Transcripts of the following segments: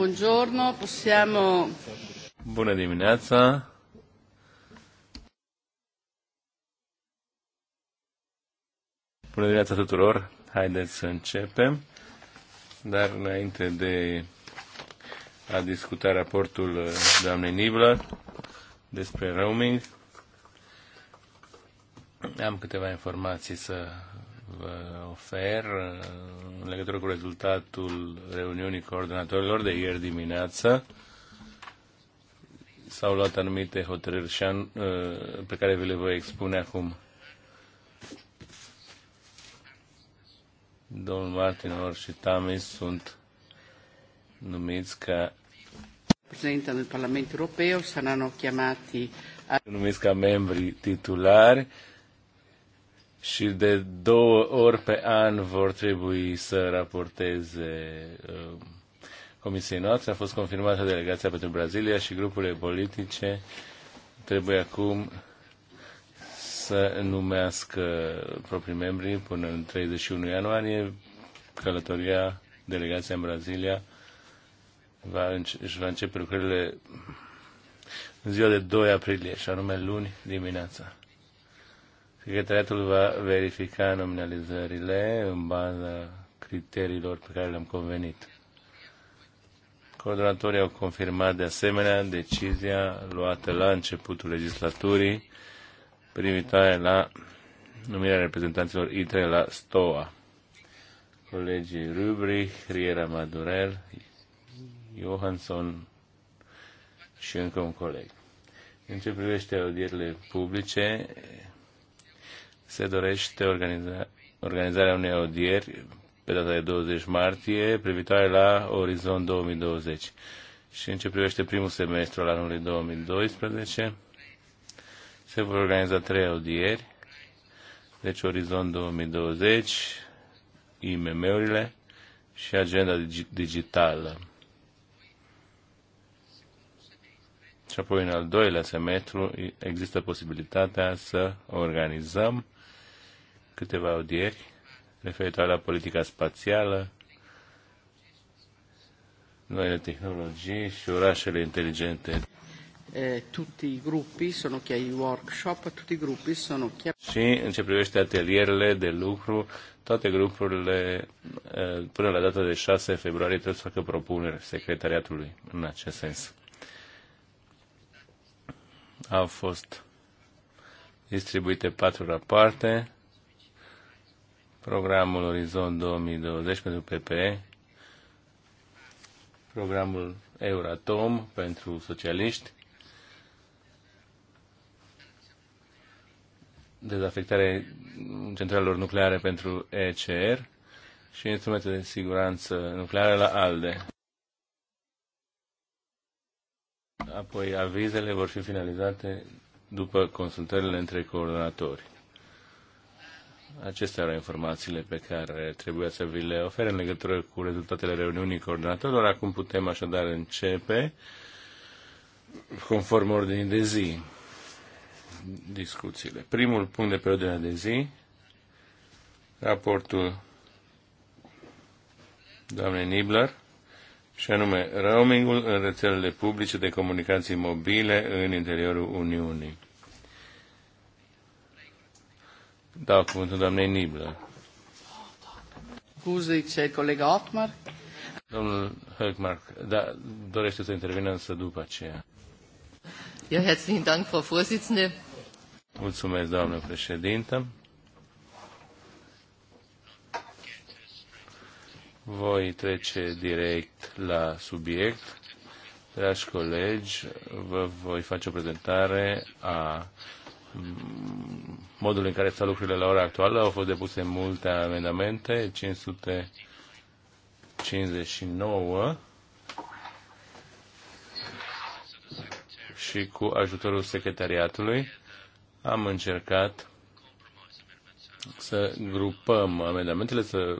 Buongiorno, possiamo... Bună dimineața! Bună dimineața tuturor! Haideți să începem. Dar înainte de a discuta raportul uh, doamnei Nibla despre roaming, am câteva informații să vă ofer în legătură cu rezultatul reuniunii coordonatorilor de ieri dimineață. S-au luat anumite hotărâri și an, uh, pe care vi le voi expune acum. Domnul Martin Or și Tamis sunt numiți ca Presidente del Parlamento europeo saranno chiamati a... numiți ca membri titulari și de două ori pe an vor trebui să raporteze uh, comisiei noastre. A fost confirmată delegația pentru Brazilia și grupurile politice trebuie acum să numească proprii membri până în 31 ianuarie. Călătoria, delegația în Brazilia va, își va începe lucrările în ziua de 2 aprilie, și anume luni dimineața. Secretariatul va verifica nominalizările în baza criteriilor pe care le-am convenit. Coordonatorii au confirmat de asemenea decizia luată la începutul legislaturii privitoare la numirea reprezentanților ITRE la STOA. Colegii Rubri, Riera Madurel, Johansson și încă un coleg. În ce privește audierile publice, se dorește organiza, organizarea unei audieri pe data de 20 martie privitoare la Orizont 2020. Și în ce privește primul semestru al anului 2012, se vor organiza trei audieri, deci Orizont 2020, IMM-urile și agenda digitală. Și apoi în al doilea semestru există posibilitatea să organizăm câteva audieri referitoare la politica spațială, noile tehnologii și orașele inteligente. tutti i gruppi sono chiari, i workshop, tutti i gruppi sono chiari. Și în ce privește atelierele de lucru, toate grupurile, până la data de 6 februarie, trebuie să facă propuneri secretariatului în acest sens. Au fost distribuite patru rapoarte programul Orizont 2020 pentru PPE, programul Euratom pentru socialiști, dezafectare centralelor nucleare pentru ECR și instrumente de siguranță nucleară la ALDE. Apoi avizele vor fi finalizate după consultările între coordonatori. Acestea erau informațiile pe care trebuia să vi le ofer în legătură cu rezultatele reuniunii coordonatorilor. Acum putem așadar începe conform ordinii de zi discuțiile. Primul punct de pe ordinea de zi, raportul doamnei Nibler, și anume roamingul în rețelele publice de comunicații mobile în interiorul Uniunii. dau cuvântul doamnei Niblă. Scuze, ce colega Otmar? Domnul Högmark, da, dorește să intervină însă după aceea. Ja, herzlichen Dank, Frau Vorsitzende. Mulțumesc, doamnă președintă. Voi trece direct la subiect. Dragi colegi, vă voi face o prezentare a modul în care stau lucrurile la ora actuală. Au fost depuse multe amendamente, 559 și cu ajutorul secretariatului am încercat să grupăm amendamentele, să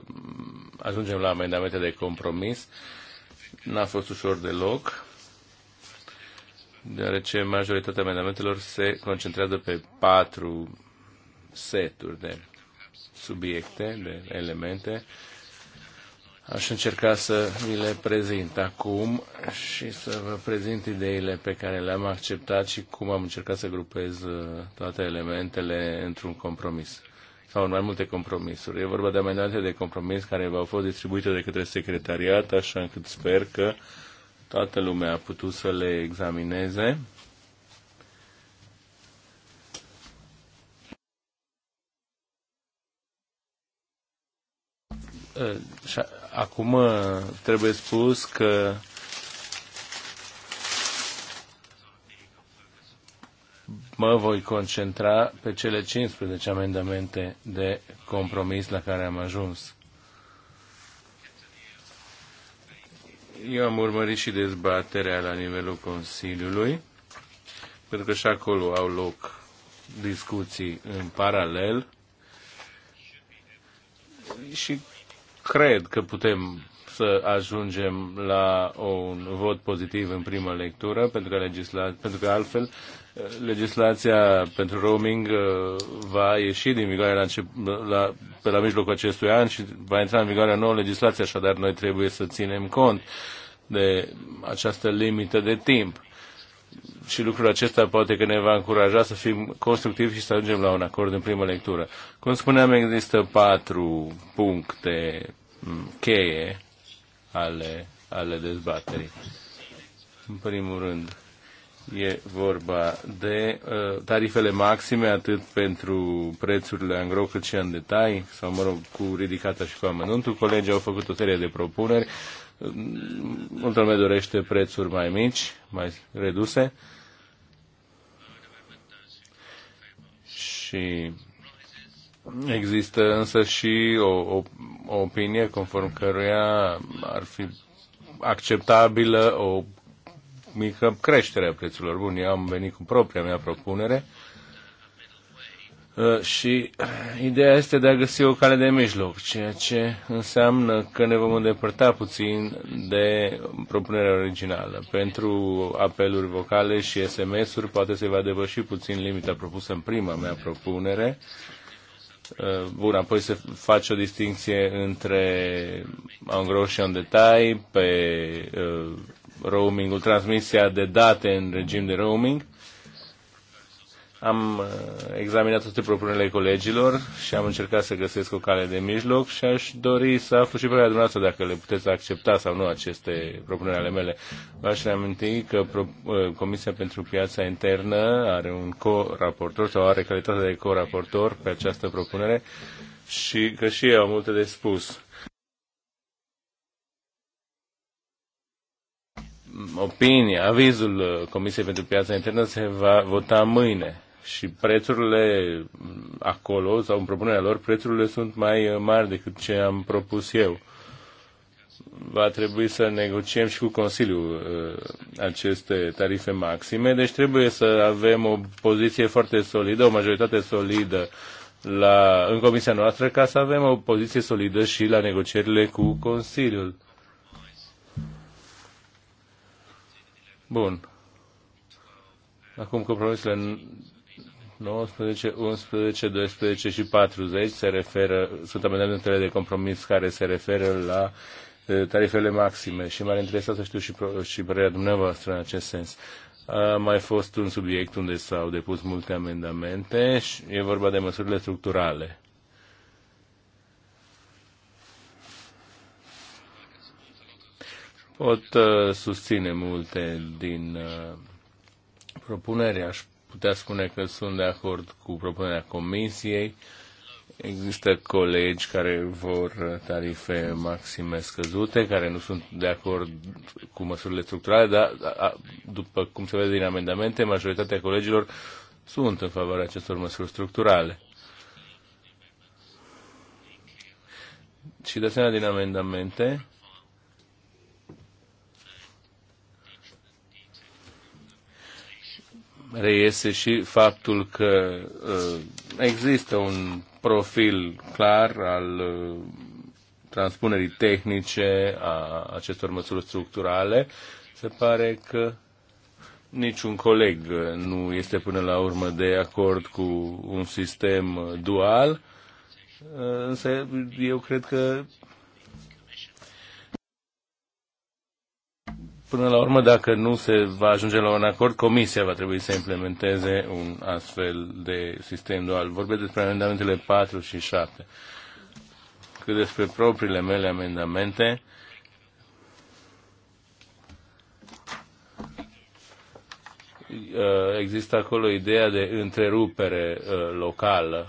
ajungem la amendamente de compromis. N-a fost ușor deloc deoarece majoritatea amendamentelor se concentrează pe patru seturi de subiecte, de elemente. Aș încerca să vi le prezint acum și să vă prezint ideile pe care le-am acceptat și cum am încercat să grupez uh, toate elementele într-un compromis sau în mai multe compromisuri. E vorba de amendamente de compromis care v-au fost distribuite de către secretariat, așa încât sper că uh, Toată lumea a putut să le examineze. Ă, acum ă, trebuie spus că mă voi concentra pe cele 15 amendamente de compromis la care am ajuns. Eu am urmărit și dezbaterea la nivelul Consiliului, pentru că și acolo au loc discuții în paralel și cred că putem să ajungem la un vot pozitiv în primă lectură, pentru că, legisla... pentru că altfel legislația pentru roaming uh, va ieși din vigoare la, încep, la, pe la mijlocul acestui an și va intra în vigoare nouă legislație, așadar noi trebuie să ținem cont de această limită de timp. Și lucrul acesta poate că ne va încuraja să fim constructivi și să ajungem la un acord în primă lectură. Cum spuneam, există patru puncte cheie ale, ale dezbaterii. În primul rând, E vorba de uh, tarifele maxime atât pentru prețurile angro cât și în detalii, sau mă rog, cu ridicata și cu amănuntul. Colegii au făcut o serie de propuneri. Mm, multă lume dorește prețuri mai mici, mai reduse. Și există însă și o, o, o opinie conform căruia ar fi acceptabilă o mică creștere a prețurilor. Bun, eu am venit cu propria mea propunere uh, și ideea este de a găsi o cale de mijloc, ceea ce înseamnă că ne vom îndepărta puțin de propunerea originală. Pentru apeluri vocale și SMS-uri poate se va depăși puțin limita propusă în prima mea propunere. Uh, bun, apoi se face o distinție între angro și în detai pe uh, roamingul, transmisia de date în regim de roaming. Am uh, examinat toate propunerile colegilor și am încercat să găsesc o cale de mijloc și aș dori să aflu și părerea dumneavoastră dacă le puteți accepta sau nu aceste propuneri ale mele. V-aș reaminti că uh, Comisia pentru Piața Internă are un co-raportor sau are calitatea de co-raportor pe această propunere și că și ei au multe de spus opinia, avizul uh, Comisiei pentru Piața Internă se va vota mâine și prețurile mm, acolo, sau în propunerea lor, prețurile sunt mai uh, mari decât ce am propus eu. Va trebui să negociem și cu Consiliul uh, aceste tarife maxime, deci trebuie să avem o poziție foarte solidă, o majoritate solidă la, în comisia noastră ca să avem o poziție solidă și la negocierile cu Consiliul. Bun. Acum compromisurile 19, 11, 12 și 40 se referă, sunt amendamentele de compromis care se referă la tarifele maxime și m-ar interesa să știu și, și părerea dumneavoastră în acest sens. A mai fost un subiect unde s-au depus multe amendamente și e vorba de măsurile structurale. pot uh, susține multe din uh, propuneri. Aș putea spune că sunt de acord cu propunerea Comisiei. Există colegi care vor tarife maxime scăzute, care nu sunt de acord cu măsurile structurale, dar după cum se vede din amendamente, majoritatea colegilor sunt în favoarea acestor măsuri structurale. Și de asemenea din amendamente, reiese și faptul că uh, există un profil clar al uh, transpunerii tehnice a acestor măsuri structurale. Se pare că niciun coleg nu este până la urmă de acord cu un sistem dual, uh, însă eu cred că Până la urmă, dacă nu se va ajunge la un acord, Comisia va trebui să implementeze un astfel de sistem dual. Vorbesc despre amendamentele 4 și 7. Cât despre propriile mele amendamente, uh, există acolo ideea de întrerupere uh, locală.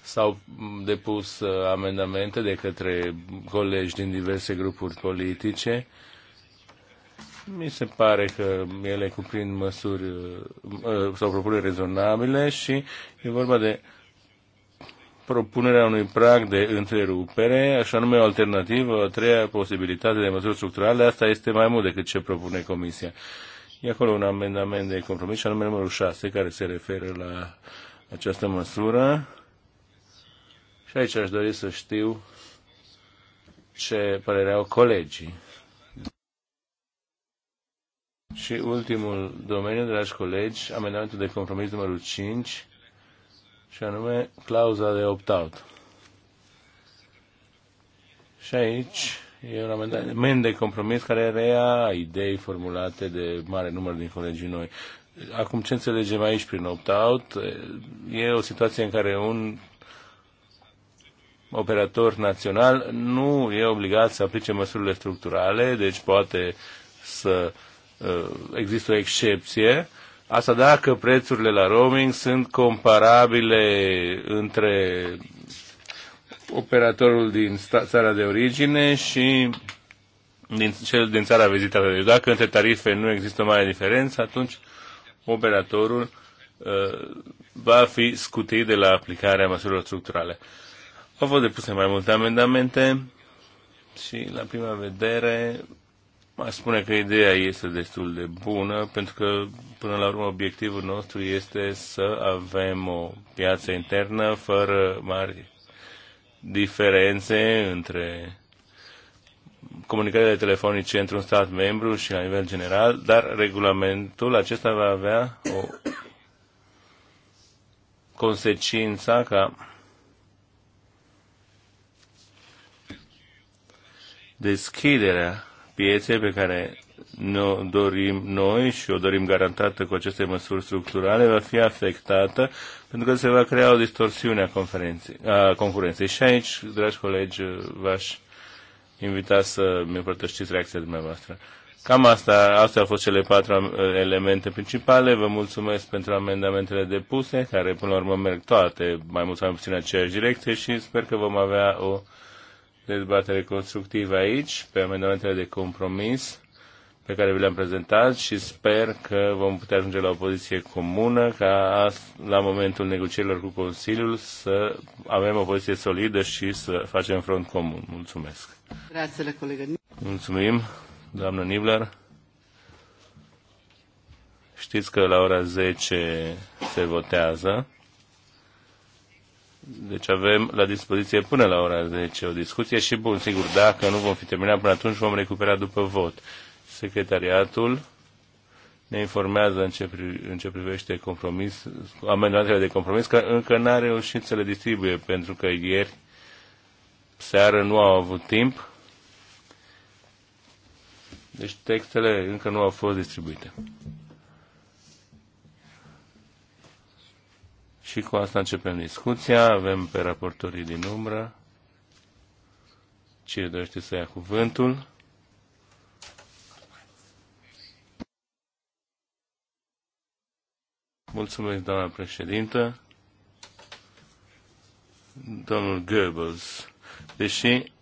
S-au depus uh, amendamente de către colegi din diverse grupuri politice mi se pare că ele cuprind măsuri uh, uh, sau propuneri rezonabile și e vorba de propunerea unui prag de întrerupere, așa nume o alternativă, o treia posibilitate de măsuri structurale, asta este mai mult decât ce propune Comisia. E acolo un amendament de compromis, anume numărul 6, care se referă la această măsură. Și aici aș dori să știu ce părere au colegii. Și ultimul domeniu, dragi colegi, amendamentul de compromis numărul 5, și anume clauza de opt-out. Și aici e un amendament de compromis care rea idei formulate de mare număr din colegii noi. Acum ce înțelegem aici prin opt-out? E o situație în care un operator național nu e obligat să aplice măsurile structurale, deci poate să uh, Uh, există o excepție, asta dacă prețurile la roaming sunt comparabile între operatorul din țara de origine și din cel din țara Deci Dacă între tarife nu există mare diferență, atunci operatorul uh, va fi scutit de la aplicarea măsurilor structurale. Au fost depuse mai multe amendamente și la prima vedere mai spune că ideea este destul de bună, pentru că, până la urmă, obiectivul nostru este să avem o piață internă fără mari diferențe între comunicările telefonice într-un stat membru și la nivel general, dar regulamentul acesta va avea o consecință ca deschiderea piețe pe care ne dorim noi și o dorim garantată cu aceste măsuri structurale va fi afectată pentru că se va crea o distorsiune a, a concurenței. Și aici, dragi colegi, v-aș invita să mi împărtășiți reacția dumneavoastră. Cam asta, astea au fost cele patru elemente principale. Vă mulțumesc pentru amendamentele depuse, care până la urmă merg toate, mai mult sau mai puțin în aceeași direcție și sper că vom avea o dezbatere constructivă aici, pe amendamentele de compromis pe care vi le-am prezentat și sper că vom putea ajunge la o poziție comună ca la momentul negocierilor cu Consiliul să avem o poziție solidă și să facem front comun. Mulțumesc. colegă. Mulțumim, doamnă Nibler. Știți că la ora 10 se votează. Deci avem la dispoziție până la ora 10 o discuție și, bun, sigur, dacă nu vom fi terminat până atunci, vom recupera după vot. Secretariatul ne informează în ce, pri, în ce privește compromis, amendamentele de compromis, că încă n-a reușit să le distribuie, pentru că ieri seară nu au avut timp, deci textele încă nu au fost distribuite. Și cu asta începem discuția. Avem pe raportorii din umbră. Cine dorește să ia cuvântul? Mulțumesc, doamna președintă. Domnul Goebbels, deși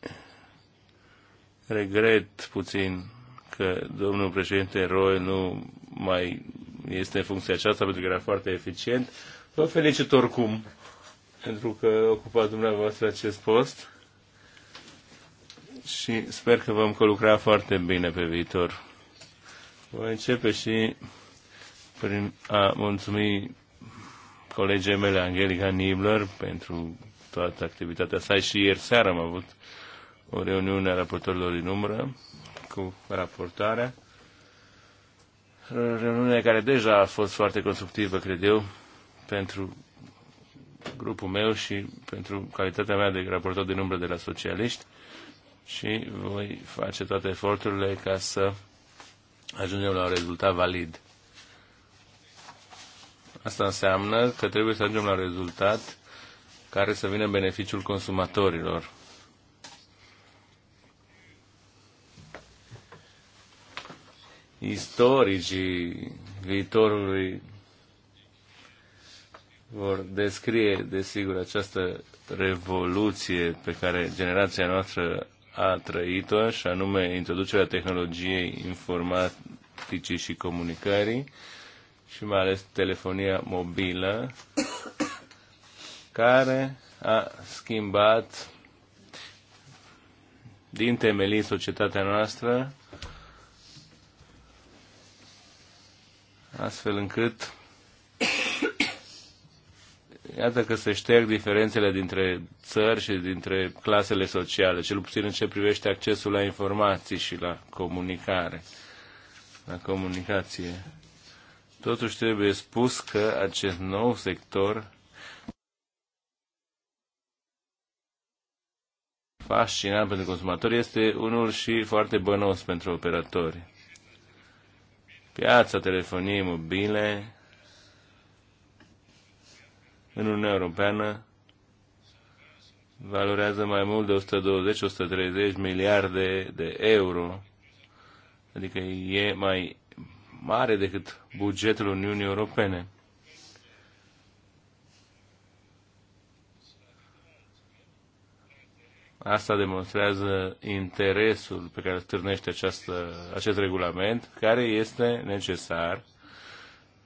regret puțin că domnul președinte Roy nu mai este în funcție aceasta pentru că era foarte eficient, Vă felicit oricum pentru că ocupa dumneavoastră acest post și sper că vom lucra foarte bine pe viitor. Voi începe și prin a mulțumi colegii mele, Angelica Nibler, pentru toată activitatea sa și ieri seara am avut o reuniune a raportorilor din umbră cu raportarea. Reuniunea care deja a fost foarte constructivă, cred eu, pentru grupul meu și pentru calitatea mea de raportor din umbră de la socialiști și voi face toate eforturile ca să ajungem la un rezultat valid. Asta înseamnă că trebuie să ajungem la un rezultat care să vină în beneficiul consumatorilor. Istoricii viitorului vor descrie, desigur, această revoluție pe care generația noastră a trăit-o, și anume introducerea tehnologiei informaticii și comunicării, și mai ales telefonia mobilă, care a schimbat din temelii societatea noastră, astfel încât iată că se șterg diferențele dintre țări și dintre clasele sociale, cel puțin în ce privește accesul la informații și la comunicare, la comunicație. Totuși trebuie spus că acest nou sector fascinant pentru consumatori este unul și foarte bănos pentru operatori. Piața telefoniei mobile în Uniunea Europeană valorează mai mult de 120-130 miliarde de euro, adică e mai mare decât bugetul Uniunii Europene. Asta demonstrează interesul pe care îl stârnește această, acest regulament, care este necesar,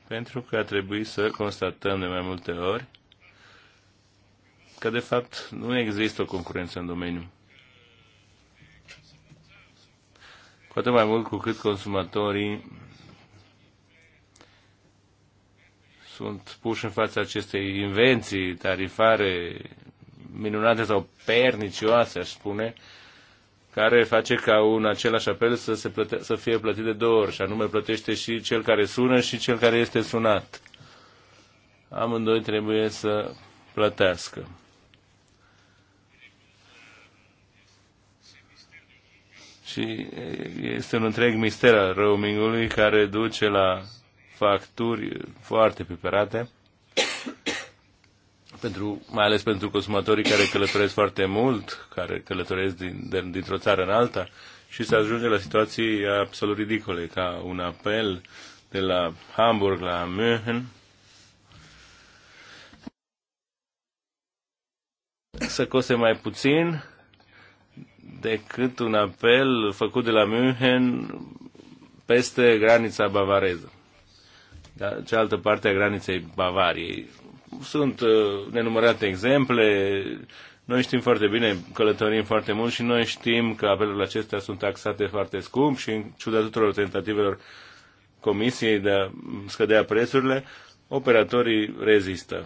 pentru că a trebuit să constatăm de mai multe ori că de fapt nu există o concurență în domeniu. Cu atât mai mult cu cât consumatorii sunt puși în fața acestei invenții tarifare minunate sau pernicioase, aș spune, care face ca un același apel să, se plăte- să fie plătit de două ori, și anume plătește și cel care sună și cel care este sunat. Amândoi trebuie să plătească. Și este un întreg mister al roamingului care duce la facturi foarte piperate, pentru, mai ales pentru consumatorii care călătoresc foarte mult, care călătoresc din, de, dintr-o țară în alta și se ajunge la situații absolut ridicole, ca un apel de la Hamburg la München, să coste mai puțin decât un apel făcut de la München peste granița bavareză, da, cealaltă parte a graniței Bavariei. Sunt uh, nenumărate exemple, noi știm foarte bine, călătorim foarte mult și noi știm că apelurile acestea sunt taxate foarte scump și în ciuda tuturor tentativelor comisiei de a scădea prețurile, operatorii rezistă.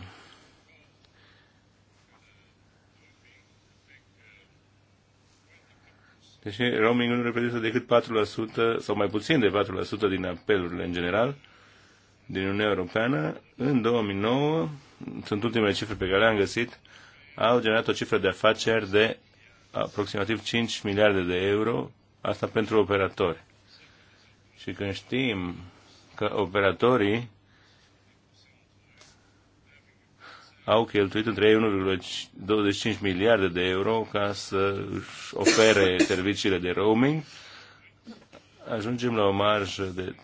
Deci roamingul nu reprezintă decât 4% sau mai puțin de 4% din apelurile în general din Uniunea Europeană. În 2009, sunt ultimele cifre pe care le-am găsit, au generat o cifră de afaceri de aproximativ 5 miliarde de euro, asta pentru operatori. Și când știm că operatorii au cheltuit între ei 1,25 miliarde de euro ca să își ofere serviciile de roaming. Ajungem la o marjă de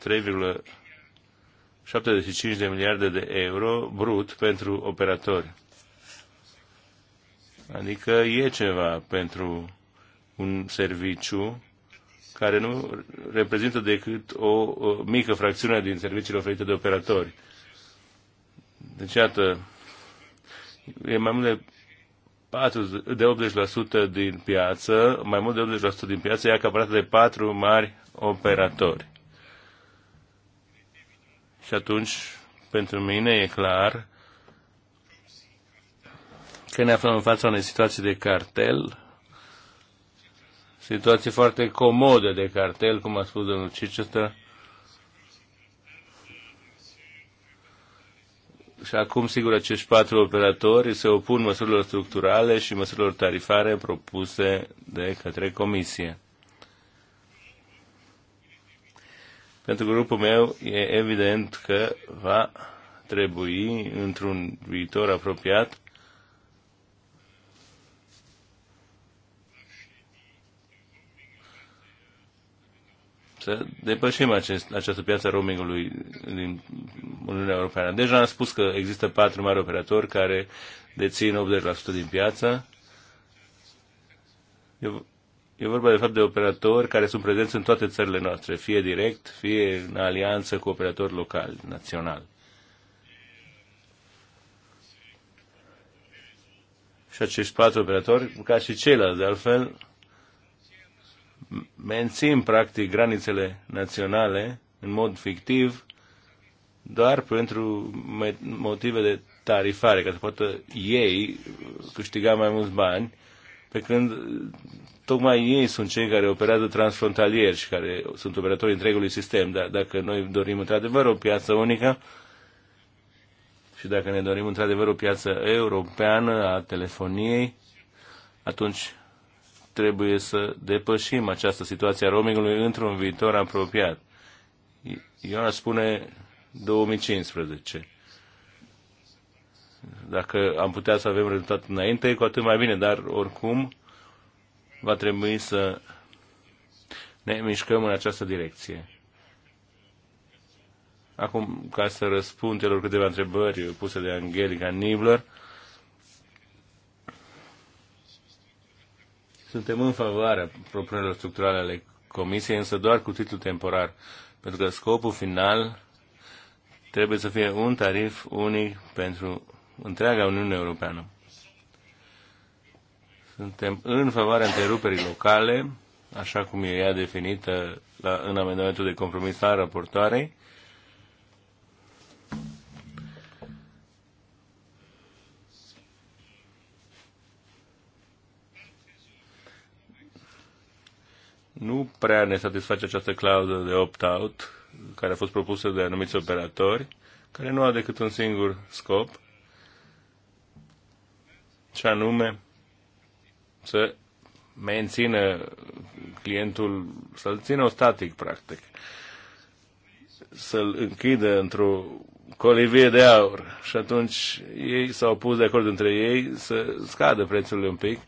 3,75 de miliarde de euro brut pentru operatori. Adică e ceva pentru un serviciu care nu reprezintă decât o, o mică fracțiune din serviciile oferite de operatori. Deci, iată, e mai mult de 40, de 80% din piață, mai mult de 80% din piață e acaparată de patru mari operatori. Și atunci, pentru mine e clar că ne aflăm în fața unei situații de cartel, situație foarte comodă de cartel, cum a spus domnul Chichester, și acum, sigur, acești patru operatori se opun măsurilor structurale și măsurilor tarifare propuse de către Comisie. Pentru grupul meu e evident că va trebui, într-un viitor apropiat, să depășim acest, această piață roamingului din Uniunea Europeană. Deja am spus că există patru mari operatori care dețin 80% din piață. E, e vorba de fapt de operatori care sunt prezenți în toate țările noastre, fie direct, fie în alianță cu operatori locali, național. Și acești patru operatori, ca și ceilalți de altfel, mențin practic granițele naționale în mod fictiv doar pentru motive de tarifare, ca să poată ei câștiga mai mulți bani, pe când tocmai ei sunt cei care operează transfrontalier și care sunt operatorii întregului sistem. Dar dacă noi dorim într-adevăr o piață unică și dacă ne dorim într-adevăr o piață europeană a telefoniei, atunci trebuie să depășim această situație a roamingului într-un viitor apropiat. Eu aș spune 2015. Dacă am putea să avem rezultat înainte, cu atât mai bine, dar oricum va trebui să ne mișcăm în această direcție. Acum, ca să răspund celor câteva întrebări puse de Angelica Nibler, Suntem în favoarea propunerilor structurale ale Comisiei, însă doar cu titlu temporar, pentru că scopul final trebuie să fie un tarif unic pentru întreaga Uniune Europeană. Suntem în favoarea întreruperii locale, așa cum e ea definită la, în amendamentul de compromis al raportoarei, nu prea ne satisface această clauză de opt-out care a fost propusă de anumiți operatori, care nu a decât un singur scop, și anume să mențină clientul, să-l țină static, practic, să-l închidă într-o colivie de aur. Și atunci ei s-au pus de acord între ei să scadă prețurile un pic,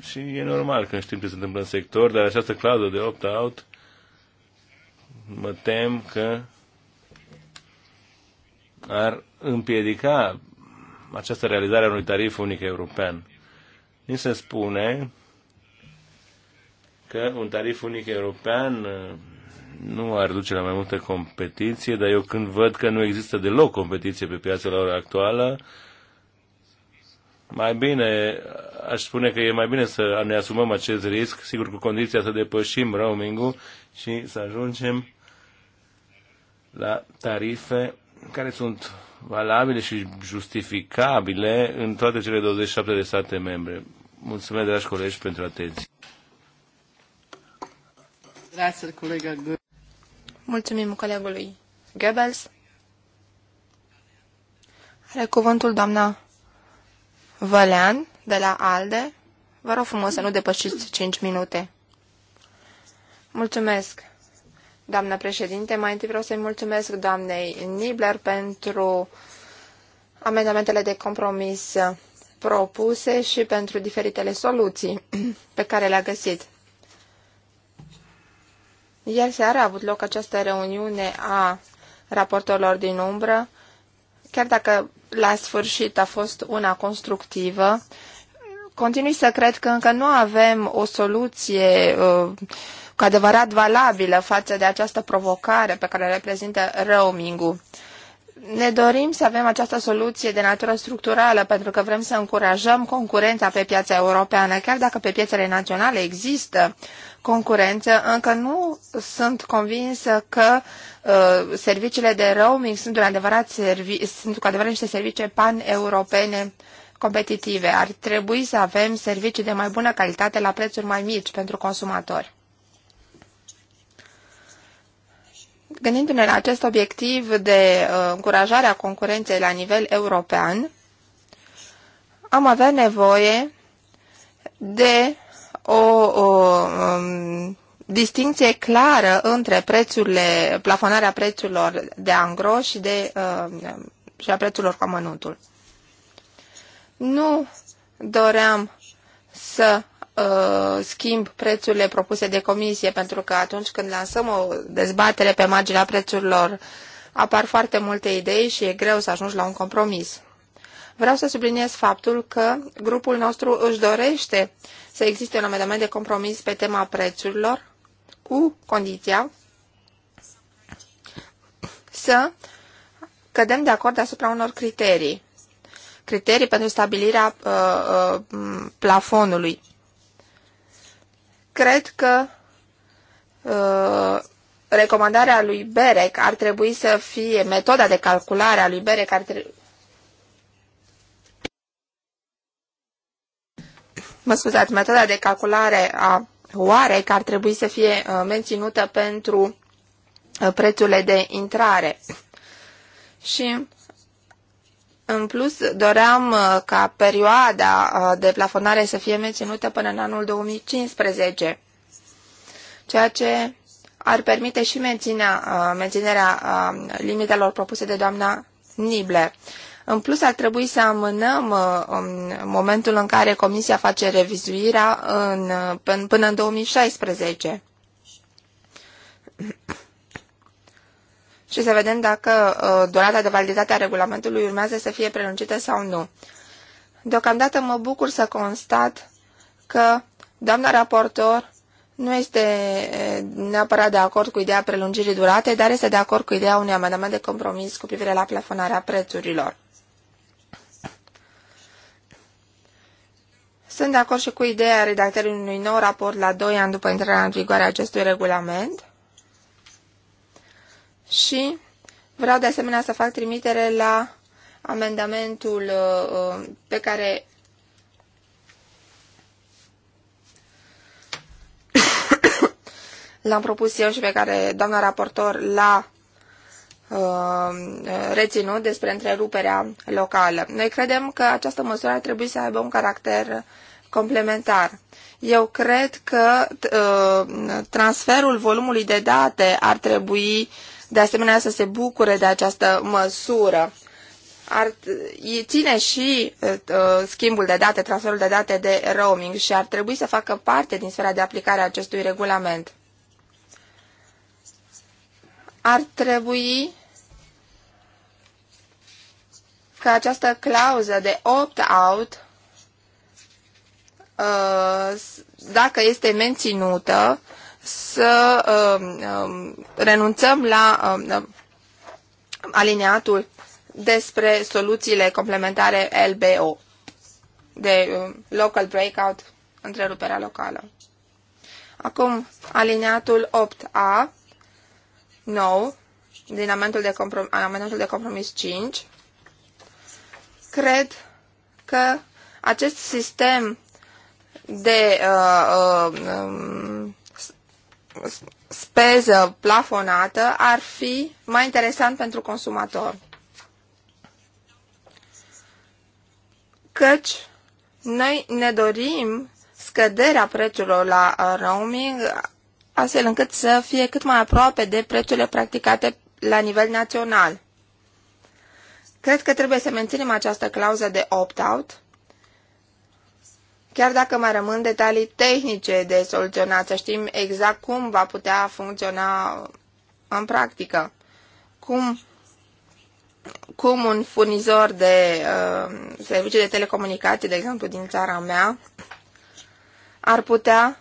și e normal că știm ce se întâmplă în sector, dar această clauză de opt-out mă tem că ar împiedica această realizare a unui tarif unic european. Ni se spune că un tarif unic european uh, nu ar duce la mai multă competiție, dar eu când văd că nu există deloc competiție pe piața la ora actuală, mai bine, aș spune că e mai bine să ne asumăm acest risc, sigur cu condiția să depășim roaming-ul și să ajungem la tarife care sunt valabile și justificabile în toate cele 27 de state membre. Mulțumesc, dragi colegi, pentru atenție. Mulțumim colegului Goebbels. Are cuvântul doamna Vălean de la ALDE. Vă rog frumos să nu depășiți 5 minute. Mulțumesc, doamnă președinte. Mai întâi vreau să-i mulțumesc doamnei Nibler pentru amendamentele de compromis propuse și pentru diferitele soluții pe care le-a găsit. Ieri seara a avut loc această reuniune a raportorilor din umbră chiar dacă la sfârșit a fost una constructivă, continui să cred că încă nu avem o soluție uh, cu adevărat valabilă față de această provocare pe care o reprezintă roaming-ul ne dorim să avem această soluție de natură structurală pentru că vrem să încurajăm concurența pe piața europeană. Chiar dacă pe piețele naționale există concurență, încă nu sunt convinsă că uh, serviciile de roaming sunt, un adevărat servi- sunt cu adevărat niște servicii pan-europene competitive. Ar trebui să avem servicii de mai bună calitate la prețuri mai mici pentru consumatori. Gândindu-ne la acest obiectiv de uh, încurajare a concurenței la nivel european, am avea nevoie de o, o um, distinție clară între prețurile, plafonarea prețurilor de angro și, de, uh, și a prețurilor cu amănuntul. Nu doream să Uh, schimb prețurile propuse de comisie, pentru că atunci când lansăm o dezbatere pe marginea prețurilor, apar foarte multe idei și e greu să ajungi la un compromis. Vreau să subliniez faptul că grupul nostru își dorește să existe un amendament de compromis pe tema prețurilor, cu condiția să cădem de acord asupra unor criterii. Criterii pentru stabilirea uh, uh, plafonului. Cred că uh, recomandarea lui Berec ar trebui să fie, metoda de calculare a lui Berec ar trebui, mă scuzați, metoda de calculare a oarec ar trebui să fie uh, menținută pentru uh, prețurile de intrare. Și în plus, doream uh, ca perioada uh, de plafonare să fie menținută până în anul 2015, ceea ce ar permite și uh, menținerea, menținerea limitelor propuse de doamna Nibler. În plus, ar trebui să amânăm um, momentul în care Comisia face revizuirea în, până în 2016 și să vedem dacă uh, durata de validitate a regulamentului urmează să fie prelungită sau nu. Deocamdată mă bucur să constat că doamna raportor nu este uh, neapărat de acord cu ideea prelungirii durate, dar este de acord cu ideea unui amendament de compromis cu privire la plafonarea prețurilor. Sunt de acord și cu ideea redactării unui nou raport la 2 ani după intrarea în vigoare a acestui regulament. Și vreau de asemenea să fac trimitere la amendamentul uh, uh, pe care l-am propus eu și pe care doamna raportor l-a uh, reținut despre întreruperea locală. Noi credem că această măsură ar trebui să aibă un caracter complementar. Eu cred că transferul volumului de date ar trebui de asemenea să se bucure de această măsură. Ar ține și uh, schimbul de date, transferul de date de roaming și ar trebui să facă parte din sfera de aplicare a acestui regulament. Ar trebui ca această clauză de opt-out, dacă este menținută, să um, um, renunțăm la um, alineatul despre soluțiile complementare LBO, de local breakout, întreruperea locală. Acum, alineatul 8A, nou, din amendamentul de, comprom amendamentul de compromis 5, cred că acest sistem de uh, uh, um, speză plafonată ar fi mai interesant pentru consumator. Căci noi ne dorim scăderea prețurilor la uh, roaming astfel încât să fie cât mai aproape de prețurile practicate la nivel național. Cred că trebuie să menținem această clauză de opt-out Chiar dacă mai rămân detalii tehnice de soluționat, să știm exact cum va putea funcționa în practică, cum, cum un furnizor de uh, servicii de telecomunicații, de exemplu din țara mea, ar putea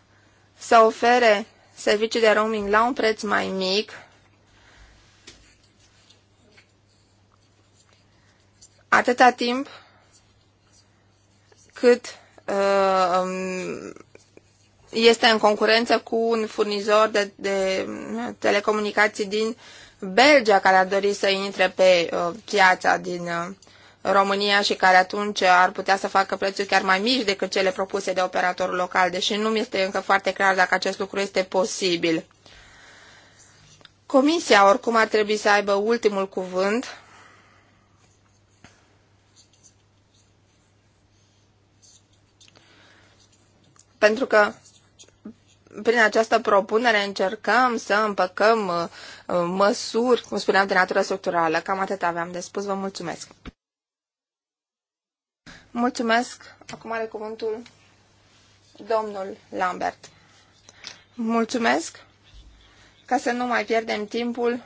să ofere servicii de roaming la un preț mai mic atâta timp cât Uh, um, este în concurență cu un furnizor de, de telecomunicații din Belgia care a dorit să intre pe uh, piața din uh, România și care atunci ar putea să facă prețuri chiar mai mici decât cele propuse de operatorul local, deși nu mi este încă foarte clar dacă acest lucru este posibil. Comisia oricum ar trebui să aibă ultimul cuvânt Pentru că prin această propunere încercăm să împăcăm uh, uh, măsuri, cum spuneam, de natură structurală. Cam atât aveam de spus. Vă mulțumesc. Mulțumesc. Acum are cuvântul domnul Lambert. Mulțumesc. Ca să nu mai pierdem timpul,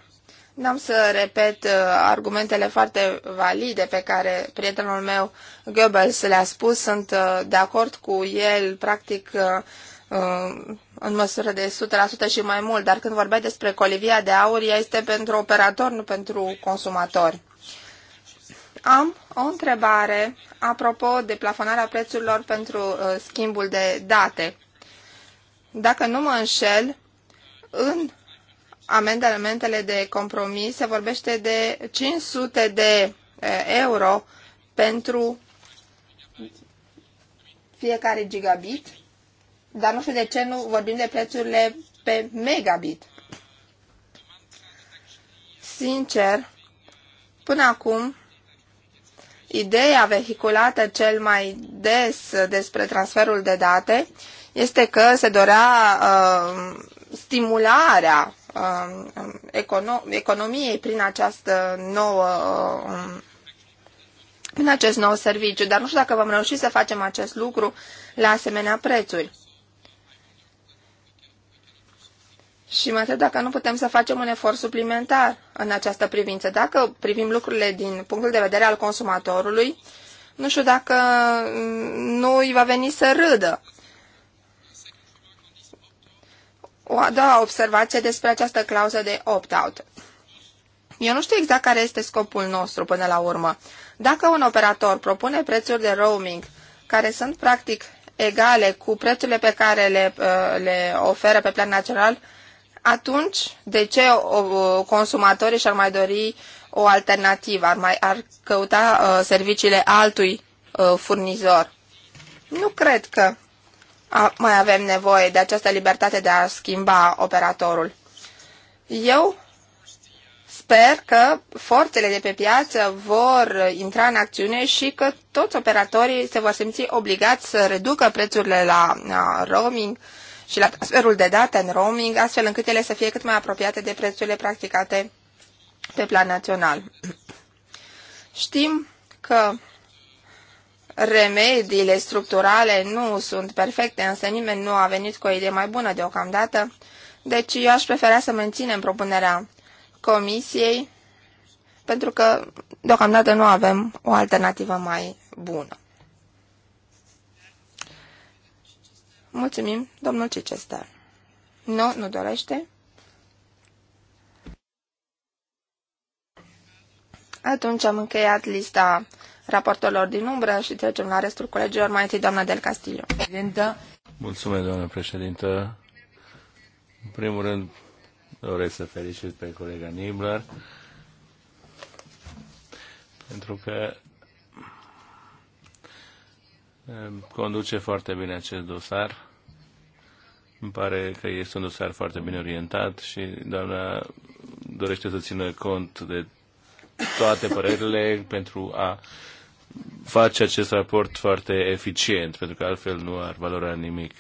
N-am să repet uh, argumentele foarte valide pe care prietenul meu Goebbels le-a spus. Sunt uh, de acord cu el, practic, uh, în măsură de 100% și mai mult, dar când vorbea despre colivia de aur, ea este pentru operator, nu pentru consumator. Am o întrebare apropo de plafonarea prețurilor pentru schimbul de date. Dacă nu mă înșel, în amendamentele de compromis se vorbește de 500 de euro pentru fiecare gigabit, dar nu știu de ce nu vorbim de prețurile pe megabit. Sincer, până acum, ideea vehiculată cel mai des despre transferul de date este că se dorea uh, stimularea Um, um, economiei prin această nouă um, prin acest nou serviciu, dar nu știu dacă vom reuși să facem acest lucru la asemenea prețuri. Și mă întreb dacă nu putem să facem un efort suplimentar în această privință. Dacă privim lucrurile din punctul de vedere al consumatorului, nu știu dacă nu îi va veni să râdă O a doua observație despre această clauză de opt-out. Eu nu știu exact care este scopul nostru până la urmă. Dacă un operator propune prețuri de roaming care sunt practic egale cu prețurile pe care le, uh, le oferă pe plan național, atunci de ce consumatorii și-ar mai dori o alternativă, ar, mai, ar căuta uh, serviciile altui uh, furnizor? Nu cred că mai avem nevoie de această libertate de a schimba operatorul. Eu sper că forțele de pe piață vor intra în acțiune și că toți operatorii se vor simți obligați să reducă prețurile la, la roaming și la transferul de date în roaming, astfel încât ele să fie cât mai apropiate de prețurile practicate pe plan național. Știm că remediile structurale nu sunt perfecte, însă nimeni nu a venit cu o idee mai bună deocamdată, deci eu aș prefera să menținem propunerea comisiei, pentru că deocamdată nu avem o alternativă mai bună. Mulțumim, domnul Cicester. Nu, nu dorește. Atunci am încheiat lista raportorilor din umbră și trecem la restul colegilor. Mai întâi, doamna Del Castillo. Mulțumesc, doamnă președintă. În primul rând, doresc să felicit pe colega Nibler pentru că eh, conduce foarte bine acest dosar. Îmi pare că este un dosar foarte bine orientat și doamna dorește să țină cont de toate părerile pentru a face acest raport foarte eficient, pentru că altfel nu ar valora nimic.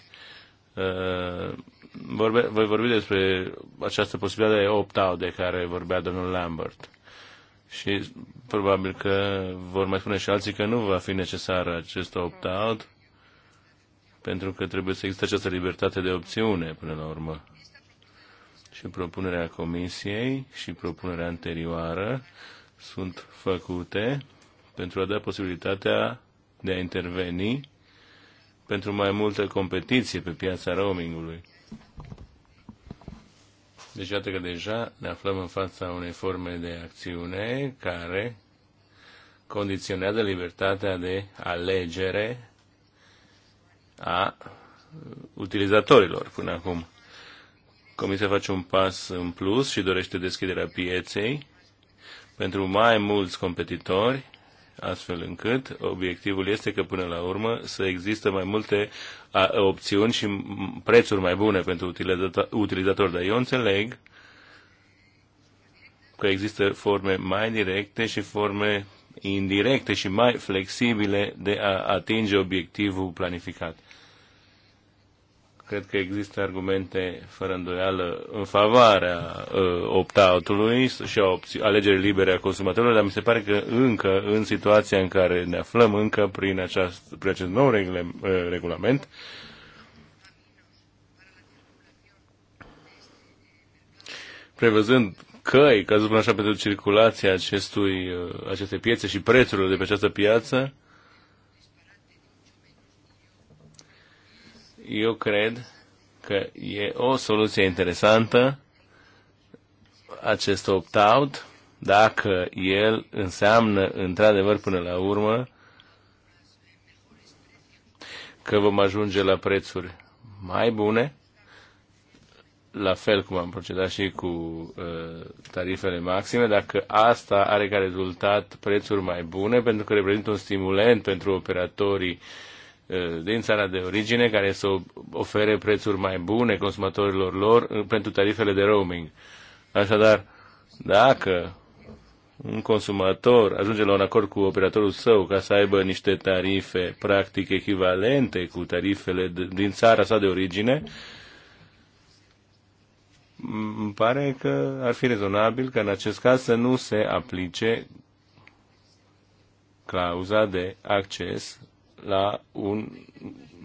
Uh, vorbe, voi vorbi despre această posibilitate de opt-out de care vorbea domnul Lambert. Și probabil că vor mai spune și alții că nu va fi necesar acest opt-out, pentru că trebuie să existe această libertate de opțiune până la urmă. Și propunerea comisiei și propunerea anterioară sunt făcute pentru a da posibilitatea de a interveni pentru mai multă competiție pe piața roamingului. Deci iată că deja ne aflăm în fața unei forme de acțiune care condiționează libertatea de alegere a utilizatorilor până acum. Comisia face un pas în plus și dorește deschiderea pieței pentru mai mulți competitori astfel încât obiectivul este că până la urmă să există mai multe opțiuni și prețuri mai bune pentru utilizator. Dar eu înțeleg că există forme mai directe și forme indirecte și mai flexibile de a atinge obiectivul planificat cred că există argumente fără îndoială în favoarea uh, opt-out-ului și a alegerii libere a consumatorilor, dar mi se pare că încă, în situația în care ne aflăm încă prin, aceast, prin acest nou regle, uh, regulament, prevăzând căi, ca să spun așa, pentru circulația acestui, uh, acestei piețe și prețurile de pe această piață, eu cred că e o soluție interesantă acest opt-out dacă el înseamnă într-adevăr până la urmă că vom ajunge la prețuri mai bune, la fel cum am procedat și cu uh, tarifele maxime, dacă asta are ca rezultat prețuri mai bune, pentru că reprezintă un stimulent pentru operatorii uh, Uh, din țara de origine care să ofere prețuri mai bune consumatorilor lor uh, pentru tarifele de roaming. Așadar, dacă un consumator ajunge la un acord cu operatorul său ca să aibă niște tarife practic echivalente cu tarifele din țara sa de origine, îmi pare că ar fi rezonabil că în acest caz să nu se aplice clauza de acces la un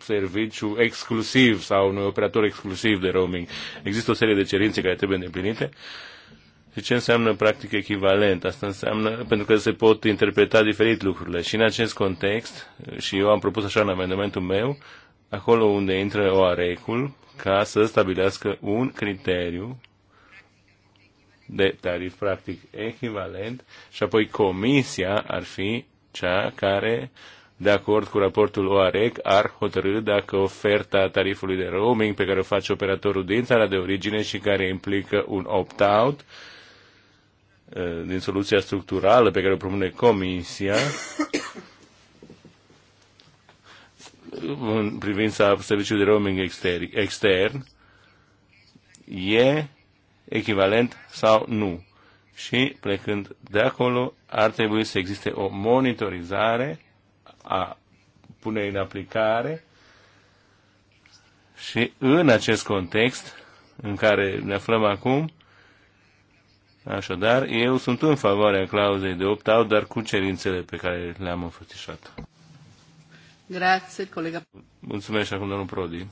serviciu exclusiv sau un operator exclusiv de roaming. Există o serie de cerințe care trebuie îndeplinite. Și deci ce înseamnă practic echivalent? Asta înseamnă, pentru că se pot interpreta diferit lucrurile. Și în acest context, și eu am propus așa în amendamentul meu, acolo unde intră o arecul, ca să stabilească un criteriu de tarif practic echivalent și apoi comisia ar fi cea care uh, de acord cu raportul OAREC, ar hotărâ dacă oferta tarifului de roaming pe care o face operatorul din țara de origine și care implică un opt-out eh, din soluția structurală pe care o propune Comisia în privința serviciului de roaming extern e echivalent sau nu. Și plecând de acolo, ar trebui să existe o monitorizare a pune în aplicare și în acest context în care ne aflăm acum, așadar, eu sunt în favoarea clauzei de opt au, dar cu cerințele pe care le-am înfățișat. Grazie, colega. Mulțumesc acum, domnul Prodi.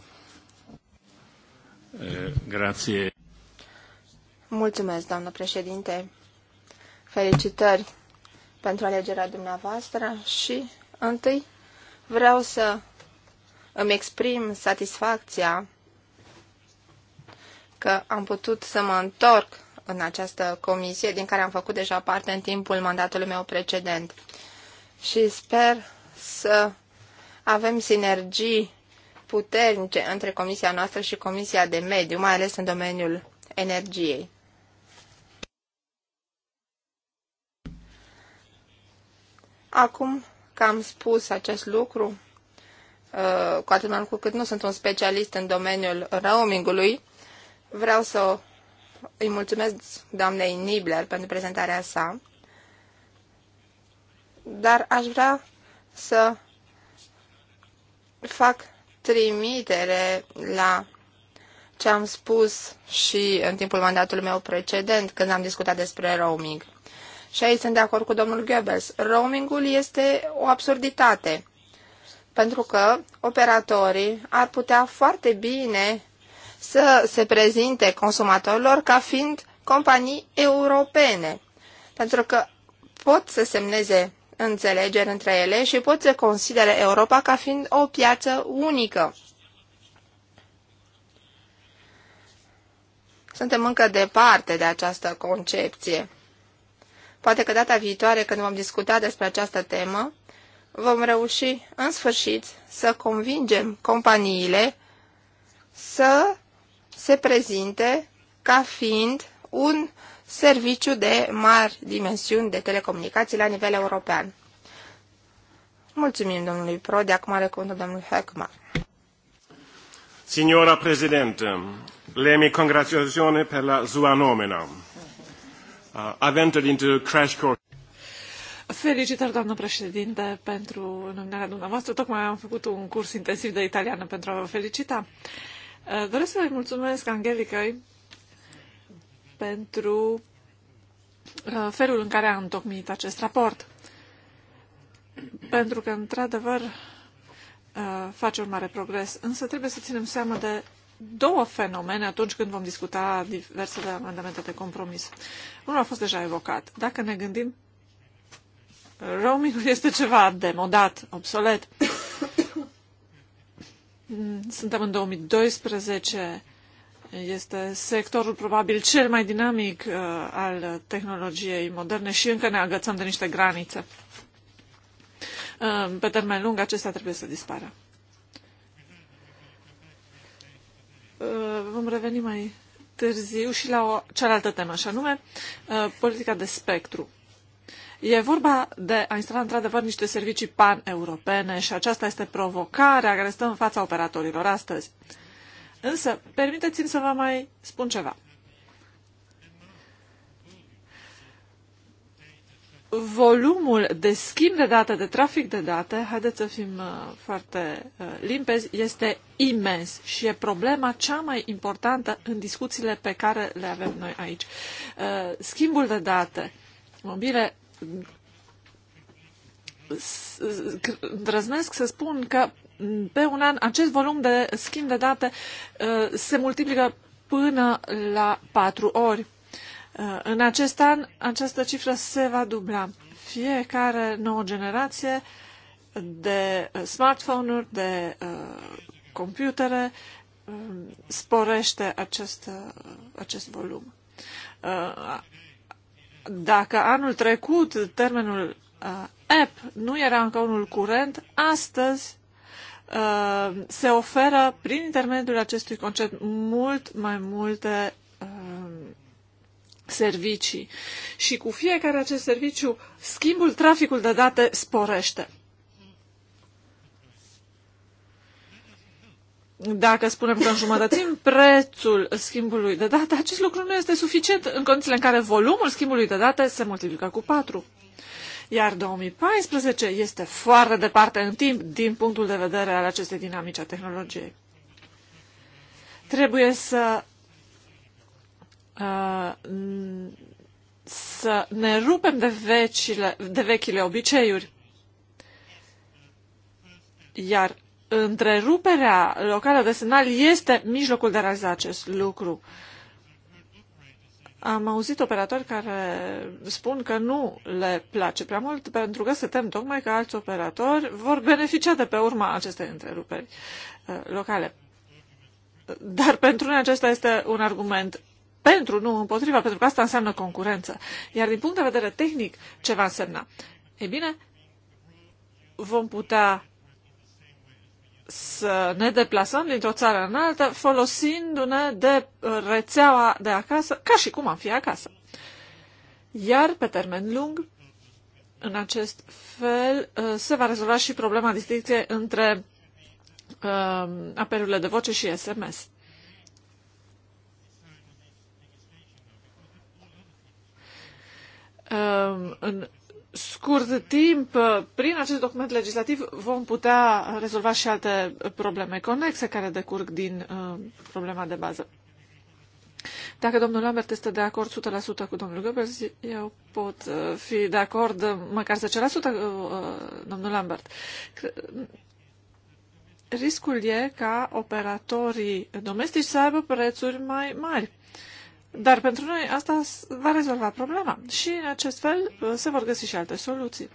Eh, grazie. Mulțumesc, doamnă președinte. Felicitări pentru alegerea dumneavoastră și Întâi vreau să îmi exprim satisfacția că am putut să mă întorc în această comisie din care am făcut deja parte în timpul mandatului meu precedent. Și sper să avem sinergii puternice între comisia noastră și comisia de mediu, mai ales în domeniul energiei. Acum că am spus acest lucru, uh, cu atât mai mult cu cât nu sunt un specialist în domeniul roamingului. Vreau să îi mulțumesc doamnei Nibler pentru prezentarea sa, dar aș vrea să fac trimitere la ce am spus și în timpul mandatului meu precedent când am discutat despre roaming. Și aici sunt de acord cu domnul Goebbels. Roamingul este o absurditate, pentru că operatorii ar putea foarte bine să se prezinte consumatorilor ca fiind companii europene, pentru că pot să semneze înțelegeri între ele și pot să considere Europa ca fiind o piață unică. Suntem încă departe de această concepție. Poate că data viitoare, când vom discuta despre această temă, vom reuși în sfârșit să convingem companiile să se prezinte ca fiind un serviciu de mari dimensiuni de telecomunicații la nivel european. Mulțumim domnului Prode, acum are cuvântul domnul Heckmar. Signora Presidente, le mi congratulazione per la sua nomina. Uh, I've entered into a crash course. Felicitări, doamnă președinte, pentru nominarea dumneavoastră. Tocmai am făcut un curs intensiv de italiană pentru a vă felicita. Uh, doresc să vă mulțumesc, Angelicăi, pentru uh, felul în care a întocmit acest raport. Pentru că, într-adevăr, face un mare progres, însă trebuie să ținem seama de două fenomene atunci când vom discuta diversele amendamente de compromis. Unul a fost deja evocat. Dacă ne gândim, roamingul este ceva demodat, obsolet. Suntem în 2012, este sectorul probabil cel mai dinamic uh, al tehnologiei moderne și încă ne agățăm de niște granițe. Uh, pe termen lung, acestea trebuie să dispară. Uh, vom reveni mai târziu și la o cealaltă temă, așa nume, uh, politica de spectru. E vorba de a instala într-adevăr niște servicii pan-europene și aceasta este provocarea care stă în fața operatorilor astăzi. Însă, permiteți-mi să vă mai spun ceva. volumul de schimb de date, de trafic de date, haideți să fim uh, foarte uh, limpezi, este imens și e problema cea mai importantă în discuțiile pe care le avem noi aici. Uh, schimbul de date mobile îndrăznesc să spun că pe un an acest volum de schimb de date se multiplică până la patru ori Uh, în acest an, această cifră se va dubla. Fiecare nouă generație de uh, smartphone-uri, de uh, computere, sporește acest, acest volum. Dacă anul trecut termenul app nu era încă unul curent, astăzi se oferă prin intermediul acestui concept mult mai multe servicii. Și cu fiecare acest serviciu, schimbul, traficul de date sporește. Dacă spunem că înjumătățim prețul schimbului de date, acest lucru nu este suficient în condițiile în care volumul schimbului de date se multiplică cu 4. Iar 2014 este foarte departe în timp din punctul de vedere al acestei dinamici a tehnologiei. Trebuie să Uh, să ne rupem de, vecile, de vechile obiceiuri. Iar întreruperea locală de semnal este mijlocul de a realiza acest lucru. Am auzit operatori care spun că nu le place prea mult pentru că se tem tocmai că alți operatori vor beneficia de pe urma acestei întreruperi uh, locale. Dar pentru noi acesta este un argument pentru, nu împotriva, pentru că asta înseamnă concurență. Iar din punct de vedere tehnic, ce va însemna? E bine, vom putea să ne deplasăm dintr-o țară în altă folosindu-ne de uh, rețeaua de acasă, ca și cum am fi acasă. Iar pe termen lung, în acest fel, uh, se va rezolva și problema distinției între uh, apelurile de voce și SMS. Ehm, în scurt timp, eh, prin acest document legislativ, vom putea rezolva și alte probleme conexe care decurg din eh, problema de bază. Dacă domnul Lambert este de acord 100% cu domnul Goebbels, eu pot eh, fi de acord măcar 10% cu domnul Lambert. Riscul e ca operatorii domestici să aibă prețuri mai mari dar pentru noi asta va rezolva problema și în acest fel uh, se vor găsi și alte soluții.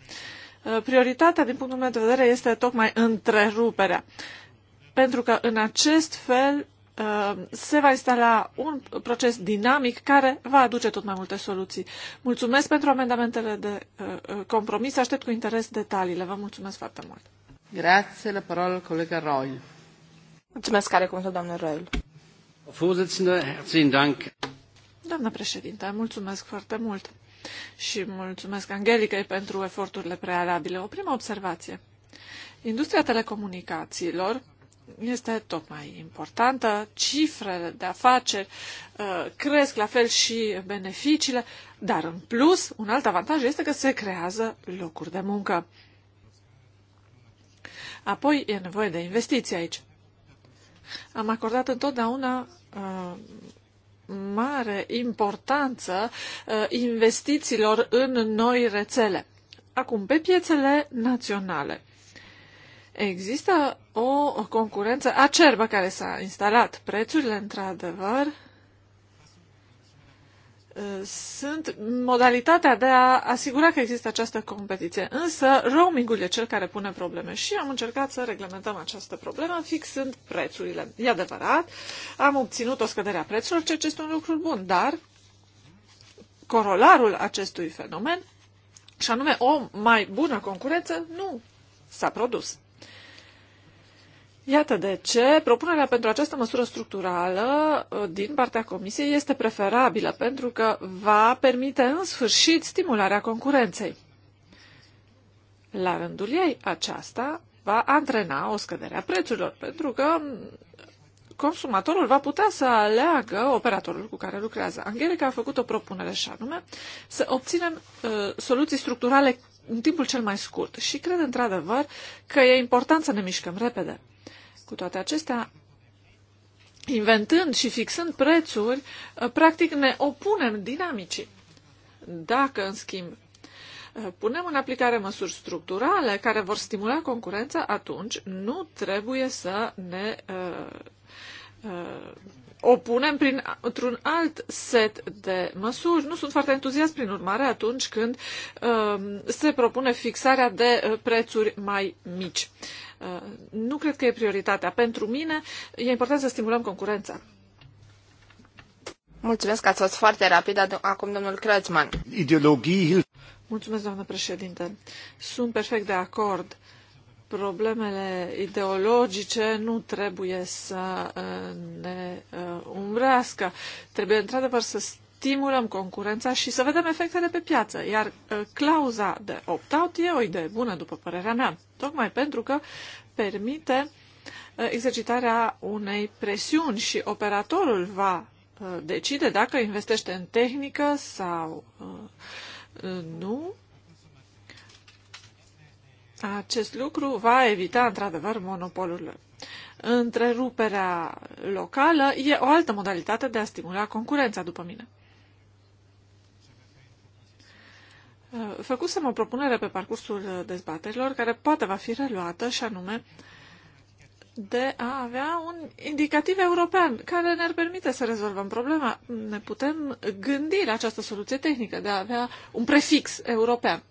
Uh, prioritatea, din punctul meu de vedere, este tocmai întreruperea. Pentru că în acest fel uh, se va instala un proces dinamic care va aduce tot mai multe soluții. Mulțumesc pentru amendamentele de compromis. Aștept cu interes detaliile. Vă mulțumesc foarte mult. Grazie, la parola colega Royal. Mulțumesc, care cuvântul, doamnă Royal. Vorsitzende, herzlichen Dank. Doamna președinte, mulțumesc foarte mult și mulțumesc Angelicăi pentru eforturile prealabile. O primă observație. Industria telecomunicațiilor este tot mai importantă, cifrele de afaceri uh, cresc, la fel și beneficiile, dar în plus, un alt avantaj este că se creează locuri de muncă. Apoi e nevoie de investiții aici. Am acordat întotdeauna uh, mare importanță uh, investițiilor în noi rețele. Acum, pe piețele naționale. Există o concurență acerbă care s-a instalat. Prețurile, într-adevăr, sunt modalitatea de a asigura că există această competiție. Însă roamingul e cel care pune probleme și am încercat să reglementăm această problemă fixând prețurile. E adevărat, am obținut o scădere a prețurilor, ceea ce este un lucru bun, dar corolarul acestui fenomen, și anume o mai bună concurență, nu s-a produs. Iată de ce propunerea pentru această măsură structurală uh, din partea Comisiei este preferabilă pentru că va permite în sfârșit stimularea concurenței. La rândul ei, aceasta va antrena o scădere a prețurilor pentru că consumatorul va putea să aleagă operatorul cu care lucrează. Angelica a făcut o propunere și anume să obținem uh, soluții structurale în timpul cel mai scurt și cred într-adevăr că e important să ne mișcăm repede. Cu toate acestea, inventând și fixând prețuri, uh, practic ne opunem dinamicii. Dacă, în schimb, uh, punem în aplicare măsuri structurale care vor stimula concurența, atunci nu trebuie să ne uh, uh, opunem într un alt set de măsuri. Nu sunt foarte entuziast, prin urmare, atunci când uh, se propune fixarea de uh, prețuri mai mici. Uh, nu cred că e prioritatea. Pentru mine e important să stimulăm concurența. Mulțumesc că ați fost foarte rapid. Acum domnul Crățman. Ideologii. Mulțumesc, doamnă președinte. Sunt perfect de acord problemele ideologice nu trebuie să uh, ne uh, umbrească. Trebuie într-adevăr să stimulăm concurența și să vedem efectele pe piață. Iar uh, clauza de opt-out e o idee bună, după părerea mea, tocmai pentru că permite exercitarea unei presiuni și operatorul va decide dacă investește în tehnică sau nu acest lucru va evita, într-adevăr, monopolul. Întreruperea locală e o altă modalitate de a stimula concurența, după mine. Făcusem o propunere pe parcursul dezbaterilor care poate va fi reluată și anume de a avea un indicativ european care ne-ar permite să rezolvăm problema. Ne putem gândi la această soluție tehnică de a avea un prefix european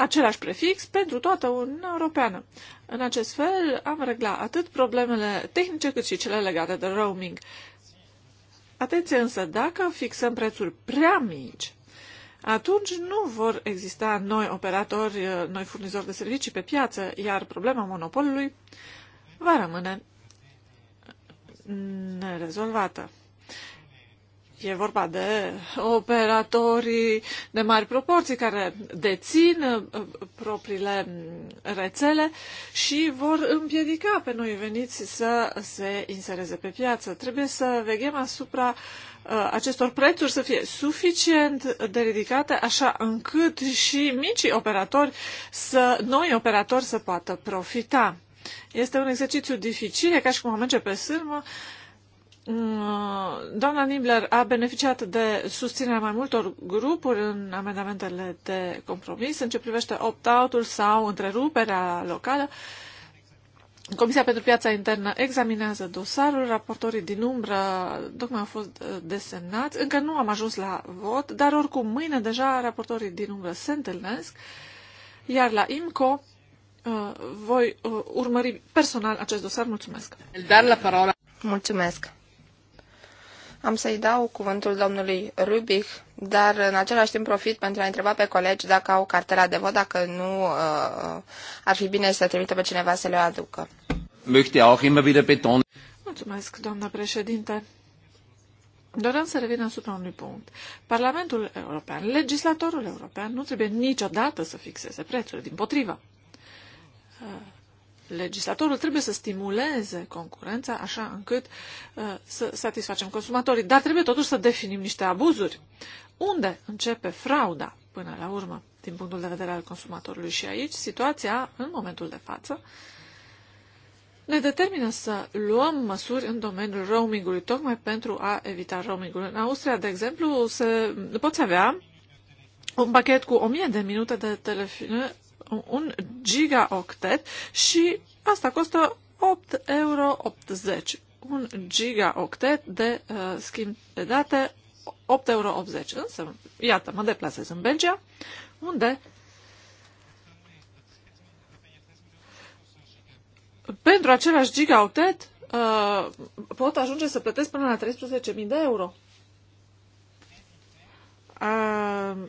același prefix pentru toată Uniunea Europeană. În acest fel am reglat atât problemele tehnice cât și cele legate de roaming. Atenție însă, dacă fixăm prețuri prea mici, atunci nu vor exista noi operatori, noi furnizori de servicii pe piață, iar problema monopolului va rămâne nerezolvată. E vorba de operatorii de mari proporții care dețin uh, propriile mm, rețele și vor împiedica pe noi veniți să se insereze pe piață. Trebuie să veghem asupra uh, acestor prețuri să fie suficient de ridicate așa încât și micii operatori, să, noi operatori să poată profita. Este un exercițiu dificil, e ca și cum am merge pe sârmă, Mm, doamna Nibler a beneficiat de susținerea mai multor grupuri în amendamentele de compromis în ce privește opt-out-ul sau întreruperea locală. Comisia pentru Piața Internă examinează dosarul, raportorii din umbră tocmai au fost uh, desemnați, încă nu am ajuns la vot, dar oricum mâine deja raportorii din umbră se întâlnesc, iar la IMCO uh, voi uh, urmări personal acest dosar. Mulțumesc! Dar la parola! Mulțumesc! Am să-i dau cuvântul domnului Rubic, dar în același timp profit pentru a întreba pe colegi dacă au cartela de vot, dacă nu uh, uh, ar fi bine să trimită pe cineva să le aducă. Mulțumesc, doamnă președinte. Doream să revin asupra unui punct. Parlamentul European, legislatorul european, nu trebuie niciodată să fixeze prețuri, din potrivă legislatorul trebuie să stimuleze concurența așa încât uh, să satisfacem consumatorii. Dar trebuie totuși să definim niște abuzuri. Unde începe frauda până la urmă, din punctul de vedere al consumatorului? Și aici situația, în momentul de față, ne determină să luăm măsuri în domeniul roamingului, tocmai pentru a evita roamingul. În Austria, de exemplu, se, poți avea un pachet cu 1000 de minute de telefon un gigaoctet și asta costă 8,80 euro. Un gigaoctet de uh, schimb de date 8,80 euro. Însă, iată, mă deplasez în Belgia, unde pentru același gigaoctet uh, pot ajunge să plătesc până la 13.000 de euro. Uh,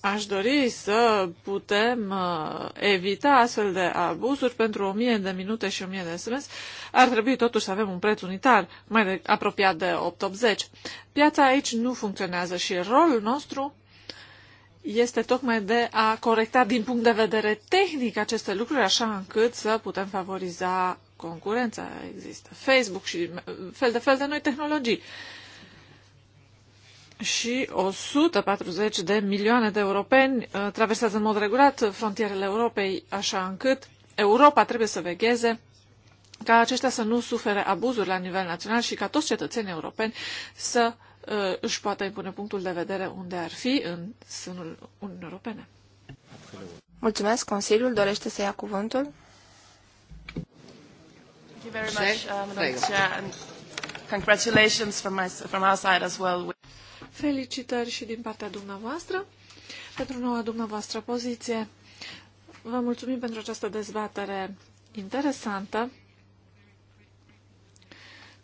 Aș dori să putem uh, evita astfel de abuzuri pentru o mie de minute și o mie de SMS. Ar trebui totuși să avem un preț unitar mai de, apropiat de 880. Piața aici nu funcționează și rolul nostru este tocmai de a corecta din punct de vedere tehnic aceste lucruri, așa încât să putem favoriza concurența. Există Facebook și uh, fel de fel de noi tehnologii și 140 de milioane de europeni uh, traversează în mod regulat frontierele Europei, așa încât Europa trebuie să vegheze ca aceștia să nu sufere abuzuri la nivel național și ca toți cetățenii europeni să uh, își poată impune punctul de vedere unde ar fi în sânul Uniunii Europene. Mulțumesc. Consiliul dorește să ia cuvântul. Thank you very much, uh, and congratulations from, my, from our side as well. Felicitări și din partea dumneavoastră pentru noua dumneavoastră poziție. Vă mulțumim pentru această dezbatere interesantă.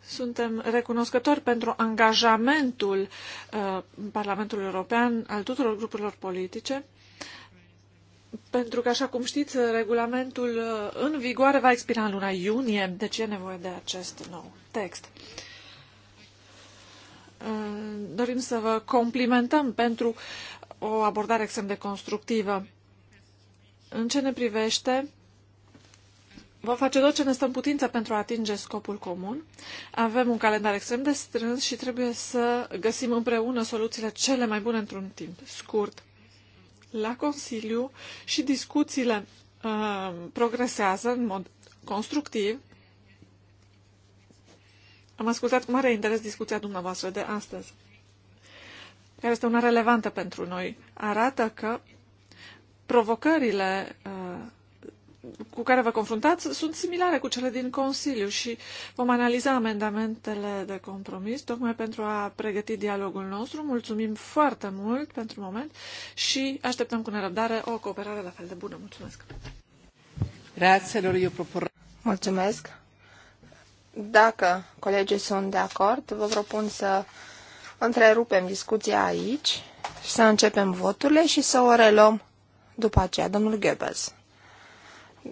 Suntem recunoscători pentru angajamentul uh, Parlamentului European al tuturor grupurilor politice, pentru că, așa cum știți, regulamentul uh, în vigoare va expira în luna iunie, deci e nevoie de acest nou text. Uh, dorim să vă complimentăm pentru o abordare extrem de constructivă. În ce ne privește, vom face tot ce ne stă în putință pentru a atinge scopul comun. Avem un calendar extrem de strâns și trebuie să găsim împreună soluțiile cele mai bune într-un timp scurt. La Consiliu și discuțiile uh, progresează în mod constructiv am ascultat cu mare interes discuția dumneavoastră de astăzi, care este una relevantă pentru noi. Arată că provocările uh, cu care vă confruntați sunt similare cu cele din Consiliu și vom analiza amendamentele de compromis tocmai pentru a pregăti dialogul nostru. Mulțumim foarte mult pentru moment și așteptăm cu nerăbdare o cooperare la fel de bună. Mulțumesc! Mulțumesc! Dacă colegii sunt de acord, vă propun să întrerupem discuția aici, să începem voturile și să o reluăm după aceea, domnul Goebbels.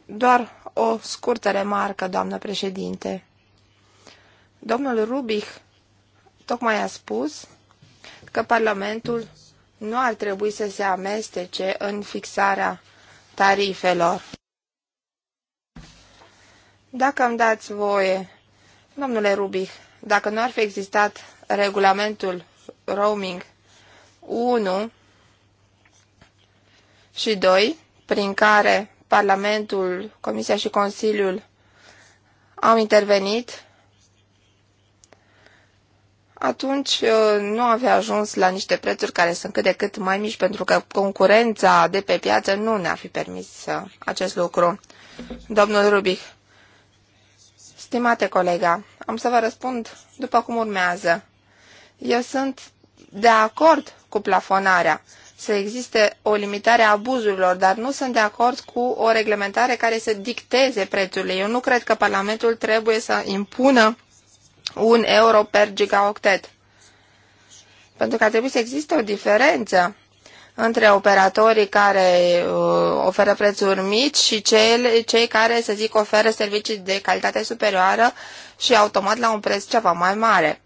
Doar o scurtă remarcă, doamnă președinte. Domnul Rubich tocmai a spus că Parlamentul nu ar trebui să se amestece în fixarea tarifelor. Dacă îmi dați voie Domnule Rubi, dacă nu ar fi existat regulamentul roaming 1 și 2, prin care Parlamentul, Comisia și Consiliul au intervenit, atunci uh, nu avea ajuns la niște prețuri care sunt cât de cât mai mici, pentru că concurența de pe piață nu ne a fi permis uh, acest lucru. Domnul Rubic, Stimate colega, am să vă răspund după cum urmează. Eu sunt de acord cu plafonarea, să existe o limitare a abuzurilor, dar nu sunt de acord cu o reglementare care să dicteze prețurile. Eu nu cred că Parlamentul trebuie să impună un euro per gigaoctet. Pentru că ar trebui să existe o diferență între operatorii care uh, oferă prețuri mici și cei, cei care, să zic, oferă servicii de calitate superioară și automat la un preț ceva mai mare.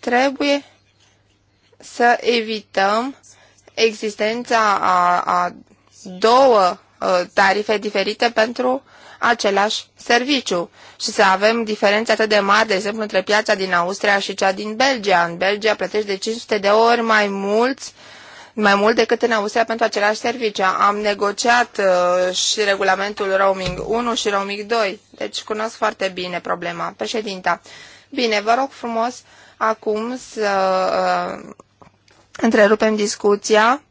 Trebuie să evităm existența a, a două uh, tarife diferite pentru același serviciu și să avem diferențe atât de mari, de exemplu, între piața din Austria și cea din Belgia. În Belgia plătești de 500 de ori mai mulți mai mult decât în Austria pentru același serviciu. Am negociat uh, și regulamentul roaming 1 și roaming 2, deci cunosc foarte bine problema. Președinta, bine, vă rog frumos acum să uh, întrerupem discuția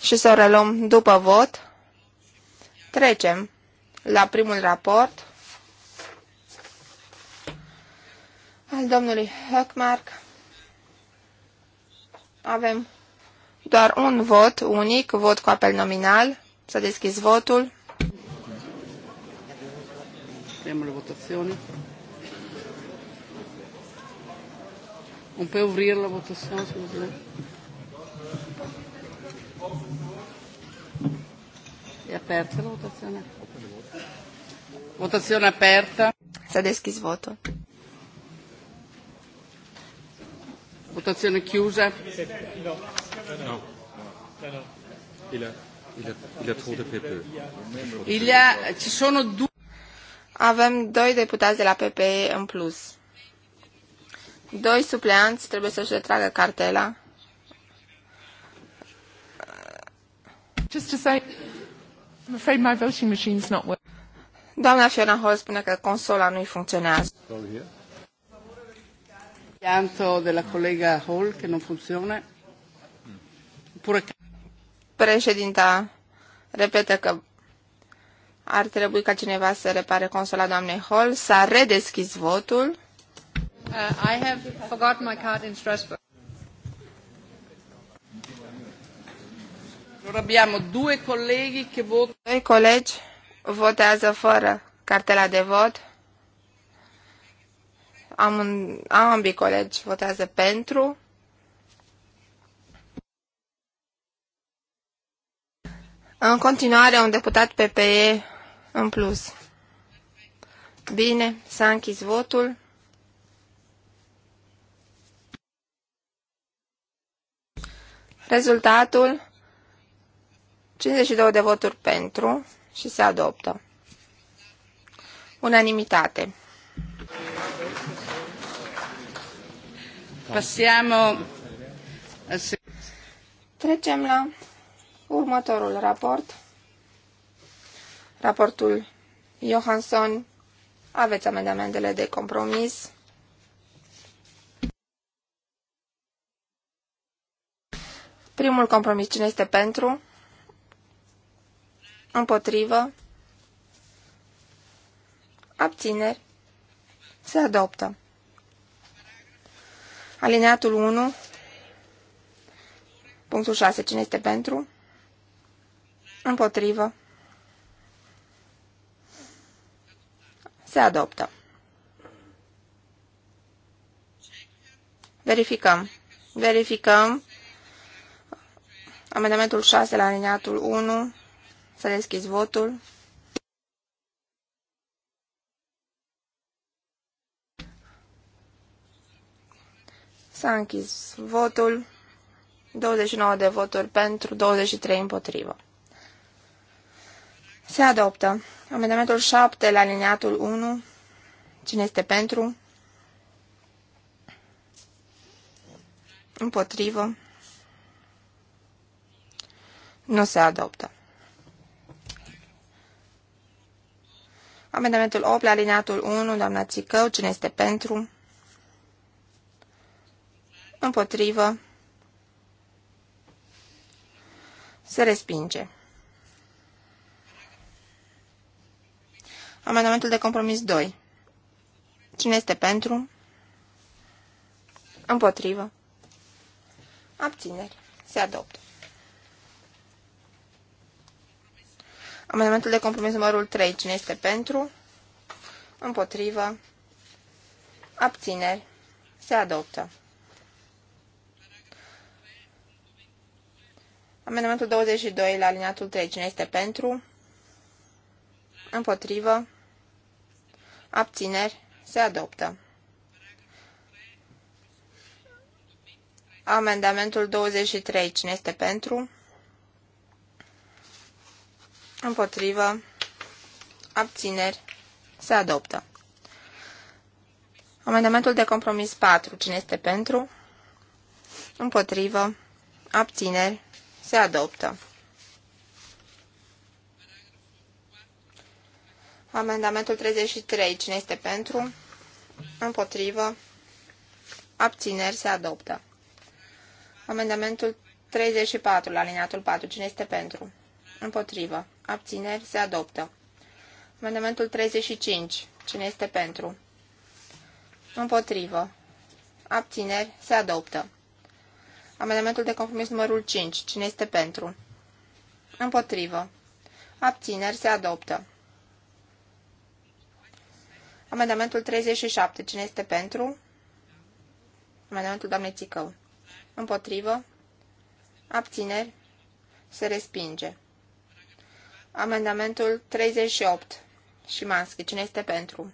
și să o reluăm după vot. Trecem la primul raport al domnului Höckmark. Avem doar un vot unic, vot cu apel nominal. Să deschis votul. Apriamo la Un pe aprire la votazione, scusa? E aperta la votazione? Votazione aperta. Si è deschis voto. Votazione chiusa. No. No. No. Il a, il a, il Il ci sono due... Avem doi deputați de la PPE în plus. Doi supleanți trebuie să-și retragă cartela. Just to say, I'm afraid my voting machine's not working. Doamna Fiona Hall spune că consola nu-i funcționează. Pianto de la colega Hall, că nu funcționează. Președinta repetă că ar trebui ca cineva să repare consola doamnei Hall. S-a redeschis votul. Uh, I have forgotten my card in Strasbourg. Noi abbiamo due colleghi che votano. Due colleghi votează fără cartela de vot. Am un, ambii colegi votează pentru. În continuare, un deputat PPE în plus. Bine, s-a închis votul. Rezultatul, 52 de voturi pentru, și se adoptă. Unanimitate. Passiamo. Trecem la următorul raport. Raportul Johansson. Aveți amendamentele de compromis. Primul compromis, cine este pentru? împotrivă, abțineri, se adoptă. Alineatul 1, punctul 6, cine este pentru, împotrivă, se adoptă. Verificăm. Verificăm amendamentul 6 la alineatul 1. Să deschizi votul. S-a închis votul. 29 de voturi pentru, 23 împotrivă. Se adoptă. Amendamentul 7 la alineatul 1. Cine este pentru? Împotrivă. Nu se adoptă. Amendamentul 8 la alineatul 1, doamna Țicău, cine este pentru? Împotrivă. Se respinge. Amendamentul de compromis 2. Cine este pentru? Împotrivă. Abțineri. Se adoptă. Amendamentul de compromis numărul 3. Cine este pentru? Împotrivă. Abțineri. Se adoptă. Amendamentul 22 la alineatul 3. Cine este pentru? Împotrivă. Abțineri. Se adoptă. Amendamentul 23. Cine este pentru? împotrivă, abțineri, se adoptă. Amendamentul de compromis 4. Cine este pentru? Împotrivă, abțineri, se adoptă. Amendamentul 33. Cine este pentru? Împotrivă. Abțineri se adoptă. Amendamentul 34 la alineatul 4. Cine este pentru? Împotrivă. Abțineri. Se adoptă. Amendamentul 35. Cine este pentru? Împotrivă. Abțineri. Se adoptă. Amendamentul de conformism numărul 5. Cine este pentru? Împotrivă. Abțineri. Se adoptă. Amendamentul 37. Cine este pentru? Amendamentul doamnei Țicău. Împotrivă. Abțineri. Se respinge. Amendamentul 38. Și Manschi. Cine este pentru?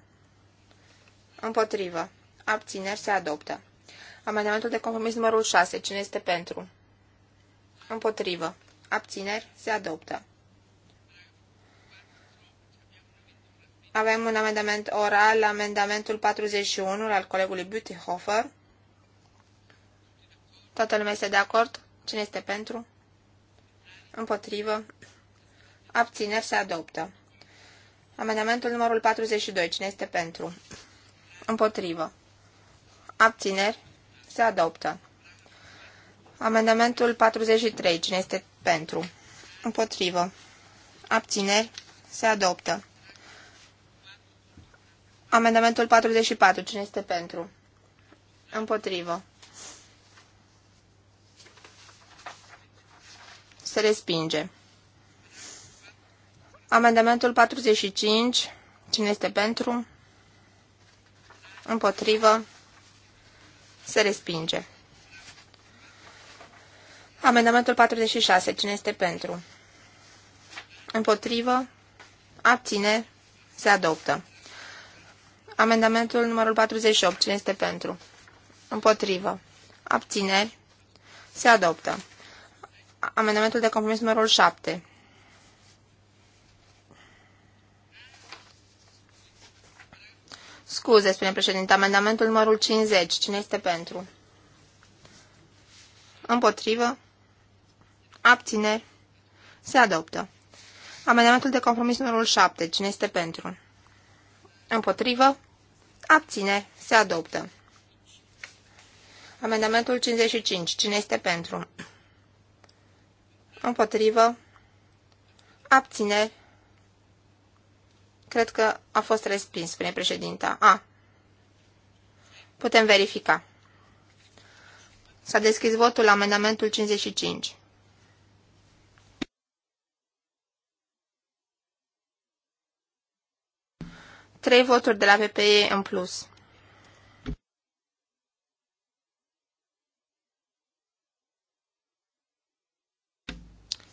Împotrivă. Abțineri se adoptă. Amendamentul de compromis numărul 6. Cine este pentru? Împotrivă. Abțineri se adoptă. Avem un amendament oral, amendamentul 41 al colegului Butihofer. Toată lumea este de acord? Cine este pentru? Împotrivă? Abțineri se adoptă. Amendamentul numărul 42. Cine este pentru? Împotrivă. Abțineri se adoptă. Amendamentul 43. Cine este pentru? Împotrivă. Abțineri se adoptă. Amendamentul 44. Cine este pentru? Împotrivă. Se respinge. Amendamentul 45. Cine este pentru? Împotrivă. Se respinge. Amendamentul 46. Cine este pentru? Împotrivă. Abține. Se adoptă. Amendamentul numărul 48. Cine este pentru? Împotrivă. Abțineri. Se adoptă. Amendamentul de compromis numărul 7. Scuze, spune președinte, amendamentul numărul 50. Cine este pentru? Împotrivă? Abțineri? Se adoptă. Amendamentul de compromis numărul 7. Cine este pentru? Împotrivă? Abțineri? Se adoptă. Amendamentul 55. Cine este pentru? Împotrivă? Abțineri? Cred că a fost respins, spune președinta. A. Putem verifica. S-a deschis votul la amendamentul 55. Trei voturi de la PPE în plus.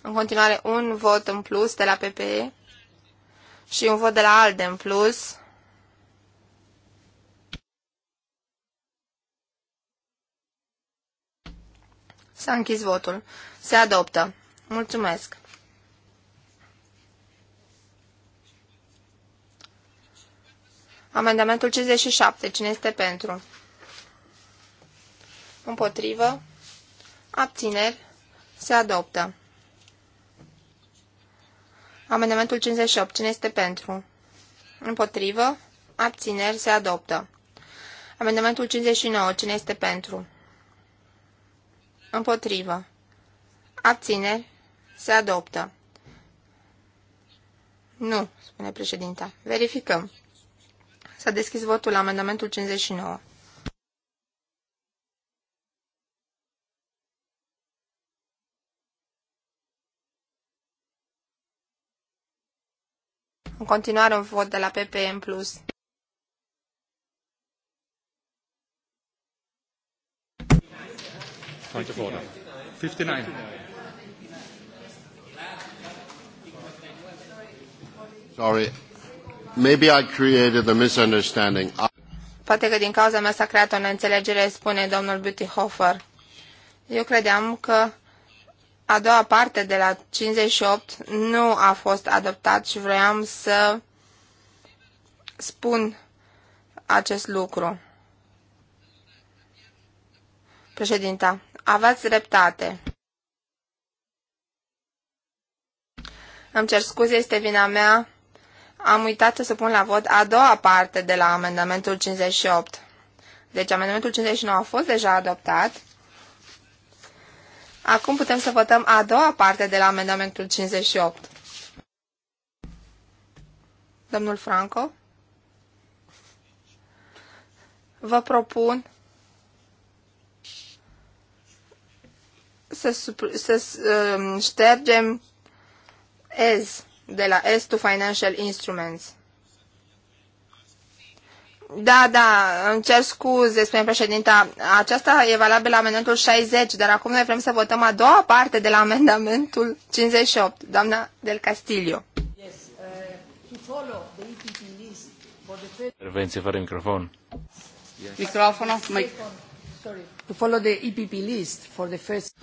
În continuare, un vot în plus de la PPE și un vot de la ALDE în plus. S-a închis votul. Se adoptă. Mulțumesc. Amendamentul 57. Cine este pentru? Împotrivă. Abțineri. Se adoptă. Amendamentul 58. Cine este pentru? Împotrivă. Abțineri se adoptă. Amendamentul 59. Cine este pentru? Împotrivă. Abțineri se adoptă. Nu, spune președinta. Verificăm. S-a deschis votul la amendamentul 59. continuare un vot de la PPM+. Point of order. 59. Sorry. Maybe I created a misunderstanding. Poate că din cauza mea s-a creat o neînțelegere, spune domnul Beautyhofer. Eu credeam că a doua parte de la 58 nu a fost adoptat și vroiam să spun acest lucru. Președinta, aveți dreptate. Îmi cer scuze, este vina mea. Am uitat să pun la vot a doua parte de la amendamentul 58. Deci amendamentul 59 a fost deja adoptat. Acum putem să votăm a doua parte de la amendamentul 58. Domnul Franco? Vă propun să, să um, ștergem S de la „S” to financial instruments. Da, da, îmi cer scuze, spune președinta. Aceasta e valabil la amendamentul 60, dar acum noi vrem să votăm a doua parte de la amendamentul 58. Doamna Del Castillo. Yes, uh, Intervenție fără microfon. Yes. Microfonul. Mic to follow the EPP list for the first...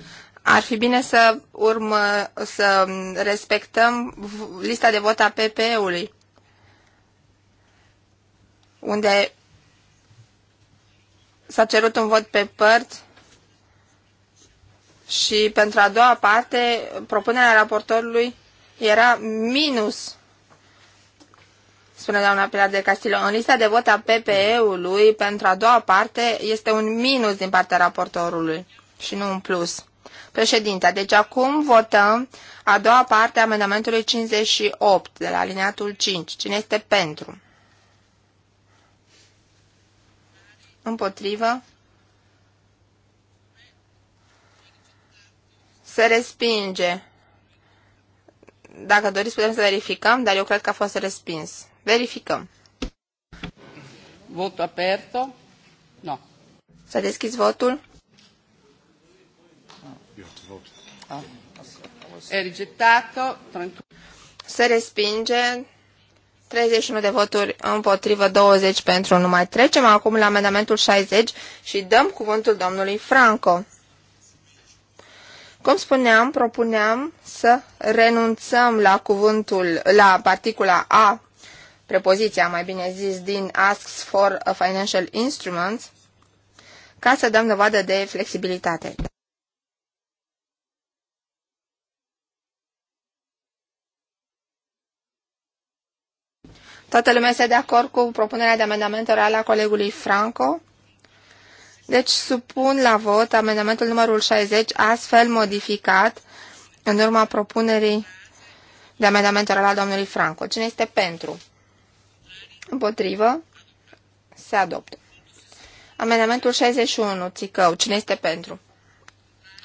Ar fi bine să urmă, să respectăm lista de vot a PP-ului unde s-a cerut un vot pe părți și pentru a doua parte propunerea raportorului era minus spune doamna Pilar de Castillo. În lista de vot a PPE-ului, pentru a doua parte, este un minus din partea raportorului și nu un plus. Președinte, deci acum votăm a doua parte a amendamentului 58 de la alineatul 5. Cine este pentru? împotrivă, se respinge. Dacă doriți, putem să verificăm, dar eu cred că a fost respins. Verificăm. Votul aperto? No. S-a deschis votul? E ah, rigettato. Se respinge 31 de voturi împotrivă, 20 pentru. Nu mai trecem acum la amendamentul 60 și dăm cuvântul domnului Franco. Cum spuneam, propuneam să renunțăm la cuvântul, la particula A, prepoziția, mai bine zis, din asks for a financial instruments, ca să dăm dovadă de flexibilitate. Toată lumea este de acord cu propunerea de amendament oral a colegului Franco. Deci supun la vot amendamentul numărul 60, astfel modificat, în urma propunerii de amendament oral a domnului Franco. Cine este pentru? Împotrivă? Se adoptă. Amendamentul 61, Țicău. Cine este pentru?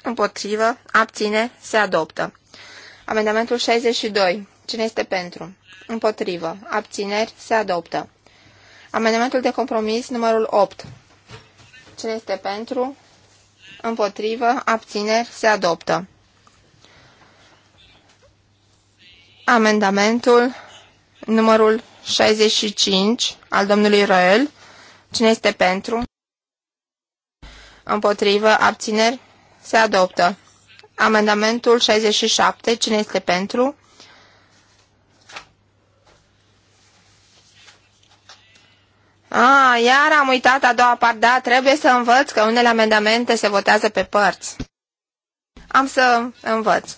Împotrivă? Abține? Se adoptă. Amendamentul 62, Cine este pentru? Împotrivă. Abțineri. Se adoptă. Amendamentul de compromis numărul 8. Cine este pentru? Împotrivă. Abțineri. Se adoptă. Amendamentul numărul 65 al domnului Roel. Cine este pentru? Împotrivă. Abțineri. Se adoptă. Amendamentul 67. Cine este pentru? A, ah, iar am uitat a doua parte, da, trebuie să învăț că unele amendamente se votează pe părți. Am să învăț.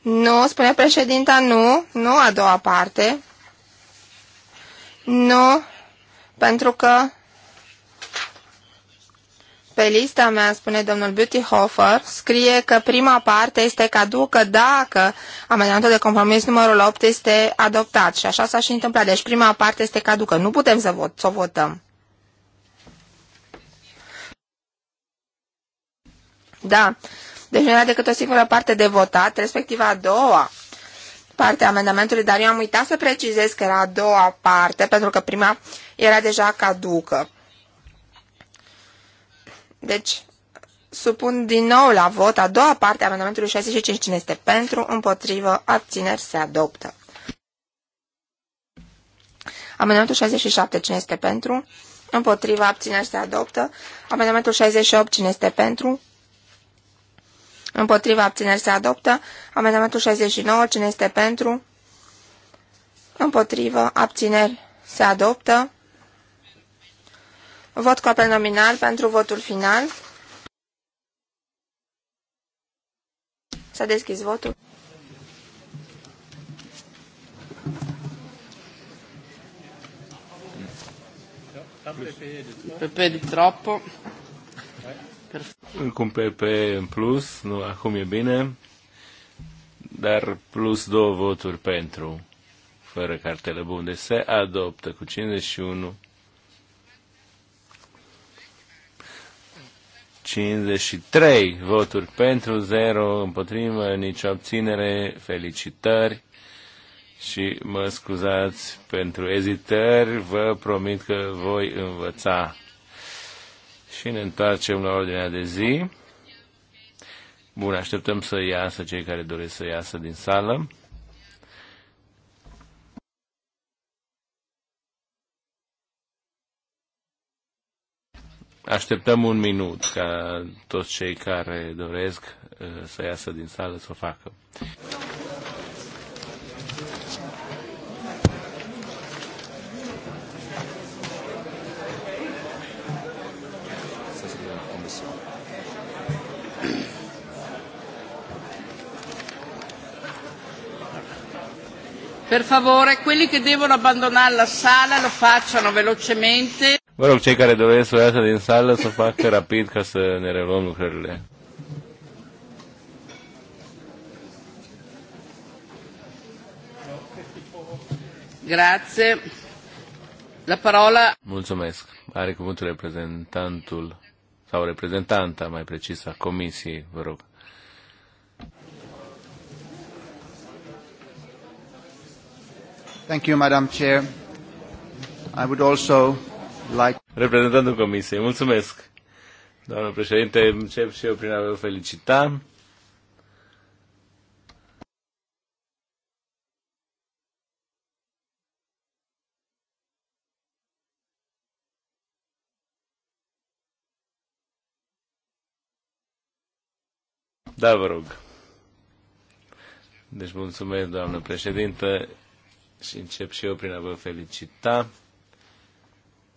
Nu, spune președinta, nu, nu a doua parte. Nu, pentru că pe lista mea, spune domnul Beautyhofer, scrie că prima parte este caducă dacă amendamentul de compromis numărul 8 este adoptat. Și așa s-a și întâmplat. Deci prima parte este caducă. Nu putem să, vot, să o votăm. Da. Deci nu era decât o singură parte de votat, respectiv a doua parte a amendamentului, dar eu am uitat să precizez că era a doua parte, pentru că prima era deja caducă. Deci, supun din nou la vot a doua parte a amendamentului 65. Cine este pentru, împotrivă, abțineri, se adoptă. Amendamentul 67. Cine este pentru, împotrivă, abțineri, se adoptă. Amendamentul 68. Cine este pentru, împotrivă, abțineri, se adoptă. Amendamentul 69. Cine este pentru, împotrivă, abțineri, se adoptă. Vot cu apel nominal pentru votul final. S-a deschis votul. PP de troppo. Cu un PP în plus, nu, acum e bine, dar plus două voturi pentru, fără cartele bune, se adoptă cu 51 53 voturi pentru, 0 împotrivă, nicio abținere, felicitări și mă scuzați pentru ezitări, vă promit că voi învăța. Și ne întoarcem la ordinea de zi. Bun, așteptăm să iasă cei care doresc să iasă din sală. Așteptăm un minut ca toți cei care doresc uh, să iasă din sală să o facă. Per favore, quelli che devono abbandonare la sala lo facciano velocemente. Vă rog, cei care doresc să iasă din sală să facă rapid ca să ne reluăm lucrările. Grazie. La parola... Mulțumesc. Are cuvântul reprezentantul sau reprezentanta, mai precis, a comisiei, vă rog. Thank you, Madam Chair. I would also like... Reprezentantul Comisiei, mulțumesc! Doamnă președinte, încep și eu prin a vă felicita. Da, vă rog. Deci mulțumesc, doamnă președintă, și încep și eu prin a vă felicita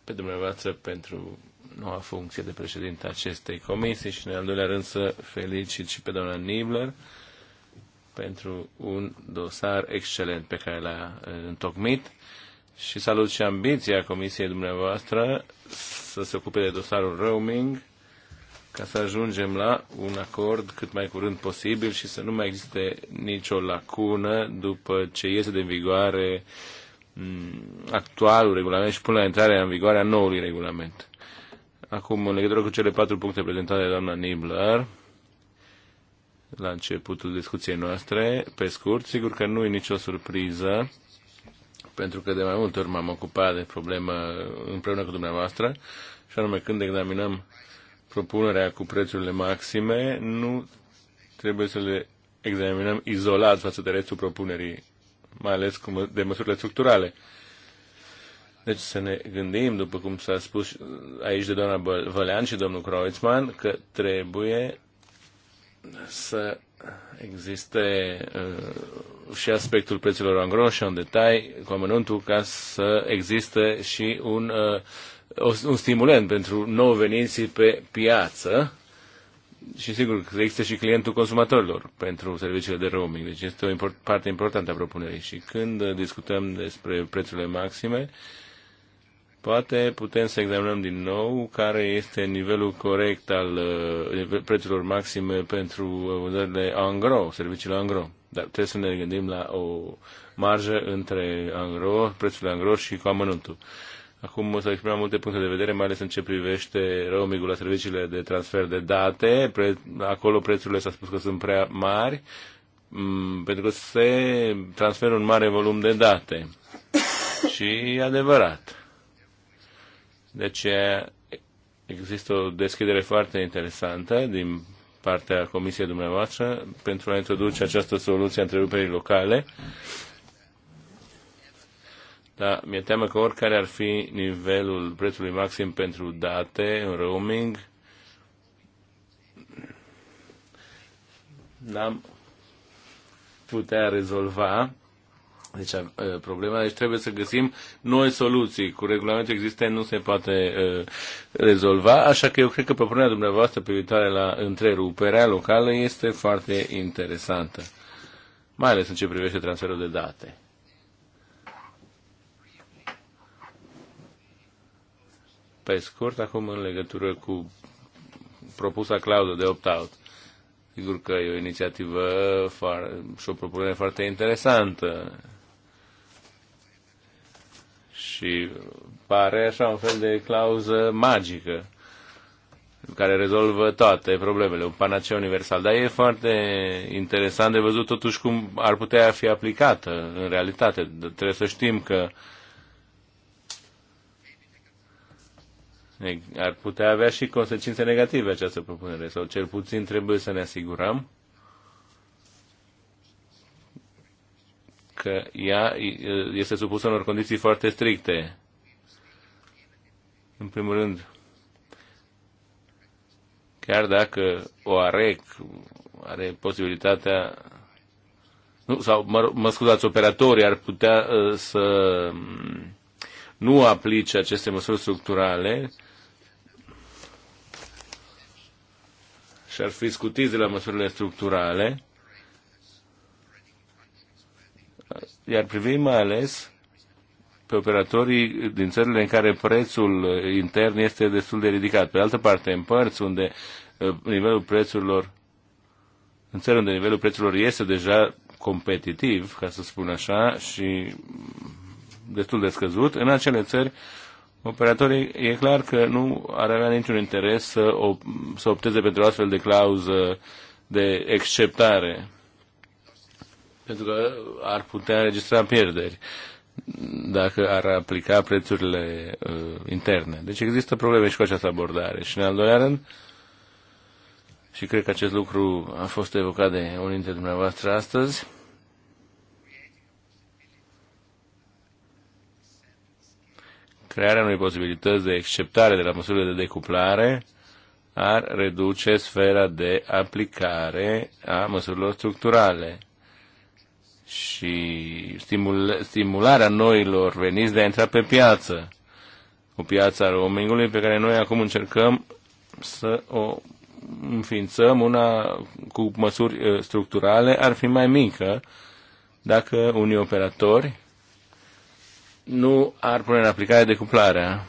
pe dumneavoastră pentru noua funcție de președinte acestei comisii și, în al doilea rând, să felicit și pe doamna Nibler pentru un dosar excelent pe care l-a uh, întocmit și salut și ambiția comisiei dumneavoastră să se ocupe de dosarul roaming ca să ajungem la un acord cât mai curând posibil și să nu mai existe nicio lacună după ce iese de vigoare uh, Mm, actualul regulament și până la intrarea în vigoare a noului regulament. Acum, în legătură cu cele patru puncte prezentate de doamna Nibler, la începutul discuției noastre, pe scurt, sigur că nu e nicio surpriză, pentru că de mai multe ori m-am ocupat de problemă împreună cu dumneavoastră, și anume când examinăm propunerea cu prețurile maxime, nu trebuie să le examinăm izolat față de restul propunerii mai ales de măsurile structurale. Deci să ne gândim, după cum s-a spus aici de doamna Vălean și domnul Kreuzmann, că trebuie să existe uh, și aspectul prețurilor în gros și în detai, cu amănuntul ca să existe și un, uh, un stimulant pentru nou veniții pe piață, și sigur că există și clientul consumatorilor pentru serviciile de roaming. Deci este o import, parte importantă a propunerii. Și când discutăm despre prețurile maxime, poate putem să examinăm din nou care este nivelul corect al uh, prețurilor maxime pentru vânzările angro, serviciile angro. Dar trebuie să ne gândim la o marjă între angro, prețurile angro și cu amănuntul. Uh, Acum o să exprimăm multe puncte de vedere, mai ales în ce privește roamingul la serviciile de transfer de date. Pre- acolo prețurile s-a spus că sunt prea mari, mm, pentru că se transferă un mare volum de date. Și e adevărat. Deci există o deschidere foarte interesantă din partea Comisiei dumneavoastră pentru a introduce această soluție a întreruperii locale. Uh, dar mi-e teamă că oricare ar fi nivelul prețului maxim pentru date în roaming, n-am putea rezolva deci, uh, problema, deci trebuie să găsim noi soluții. Cu regulamentul existent nu se poate uh, rezolva, așa că eu cred că propunerea dumneavoastră privitoare la întreruperea locală este foarte interesantă, mai ales în ce privește transferul de date. Pe scurt, acum în legătură cu propusa Claudă de opt-out. Sigur că e o inițiativă și o propunere foarte interesantă și pare așa un fel de clauză magică care rezolvă toate problemele, un panaceu universal. Dar e foarte interesant de văzut totuși cum ar putea fi aplicată în realitate. Trebuie să știm că uh, ar putea avea și consecințe negative această propunere, sau cel puțin trebuie să ne asigurăm că ea este supusă unor condiții foarte stricte. În primul rând, chiar dacă o AREC are posibilitatea nu, sau mă, mă scuzați, operatorii ar putea uh, să mm, nu aplice aceste măsuri structurale, și ar fi scutiți de la măsurile structurale, iar privim mai ales pe operatorii din țările în care prețul intern este destul de ridicat. Pe altă parte, în părți unde uh, nivelul prețurilor, în țări unde nivelul prețurilor este deja competitiv, ca să spun așa, și destul de scăzut, în acele țări Operatorii e clar că nu ar avea niciun interes să, o, să opteze pentru astfel de clauză de exceptare, pentru că ar putea registra pierderi dacă ar aplica prețurile uh, interne. Deci există probleme și cu această abordare. Și în al doilea rând, și cred că acest lucru a fost evocat de unii dintre dumneavoastră astăzi, crearea unei posibilități de exceptare de la măsurile de decuplare ar reduce sfera de aplicare a măsurilor structurale și stimula, stimularea noilor veniți de a intra pe piață, o piață a roamingului pe care noi acum încercăm să o înființăm, una cu măsuri uh, structurale, ar fi mai mică dacă unii operatori nu ar pune în aplicare decuplarea.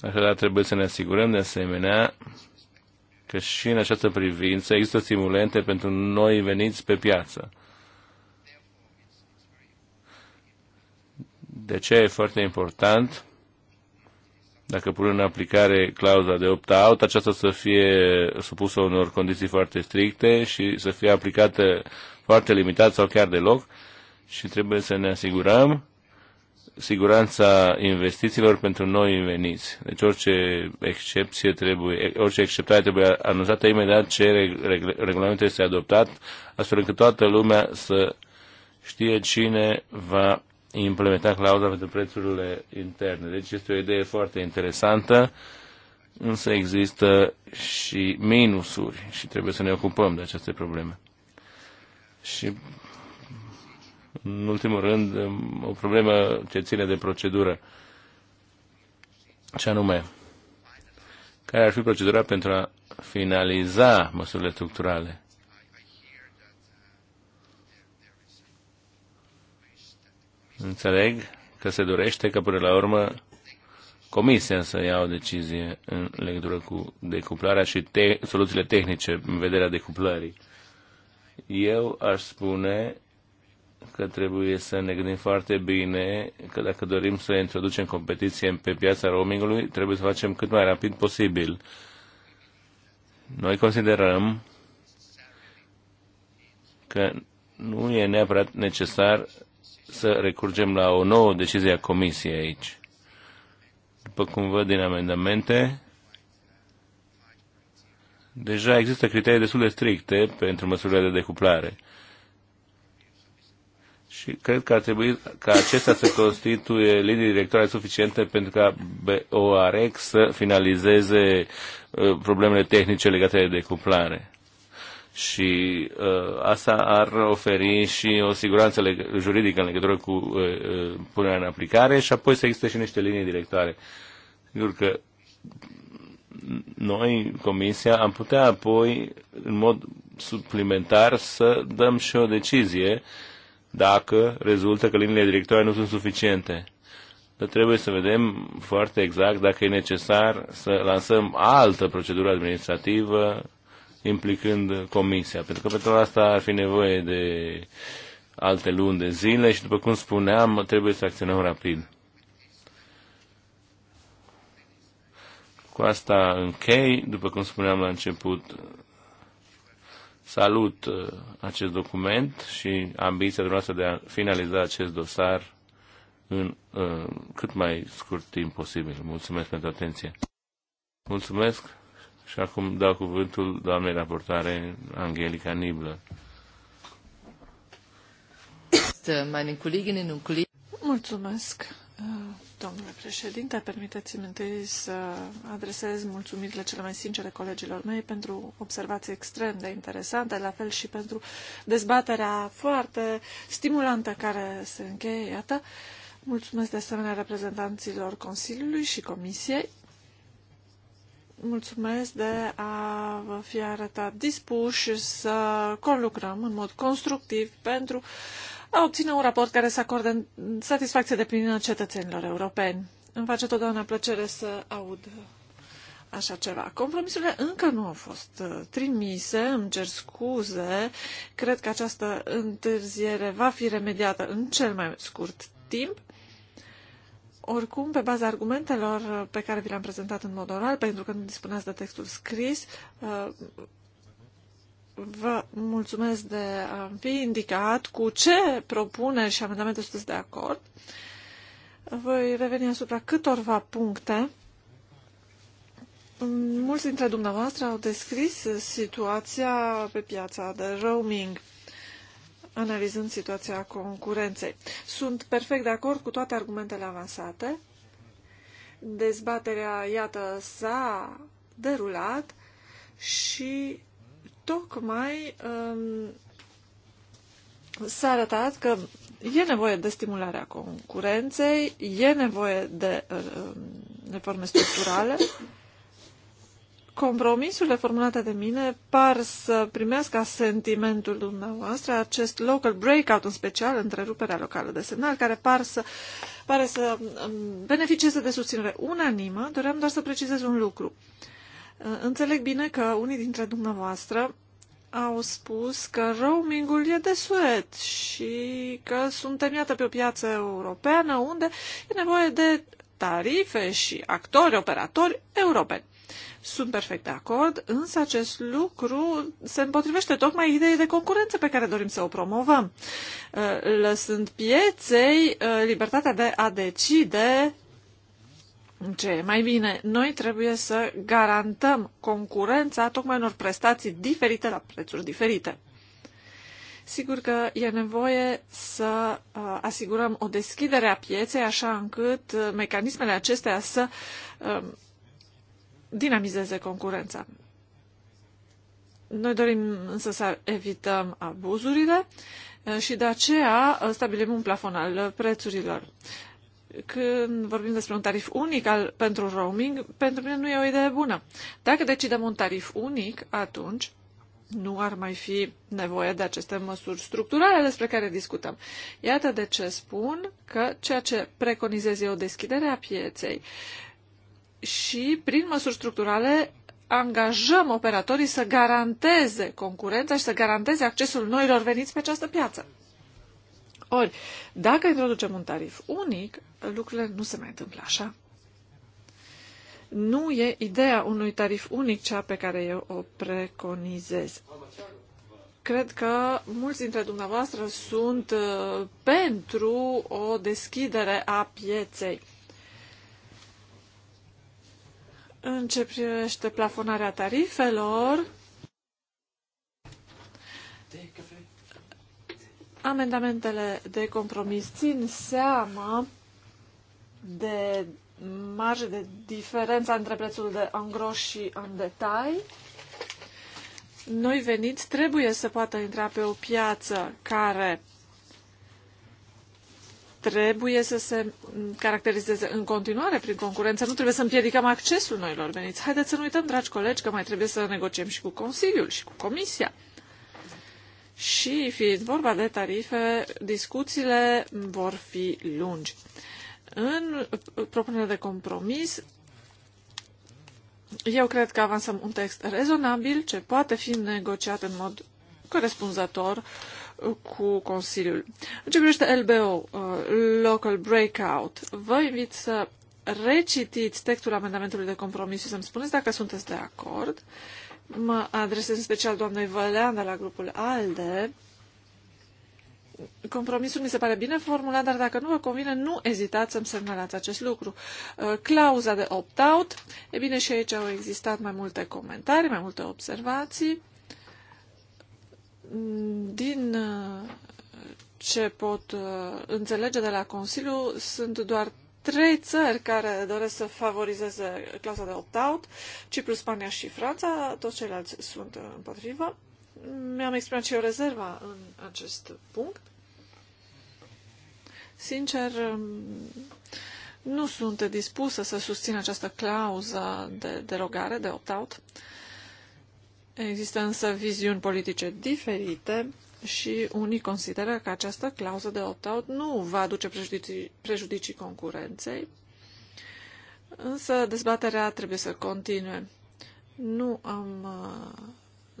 Așadar, trebuie să ne asigurăm de asemenea că și în această privință există stimulente pentru noi veniți pe piață. De ce e foarte important dacă punem în aplicare clauza de opt-out, aceasta să fie supusă unor condiții foarte stricte și să fie aplicată foarte limitat sau chiar deloc, și trebuie să ne asigurăm siguranța investițiilor pentru noi veniți. Deci orice excepție trebuie, orice exceptare trebuie anunțată imediat ce regulament este adoptat, astfel încât toată lumea să știe cine va implementa clauza pentru prețurile interne. Deci este o idee foarte interesantă, însă există și minusuri și trebuie să ne ocupăm de aceste probleme. Și în ultimul rând, um, o problemă ce ține de procedură. Ce anume? Care ar fi procedura pentru a finaliza măsurile structurale? Înțeleg că se dorește că până la urmă Comisia să ia o decizie în legătură cu decuplarea și te- soluțiile tehnice în vederea decuplării. Eu aș spune că trebuie să ne gândim foarte bine că dacă dorim să introducem competiție pe piața roamingului, trebuie să facem cât mai rapid posibil. Noi considerăm că nu e neapărat necesar să recurgem la o nouă decizie a Comisiei aici. După cum văd din amendamente, deja există criterii destul de stricte pentru măsurile de decuplare și cred că ar trebui ca acesta să constituie linii directoare suficiente pentru ca BoRX să finalizeze uh, problemele tehnice legate de decuplare. Și uh, asta ar oferi și o siguranță juridică în legătură cu uh, uh, punerea în aplicare și apoi să existe și niște linii directoare. Sigur că noi, Comisia, am putea apoi, în mod suplimentar, să dăm și o decizie uh, dacă rezultă că liniile directoare nu sunt suficiente. Dar trebuie să vedem foarte exact dacă e necesar să lansăm altă procedură administrativă implicând comisia, pentru că pentru asta ar fi nevoie de alte luni de zile și, după cum spuneam, trebuie să acționăm rapid. Cu asta închei, după cum spuneam la început, Salut uh, acest document și ambiția dumneavoastră de a finaliza acest dosar în uh, cât mai scurt timp posibil. Mulțumesc pentru atenție. Mulțumesc și acum dau cuvântul doamnei raportare Angelica Niblă. Uh, Mulțumesc uh, Domnule președinte, permiteți-mi întâi să adresez mulțumirile cele mai sincere colegilor mei pentru observații extrem de interesante, la fel și pentru dezbaterea foarte stimulantă care se încheie, iată. Mulțumesc de asemenea reprezentanților Consiliului și Comisiei. Mulțumesc de a vă fi arătat dispuși să conlucrăm în mod constructiv pentru a obține un raport care să acorde satisfacție de plină cetățenilor europeni. Îmi face totdeauna plăcere să aud așa ceva. Compromisurile încă nu au fost uh, trimise, îmi cer scuze. Cred că această întârziere va fi remediată în cel mai scurt timp. Oricum, pe baza argumentelor pe care vi le-am prezentat în mod oral, pentru că nu dispuneați de textul scris, uh, vă mulțumesc de a fi indicat cu ce propuneri și amendamente sunteți de acord. Voi reveni asupra câtorva puncte. Mulți dintre dumneavoastră au descris situația pe piața de roaming, analizând situația concurenței. Sunt perfect de acord cu toate argumentele avansate. Dezbaterea, iată, s-a derulat și tocmai um, s-a arătat că e nevoie de stimularea concurenței, e nevoie de um, reforme structurale. Compromisurile formulate de mine par să primească sentimentul dumneavoastră, acest local breakout, în special întreruperea locală de semnal, care par să, pare să um, beneficieze de susținere unanimă. Doream doar să precizez un lucru. Uh, Uh, înțeleg bine că unii dintre dumneavoastră au spus că roamingul e de suet și că suntem, iată, pe o piață europeană unde e nevoie de tarife și actori, operatori europeni. Sunt perfect de acord, însă acest lucru se împotrivește tocmai ideii de concurență pe care dorim să o promovăm, uh, lăsând pieței uh, libertatea de a decide ce e mai bine, noi trebuie să garantăm concurența tocmai unor prestații diferite la prețuri diferite. Sigur că e nevoie să uh, asigurăm o deschidere a pieței așa încât uh, mecanismele acestea să um, dinamizeze concurența. Noi dorim însă să evităm abuzurile uh, și de aceea stabilim un plafon al prețurilor când vorbim despre un tarif unic al, pentru roaming, pentru mine nu e o idee bună. Dacă decidem un tarif unic, atunci nu ar mai fi nevoie de aceste măsuri structurale despre care discutăm. Iată de ce spun că ceea ce preconizez o deschidere a pieței și prin măsuri structurale angajăm operatorii să garanteze concurența și să garanteze accesul noilor veniți pe această piață. Ori, dacă introducem un tarif unic, lucrurile nu se mai întâmplă așa. Nu e ideea unui tarif unic cea pe care eu o preconizez. Cred că mulți dintre dumneavoastră sunt uh, pentru o deschidere a pieței. În ce privește plafonarea tarifelor, amendamentele de compromis țin seama de marge de diferența între prețul de gros și în detai, noi veniți trebuie să poată intra pe o piață care trebuie să se caracterizeze în continuare prin concurență. Nu trebuie să împiedicăm accesul noilor veniți. Haideți să nu uităm, dragi colegi, că mai trebuie să negociem și cu Consiliul și cu Comisia. Și fiind vorba de tarife, discuțiile vor fi lungi. În propunerea de compromis, eu cred că avansăm un text rezonabil ce poate fi negociat în mod corespunzător cu Consiliul. În ce privește LBO, uh, Local Breakout, vă invit să recitiți textul amendamentului de compromis și să-mi spuneți dacă sunteți de acord. Mă adresez în special doamnei Vălean de la grupul ALDE, Compromisul mi se pare bine formulat, dar dacă nu vă convine, nu ezitați să-mi semnalați acest lucru. Uh, clauza de opt-out, e bine și aici au existat mai multe comentarii, mai multe observații. Din uh, ce pot uh, înțelege de la Consiliu, sunt doar trei țări care doresc să favorizeze clauza de opt-out, Cipru, Spania și Franța, toți ceilalți sunt împotrivă mi-am exprimat și eu rezerva în acest punct. Sincer, um, nu sunt dispusă să susțin această clauză de derogare, de opt-out. Există însă viziuni politice diferite și unii consideră că această clauză de opt-out nu va aduce prejudicii, prejudicii concurenței, însă dezbaterea trebuie să continue. Nu am uh,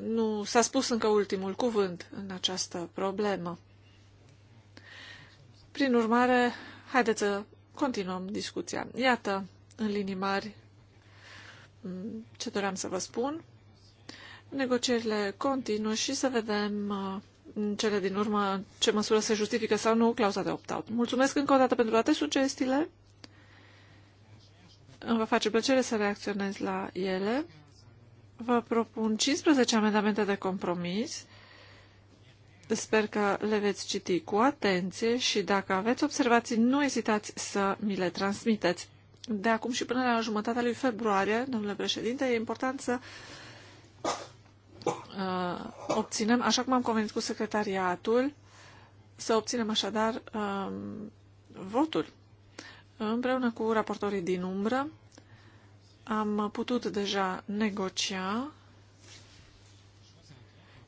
nu s-a spus încă ultimul cuvânt în această problemă. Prin urmare, haideți să continuăm discuția. Iată, în linii mari, ce doream să vă spun. Negocierile continuă și să vedem uh, în cele din urmă ce măsură se justifică sau nu clauza de opt-out. Mulțumesc încă o dată pentru toate sugestiile. Îmi va face plăcere să reacționez la ele Vă propun 15 amendamente de compromis. Sper că le veți citi cu atenție și dacă aveți observații, nu ezitați să mi le transmiteți. De acum și până la jumătatea lui februarie, domnule președinte, e important să uh, obținem, așa cum am convenit cu secretariatul, să obținem așadar uh, votul împreună cu raportorii din umbră am putut deja negocia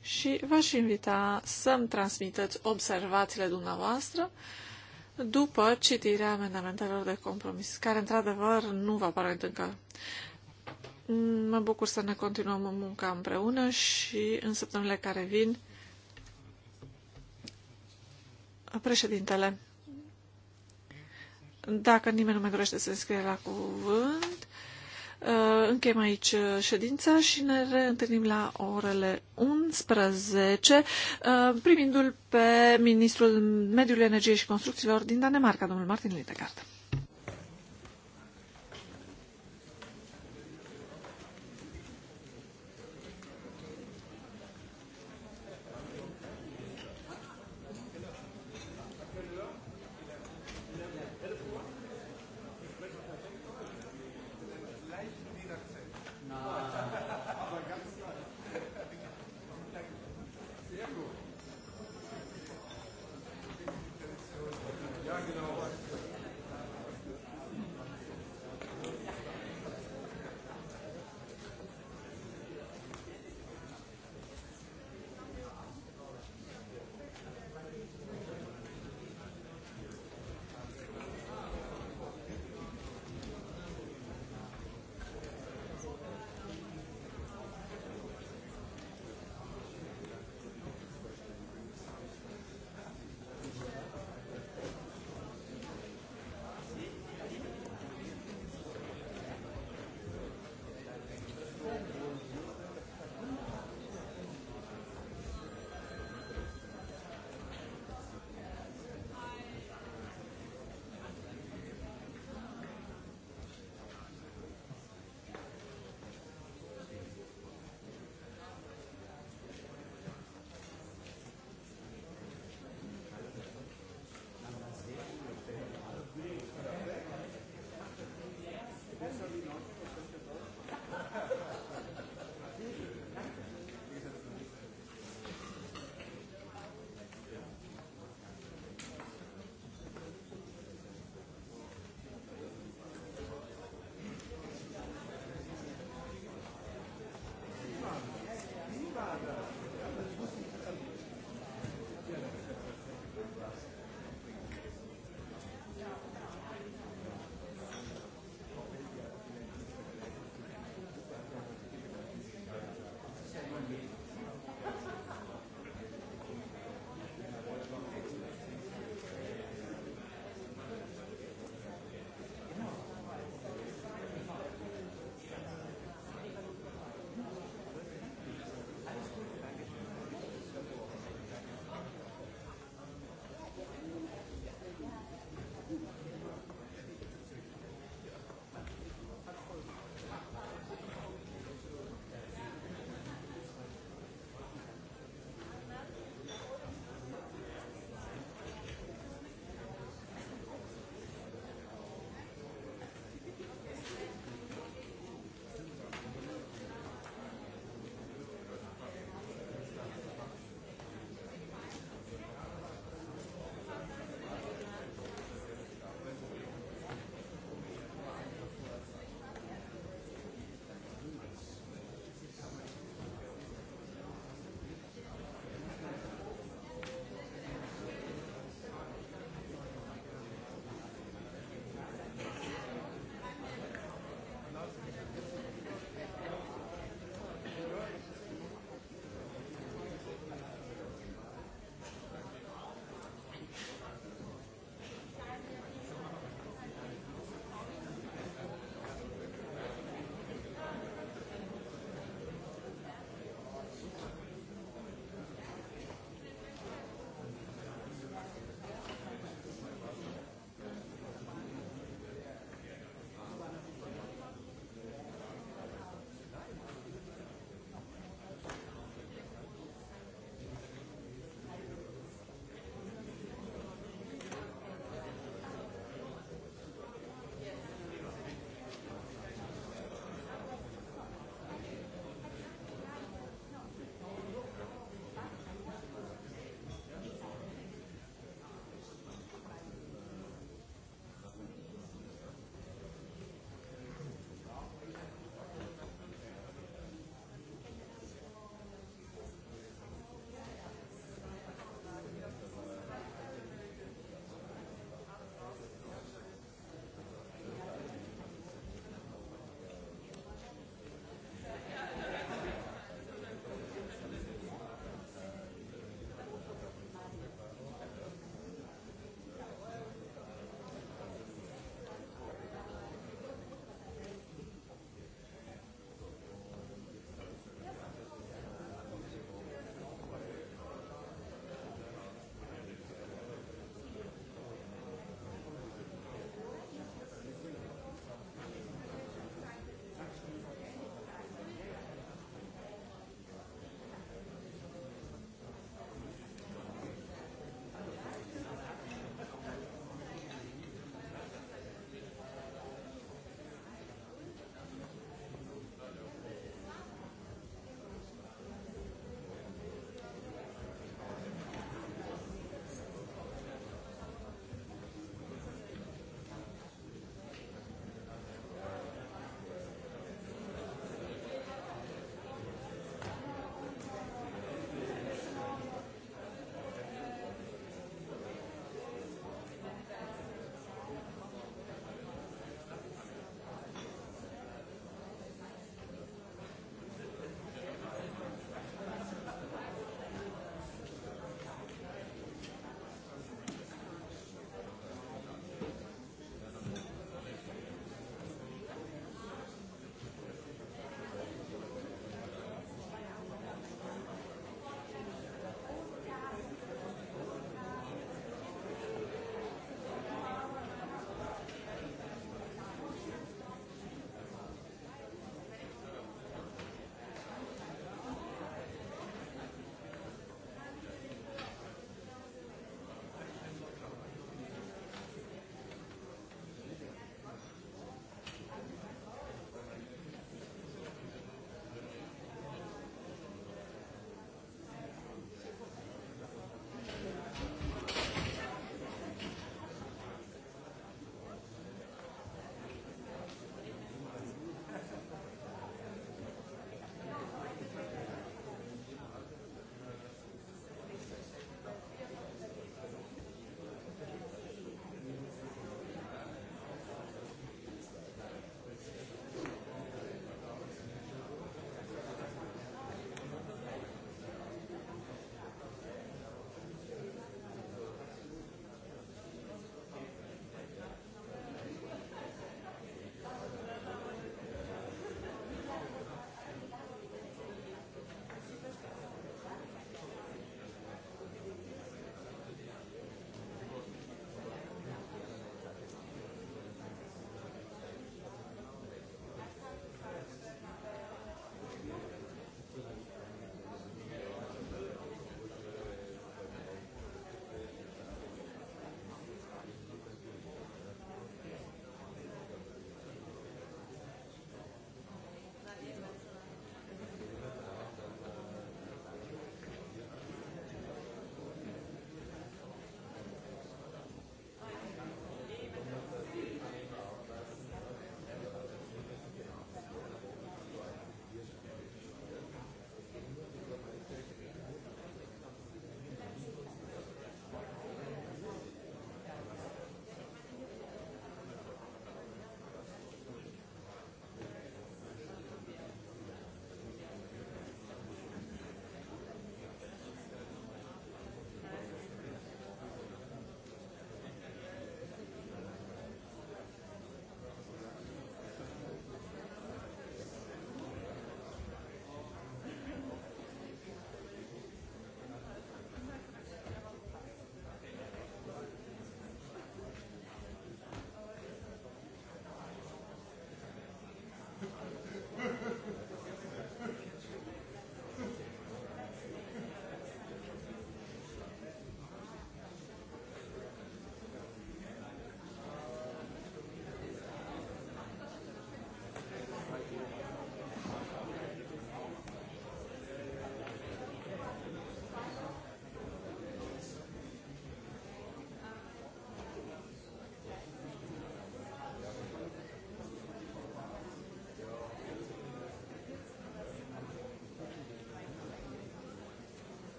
și v-aș invita să-mi transmiteți observațiile dumneavoastră după citirea amendamentelor de compromis, care într-adevăr nu vă aparent încă. Mă bucur să ne continuăm munca împreună și în săptămânile care vin președintele. Dacă nimeni nu mai dorește să se înscrie la cuvânt, Uh, încheiem aici uh, ședința și ne reîntâlnim la orele 11, uh, primindu-l pe Ministrul Mediului Energiei și Construcțiilor din Danemarca, domnul Martin Lindegaard.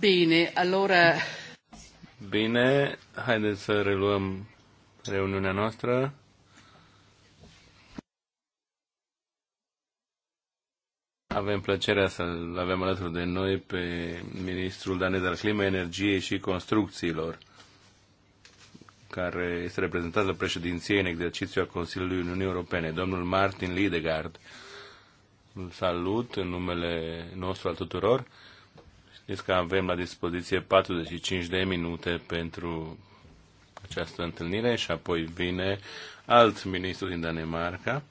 Bine, allora... Bine, haideți să reluăm reuniunea noastră. Avem plăcerea să-l avem alături de noi pe ministrul danez al climei, energiei și construcțiilor, care este reprezentat la președinție în exercițiu a Consiliului Uniunii Europene, domnul Martin Lidegard îl salut în numele nostru al tuturor. Știți că avem la dispoziție 45 de minute pentru această întâlnire și apoi vine alt ministru din Danemarca.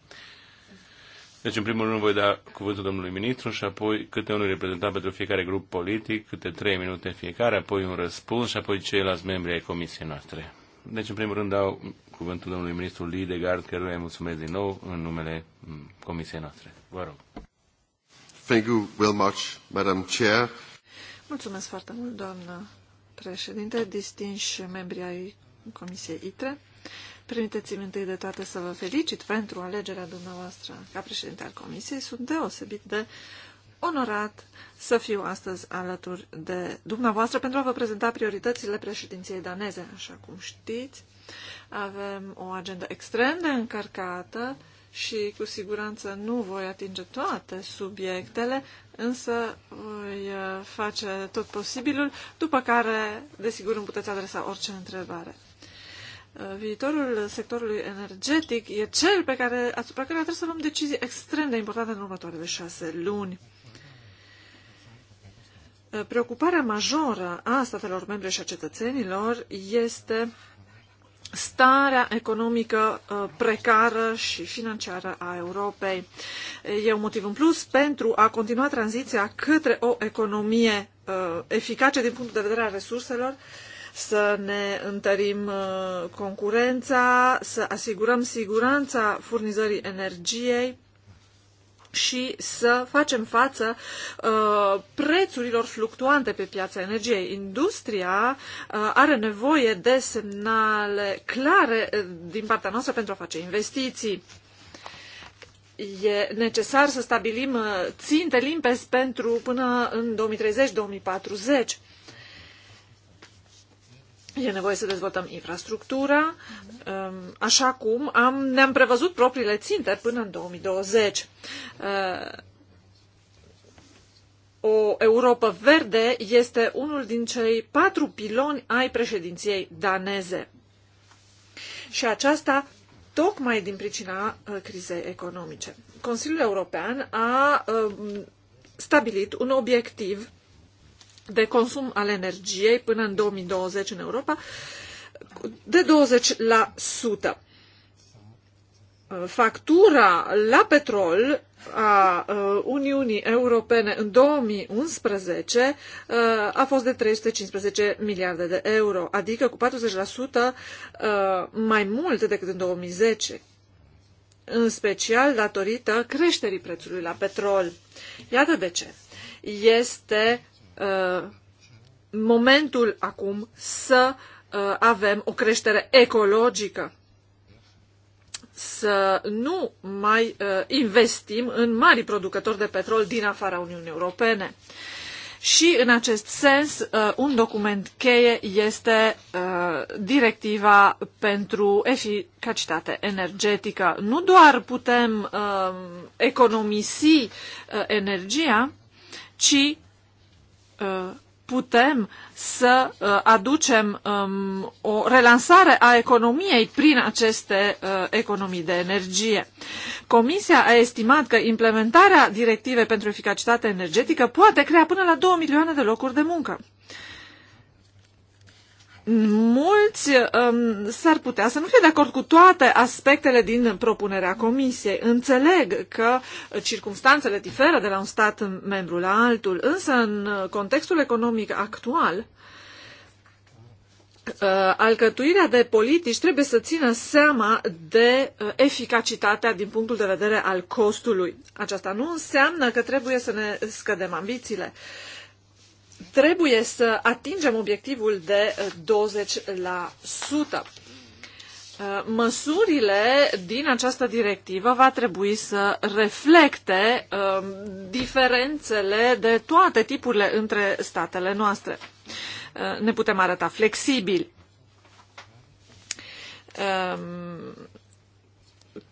Deci, în primul rând, voi da cuvântul domnului ministru și apoi câte unul reprezentat pentru fiecare grup politic, câte trei minute fiecare, apoi un răspuns și apoi ceilalți membri ai comisiei noastre. Deci, în primul rând, dau cuvântul domnului ministru Lidegard, căruia îi mulțumesc din nou în numele mm, comisiei noastre. Vă rog. Thank you very much, Madam Chair. Mulțumesc foarte mult, doamnă președinte, distinși membri ai Comisiei ITRE. Permiteți-mi întâi de toate să vă felicit pentru alegerea dumneavoastră ca președinte al Comisiei. Sunt deosebit de onorat să fiu astăzi alături de dumneavoastră pentru a vă prezenta prioritățile președinției daneze. Așa cum știți, avem o agendă extrem de încărcată și cu siguranță nu voi atinge toate subiectele, însă voi uh, face tot posibilul, după care, desigur, îmi puteți adresa orice întrebare. Uh, viitorul sectorului energetic e cel pe care, asupra care trebuie să luăm decizii extrem de importante în următoarele șase luni. Uh, preocuparea majoră a statelor membre și a cetățenilor este starea economică uh, precară și financiară a Europei. E un motiv în plus pentru a continua tranziția către o economie uh, eficace din punct de vedere al resurselor, să ne întărim uh, concurența, să asigurăm siguranța furnizării energiei, și să facem față uh, prețurilor fluctuante pe piața energiei. Industria uh, are nevoie de semnale clare uh, din partea noastră pentru a face investiții. E necesar să stabilim uh, ținte limpezi pentru până în 2030-2040 E nevoie să dezvoltăm infrastructura, ehm, așa cum am, ne-am prevăzut propriile ținte până în 2020. Ehm, o Europa verde este unul din cei patru piloni ai președinției daneze. Și aceasta tocmai din pricina uh, crizei economice. Consiliul European a ehm, stabilit un obiectiv de consum al energiei până în 2020 în Europa de 20%. Factura la petrol a Uniunii Europene în 2011 a fost de 315 miliarde de euro, adică cu 40% mai mult decât în 2010, în special datorită creșterii prețului la petrol. Iată de ce. Este Uh, momentul acum să uh, avem o creștere ecologică, să nu mai uh, investim în mari producători de petrol din afara Uniunii Europene. Și în acest sens, uh, un document cheie este uh, directiva pentru eficacitate energetică. Nu doar putem economisi energia, ci Uh, putem să uh, aducem um, o relansare a economiei prin aceste uh, economii de energie. Comisia a estimat că implementarea directivei pentru eficacitate energetică poate crea până la 2 milioane de locuri de muncă mulți um, s-ar putea să nu fie de acord cu toate aspectele din propunerea Comisiei. Înțeleg că circumstanțele diferă de la un stat membru la altul, însă în contextul economic actual, uh, alcătuirea de politici trebuie să țină seama de uh, eficacitatea din punctul de vedere al costului. Aceasta nu înseamnă că trebuie să ne scădem ambițiile trebuie să atingem obiectivul de 20%. Eh, eh, măsurile din această directivă va trebui să reflecte uh, diferențele de toate tipurile între statele noastre. Uh, ne putem arăta flexibili. Uh,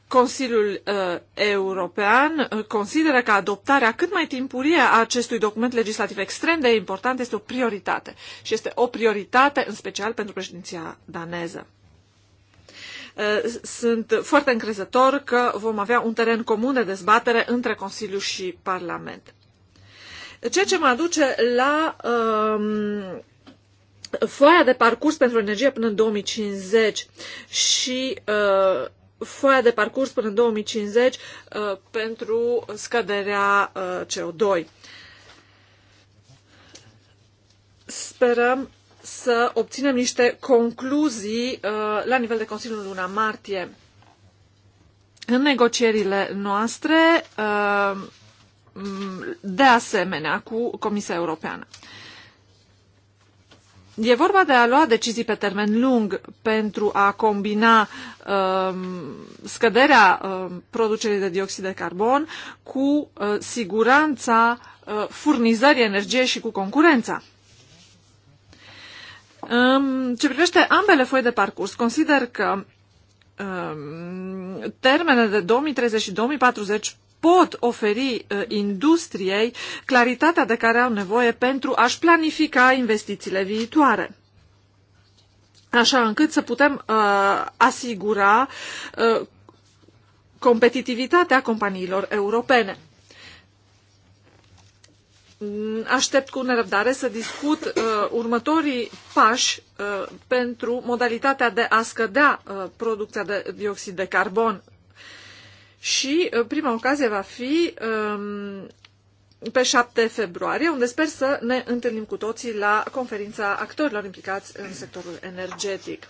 Consiliul uh, European uh, consideră că adoptarea cât mai timpurie a acestui document legislativ extrem de important este o prioritate și este o prioritate în special pentru președinția daneză. Uh, sunt foarte încrezător că vom avea un teren comun de dezbatere între Consiliu și Parlament. Ceea ce mă aduce la um, foaia de parcurs pentru energie până în 2050 și uh, foaia de parcurs până în 2050 uh, pentru scăderea uh, CO2. Sperăm să obținem niște concluzii uh, la nivel de Consiliu în luna martie. În negocierile noastre, de asemenea, cu Comisia Europeană. E vorba de a lua decizii pe termen lung pentru a combina um, scăderea um, producerii de dioxid de carbon cu uh, siguranța uh, furnizării energiei și cu concurența. Um, ce privește ambele foi de parcurs, consider că um, termene de 2030 și 2040 pot oferi ă, industriei claritatea de care au nevoie pentru a-și planifica investițiile viitoare așa încât să putem uh, asigura uh, competitivitatea companiilor europene. Aștept cu nerăbdare să discut uh, următorii pași uh, pentru modalitatea de a scădea uh, producția de dioxid de carbon și uh, prima ocazie va fi um, pe 7 februarie, unde sper să ne întâlnim cu toții la conferința actorilor implicați în sectorul energetic.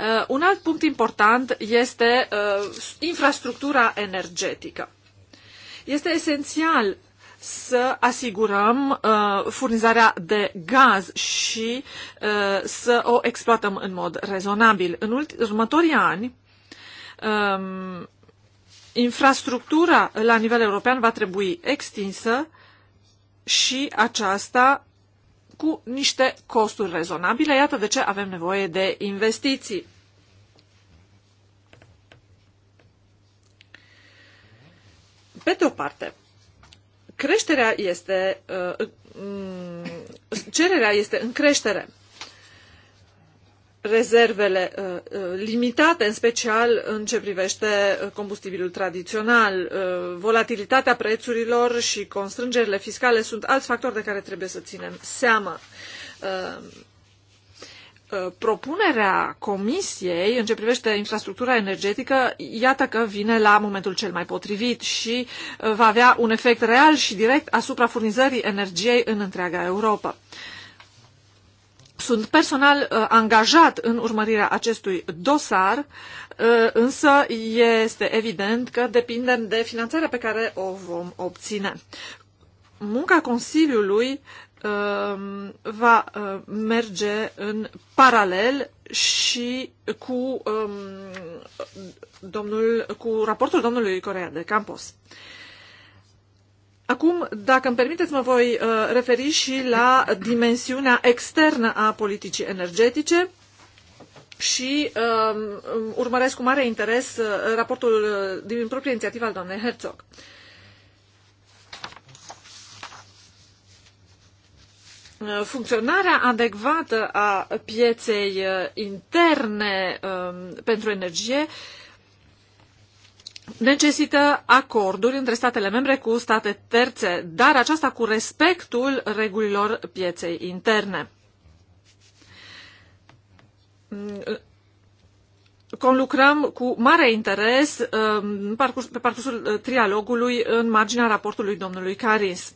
Uh, un alt punct important este uh, infrastructura energetică. Este esențial să asigurăm uh, furnizarea de gaz și uh, să o exploatăm în mod rezonabil. În următorii ani, um, infrastructura la nivel european va trebui extinsă și aceasta cu niște costuri rezonabile. Iată de ce avem nevoie de investiții. Pe de o parte, creșterea este, uh, cererea este în creștere rezervele uh, uh, limitate, în special în ce privește uh, combustibilul tradițional. Volatilitatea prețurilor și constrângerile fiscale sunt alți factori de care trebuie să ținem seama. Propunerea Comisiei în ce privește infrastructura energetică, iată că vine la momentul cel mai potrivit și va avea un efect real și direct asupra furnizării energiei în întreaga Europa sunt personal uh, angajat în urmărirea acestui dosar, uh, însă este evident că depindem de finanțarea pe care o vom obține. Munca Consiliului um, va uh, merge în paralel și cu, um, domnul, cu raportul domnului Corea de Campos. Acum, dacă îmi permiteți, mă voi uh, referi și la dimensiunea externă a politicii energetice și um, urmăresc cu mare interes uh, raportul uh, din propria inițiativă al doamnei Herzog. Funcționarea adecvată a pieței interne um, pentru energie uh, necesită acorduri între statele membre cu state terțe, dar aceasta cu respectul regulilor pieței interne. Conlucrăm cu mare interes um, pe parcursul uh, trialogului în marginea raportului domnului Caris.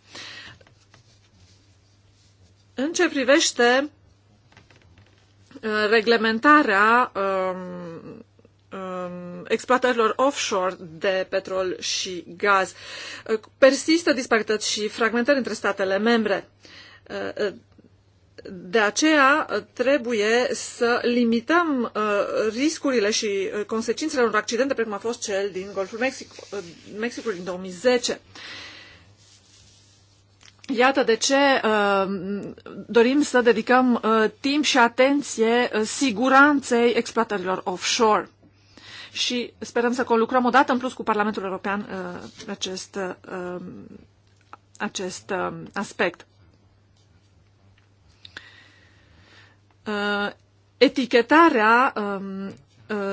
În ce privește uh, reglementarea um, um, exploatărilor offshore de petrol și gaz. Uh, persistă disparități și fragmentări între statele membre. Uh, uh, de aceea trebuie să limităm riscurile și consecințele unor accidente precum a fost cel din Golful Mexic, Mexicului din 2010. Iată de ce uh, dorim să dedicăm uh, timp și atenție uh, siguranței exploatărilor offshore și sperăm să conlucrăm odată în plus cu Parlamentul European uh, acest, uh, acest uh, aspect. Etichetarea um,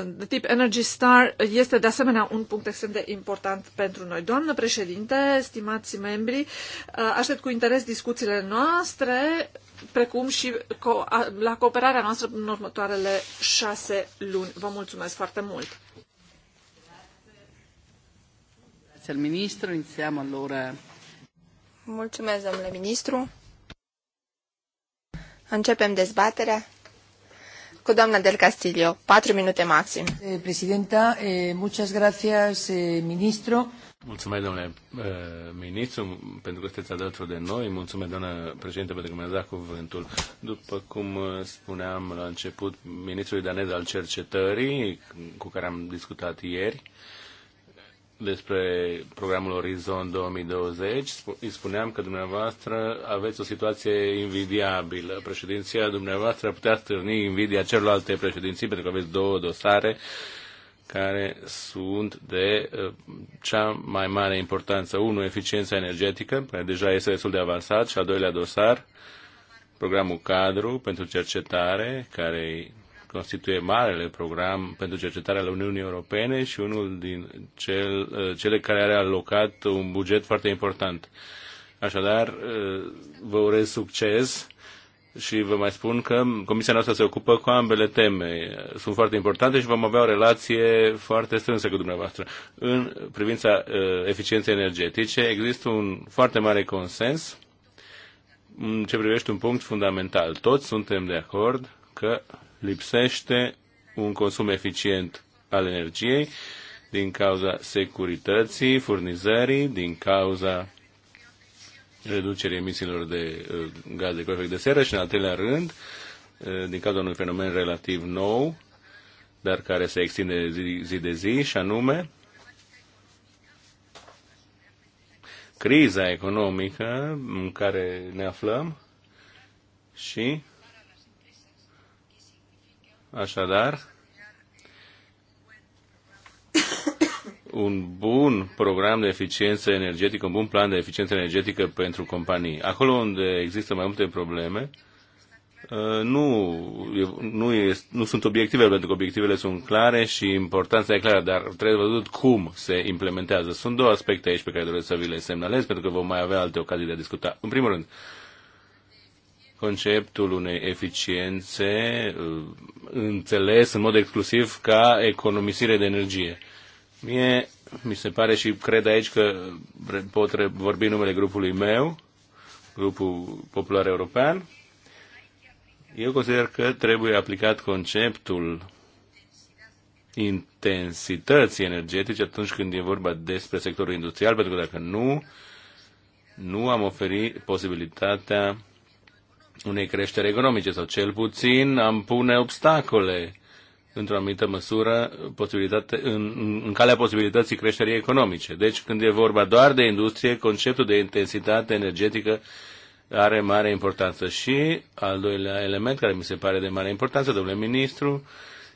de tip Energy Star este de asemenea un punct extrem de important pentru noi. Doamnă președinte, stimați membri, aștept cu interes discuțiile noastre, precum și la cooperarea noastră în următoarele șase luni. Vă mulțumesc foarte mult! Grazie al Ministro. Iniziamo allora. Mulțumesc, domnule Ministru. Începem dezbaterea cu doamna Del Castillo. Patru minute maxim. Eh, presidenta, eh, muchas gracias, eh, ministro. Mulțumesc, domnule ministru, pentru că sunteți alături de noi. Mulțumesc, doamna președinte, pentru că mi-a dat cuvântul. După cum spuneam la început, ministrul danez al cercetării, cu care am discutat ieri, despre programul Orizont 2020, îi spuneam că dumneavoastră aveți o situație invidiabilă. Președinția dumneavoastră putea stârni invidia celorlalte președinții, pentru că aveți două dosare care sunt de uh, cea mai mare importanță. Unul, eficiența energetică, care deja este destul de avansat, și al doilea dosar, programul cadru pentru cercetare, care constituie marele program pentru cercetarea la Uniunii Europene și unul din cel, eh, cele care are alocat un buget foarte important. Așadar, eh, vă urez succes și vă mai spun că comisia noastră se ocupă cu ambele teme. Sunt foarte importante și vom avea o relație foarte strânsă cu dumneavoastră. În privința eh, eficienței energetice există un foarte mare consens în ce privește un punct fundamental. Toți suntem de acord că lipsește un consum eficient al energiei din cauza securității, furnizării, din cauza reducerii emisiilor de uh, gaze cu efect de seră și, în al treilea rând, uh, din cauza unui fenomen relativ nou, dar care se extinde zi, zi de zi, și anume criza economică în care ne aflăm și Așadar, un bun program de eficiență energetică, un bun plan de eficiență energetică pentru companii. Acolo unde există mai multe probleme, uh, nu, nu, este, nu sunt obiective, pentru că obiectivele sunt clare și importanța e clară, dar trebuie văzut cum se implementează. Sunt două aspecte aici pe care doresc să vi le semnalez, pentru că vom mai avea alte ocazii de a discuta. În primul rând, conceptul unei eficiențe uh, înțeles în mod exclusiv ca economisire de energie. Mie mi se pare și cred aici că pot vorbi numele grupului meu, grupul popular european. Eu consider că trebuie aplicat conceptul intensității energetice atunci când e vorba despre sectorul industrial, pentru că dacă nu, nu am oferit posibilitatea unei creșteri economice sau cel puțin am pune obstacole într-o anumită măsură posibilitate, în, în calea posibilității creșterii economice. Deci când e vorba doar de industrie, conceptul de intensitate energetică are mare importanță. Și al doilea element care mi se pare de mare importanță, domnule ministru,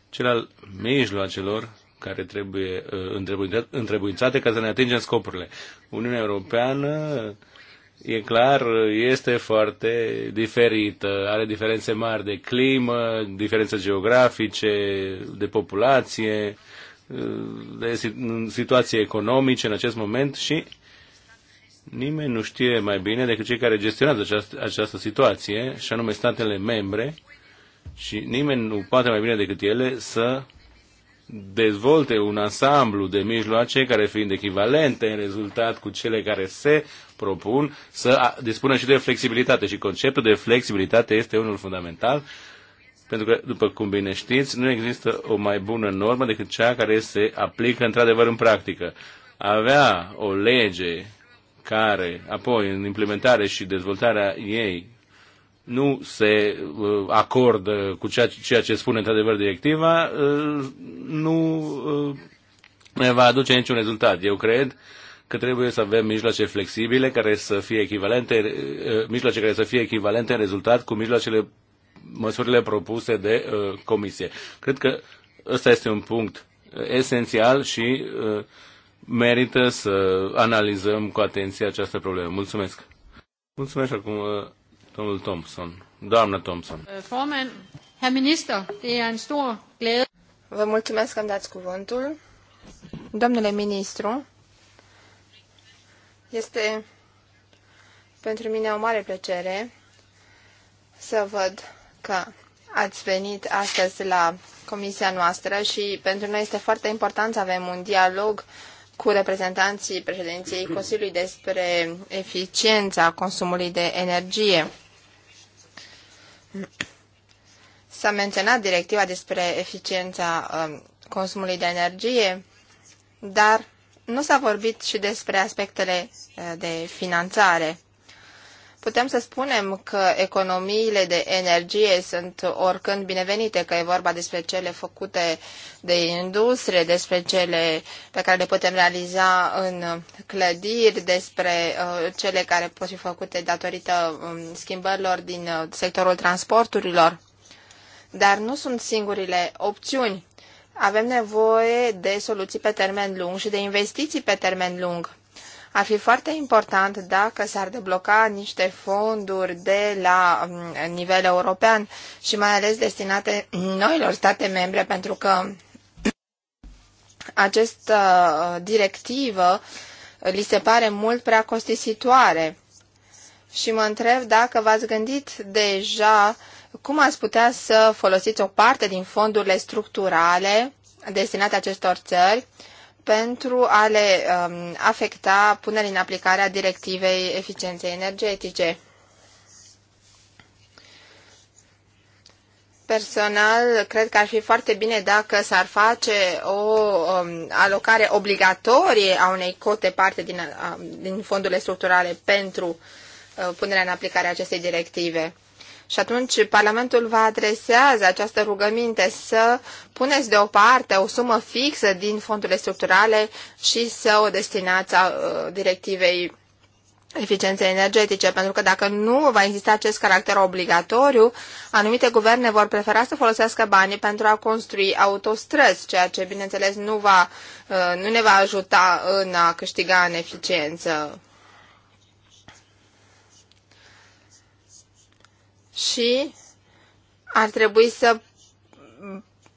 cel al mijloacelor care trebuie uh, întrebuințate ca să ne atingem scopurile. Uniunea Europeană e clar, este foarte diferită, are diferențe mari de climă, diferențe geografice, de populație, de situații economice în acest moment și nimeni nu știe mai bine decât cei care gestionează această, această situație, și anume statele membre, și nimeni nu poate mai bine decât ele să dezvolte un ansamblu de mijloace care fiind echivalente în rezultat cu cele care se propun să dispună și de flexibilitate. Și conceptul de flexibilitate este unul fundamental pentru că, după cum bine știți, nu există o mai bună normă decât cea care se aplică într-adevăr în practică. Avea o lege care apoi în implementare și dezvoltarea ei nu se uh, acordă cu ceea, ceea ce spune într-adevăr directiva, uh, nu uh, ne va aduce niciun rezultat. Eu cred că trebuie să avem mijloace flexibile care să fie echivalente, mijloace care să fie echivalente în rezultat cu mijloacele măsurile propuse de uh, comisie. Cred că ăsta este un punct esențial și uh, merită să analizăm cu atenție această problemă. Mulțumesc! Mulțumesc acum uh, Domnul Thompson. Doamna Thompson. Øh, herr minister, det er en stor glæde. Vă mulțumesc că cuvântul. Domnule ministru, este pentru mine o mare plăcere să văd că ați venit astăzi la comisia noastră și pentru noi este foarte important să avem un dialog cu reprezentanții președinției Consiliului despre eficiența consumului de energie. S-a menționat directiva despre eficiența um, consumului de energie, dar nu s-a vorbit și despre aspectele uh, de finanțare. Putem să spunem că economiile de energie sunt oricând binevenite, că e vorba despre cele făcute de industrie, despre cele pe care le putem realiza în clădiri, despre uh, cele care pot fi făcute datorită um, schimbărilor din uh, sectorul transporturilor. Dar nu sunt singurile opțiuni. Avem nevoie de soluții pe termen lung și de investiții pe termen lung ar fi foarte important dacă s-ar debloca niște fonduri de la mm, nivel european și mai ales destinate noilor state membre, pentru că această uh, directivă li se pare mult prea costisitoare. Și mă întreb dacă v-ați gândit deja cum ați putea să folosiți o parte din fondurile structurale destinate acestor țări pentru a le um, afecta punerea în aplicare a directivei eficienței energetice. Personal, cred că ar fi foarte bine dacă s-ar face o um, alocare obligatorie a unei cote parte din, a, din fondurile structurale pentru uh, punerea în aplicare a acestei directive. Și atunci Parlamentul vă adresează această rugăminte să puneți deoparte o sumă fixă din fondurile structurale și să o destinați a, uh, directivei eficienței energetice, pentru că dacă nu va exista acest caracter obligatoriu, anumite guverne vor prefera să folosească banii pentru a construi autostrăzi, ceea ce, bineînțeles, nu, va, uh, nu ne va ajuta în a câștiga în eficiență. și ar trebui să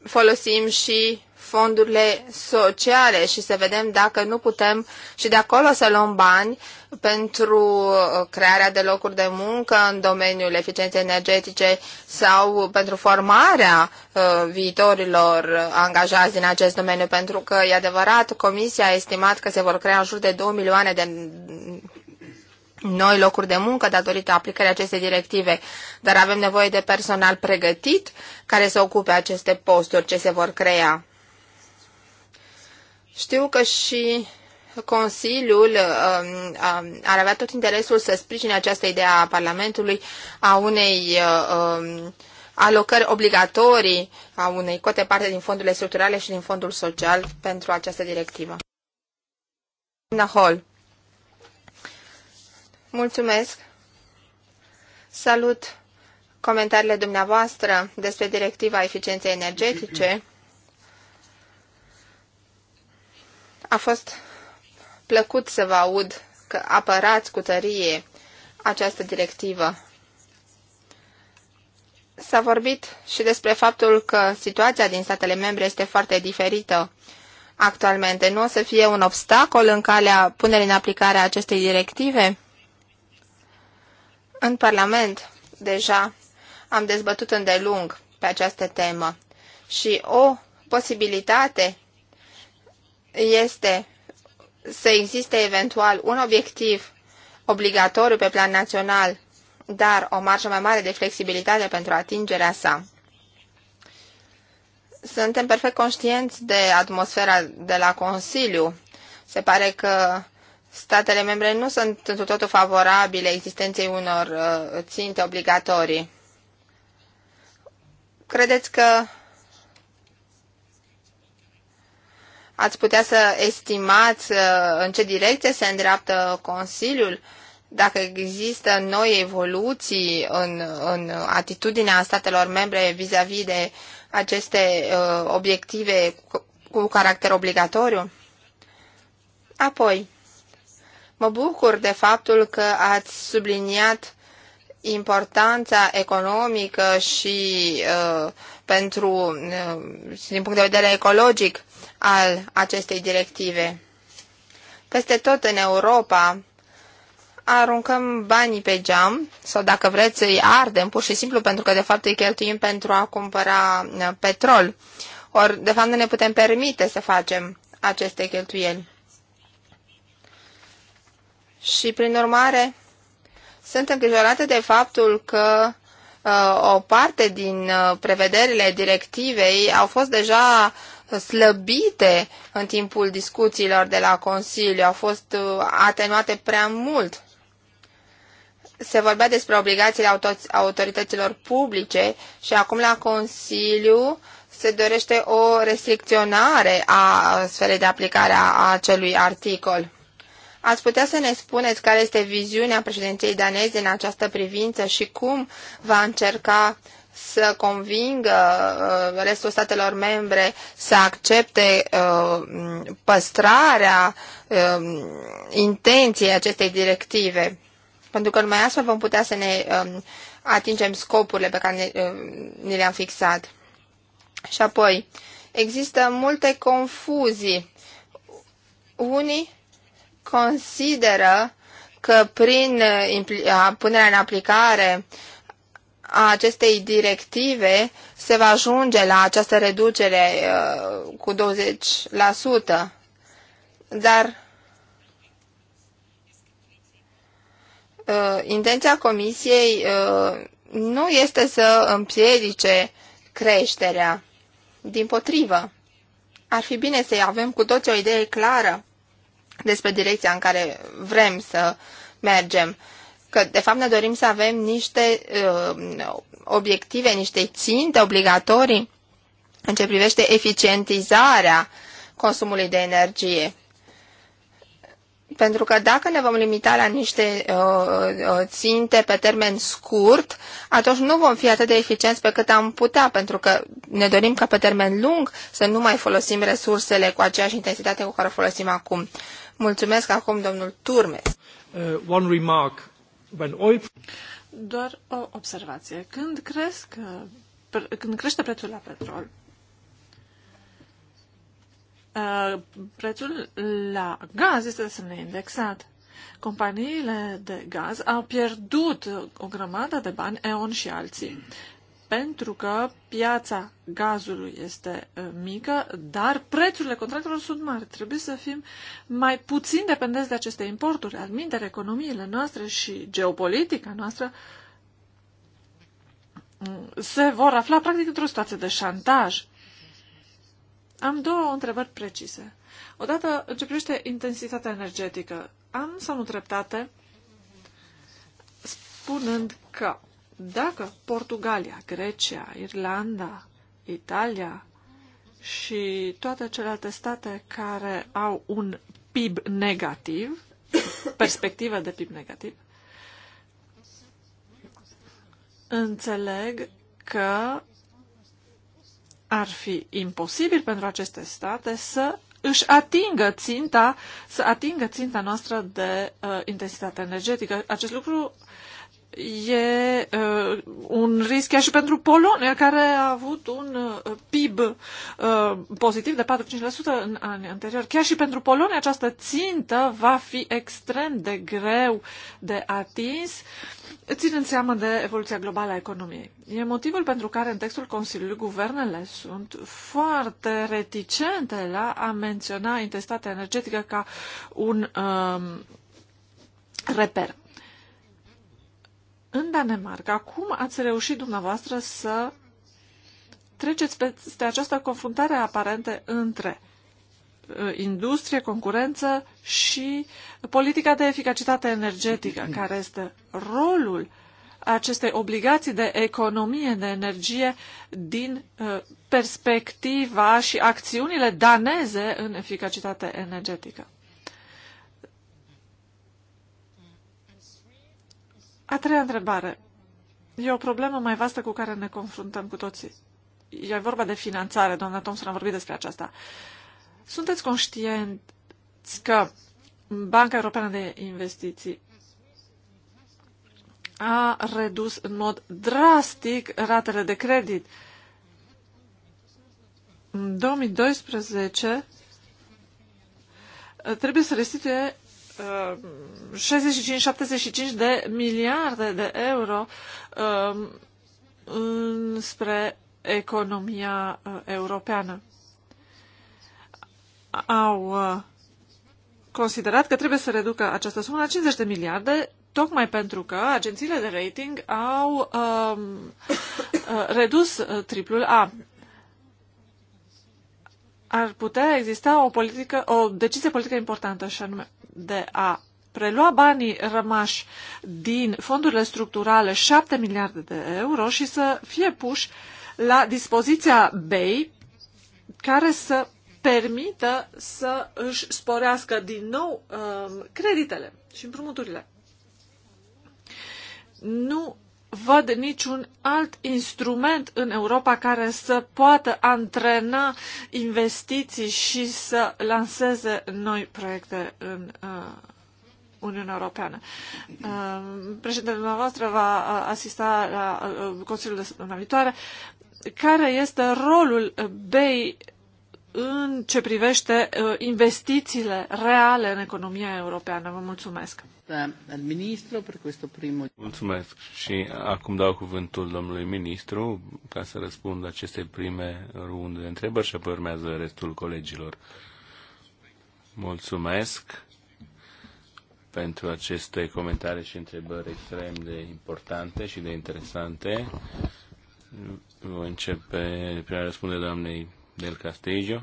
folosim și fondurile sociale și să vedem dacă nu putem și de acolo să luăm bani pentru uh, crearea de locuri de muncă în domeniul eficienței energetice sau pentru formarea uh, viitorilor angajați din acest domeniu, pentru că e adevărat, Comisia a estimat că se vor crea în jur de 2 milioane de noi locuri de muncă datorită aplicării acestei directive, dar avem nevoie de personal pregătit care să ocupe aceste posturi ce se vor crea. Știu că și Consiliul um, um, ar avea tot interesul să sprijine această idee a Parlamentului a unei uh, um, alocări obligatorii a unei cote parte din fondurile structurale și din fondul social pentru această directivă. Doamna Mulțumesc! Salut comentariile dumneavoastră despre directiva eficienței energetice. A fost plăcut să vă aud că apărați cu tărie această directivă. S-a vorbit și despre faptul că situația din statele membre este foarte diferită actualmente. Nu o să fie un obstacol în calea punerii în aplicare a acestei directive? În Parlament deja am dezbătut îndelung pe această temă și o posibilitate este să existe eventual un obiectiv obligatoriu pe plan național, dar o marjă mai mare de flexibilitate pentru atingerea sa. Suntem perfect conștienți de atmosfera de la Consiliu. Se pare că statele membre nu sunt cu totul favorabile existenței unor uh, ținte obligatorii. Credeți că ați putea să estimați uh, în ce direcție se îndreaptă Consiliul? Dacă există noi evoluții în, în atitudinea statelor membre vis-a-vis -vis de aceste uh, obiective cu, cu caracter obligatoriu? Apoi, Mă bucur de faptul că ați subliniat importanța economică și uh, pentru, uh, din punct de vedere ecologic, al acestei directive. Peste tot în Europa aruncăm banii pe geam sau dacă vreți îi ardem pur și simplu pentru că de fapt îi cheltuim pentru a cumpăra uh, petrol. Ori de fapt nu ne putem permite să facem aceste cheltuieli. Și, prin urmare, sunt îngrijorată de faptul că uh, o parte din uh, prevederile directivei au fost deja slăbite în timpul discuțiilor de la Consiliu, au fost uh, atenuate prea mult. Se vorbea despre obligațiile auto autorităților publice și acum la Consiliu se dorește o restricționare a sferei de aplicare a acelui articol. Ați putea să ne spuneți care este viziunea președinției daneze în această privință și cum va încerca să convingă uh, restul statelor membre să accepte uh, păstrarea uh, intenției acestei directive. Pentru că numai astfel vom putea să ne um, atingem scopurile pe care ne le-am fixat. Și apoi, există multe confuzii. Unii consideră că prin punerea în aplicare a acestei directive se va ajunge la această reducere cu 20%, dar intenția comisiei nu este să împiedice creșterea. Din potrivă, ar fi bine să avem cu toți o idee clară despre direcția în care vrem să mergem. Că, de fapt, ne dorim să avem niște uh, obiective, niște ținte obligatorii în ce privește eficientizarea consumului de energie. Pentru că dacă ne vom limita la niște uh, uh, ținte pe termen scurt, atunci nu vom fi atât de eficienți pe cât am putea, pentru că ne dorim ca pe termen lung să nu mai folosim resursele cu aceeași intensitate cu care o folosim acum. Mulțumesc acum domnul Turmes. Uh, one remark. When oil... Doar o observație. Când, cresc, uh, când crește prețul la petrol, uh, prețul la gaz este de asemenea indexat. Companiile de gaz au pierdut o grămadă de bani, EON și alții, pentru că piața gazului este mică, dar prețurile contractelor sunt mari. Trebuie să fim mai puțin dependenți de aceste importuri. Admiter, economiile noastre și geopolitica noastră mm, se vor afla practic într-o situație de șantaj. Am două întrebări precise. Odată, ce privește intensitatea energetică, am sau nu treptate spunând că dacă Portugalia, Grecia, Irlanda, Italia și toate celelalte state care au un PIB negativ, perspectivă de PIB negativ, înțeleg că ar fi imposibil pentru aceste state să își atingă ținta, să atingă ținta noastră de uh, intensitate energetică. Acest lucru e uh, un risc chiar și pentru Polonia, care a avut un uh, PIB uh, pozitiv de 4-5% în anii anteriori. Chiar și pentru Polonia această țintă va fi extrem de greu de atins, ținând seama de evoluția globală a economiei. E motivul pentru care în textul Consiliului guvernele sunt foarte reticente la a menționa intensitatea energetică ca un uh, reper în Danemarca, cum ați reușit dumneavoastră să treceți peste această confruntare aparentă între uh, industrie, concurență și politica de eficacitate energetică, care este rolul acestei obligații de economie de energie din uh, perspectiva și acțiunile daneze în eficacitate energetică. A treia întrebare. E o problemă mai vastă cu care ne confruntăm cu toții. E vorba de finanțare, doamna Thompson a vorbit despre aceasta. Sunteți conștienți că Banca Europeană de Investiții a redus în mod drastic ratele de credit. În 2012 trebuie să restituie 65-75 uh, de miliarde de euro um, spre economia uh, europeană. Au uh, considerat că trebuie să reducă această sumă la 50 de miliarde, tocmai pentru că agențiile de rating au um, redus triplul A. Ar putea exista o, politică, o decizie politică importantă, și anume de a prelua banii rămași din fondurile structurale 7 miliarde de euro și să fie puși la dispoziția BEI care să permită să își sporească din nou um, creditele și împrumuturile. Nu văd niciun alt instrument în Europa care să poată antrena investiții și să lanseze noi proiecte în uh, Uniunea Europeană. Uh, președintele dumneavoastră va uh, asista la uh, Consiliul de săptămâna viitoare. Care este rolul BEI în ce privește uh, investițiile reale în economia europeană. Vă mulțumesc. Da, ministru, pentru Mulțumesc și acum dau cuvântul domnului ministru ca să răspund aceste prime runde de întrebări și apoi urmează restul colegilor. Mulțumesc pentru aceste comentarii și întrebări extrem de importante și de interesante. Voi începe prin a răspunde doamnei del Castillo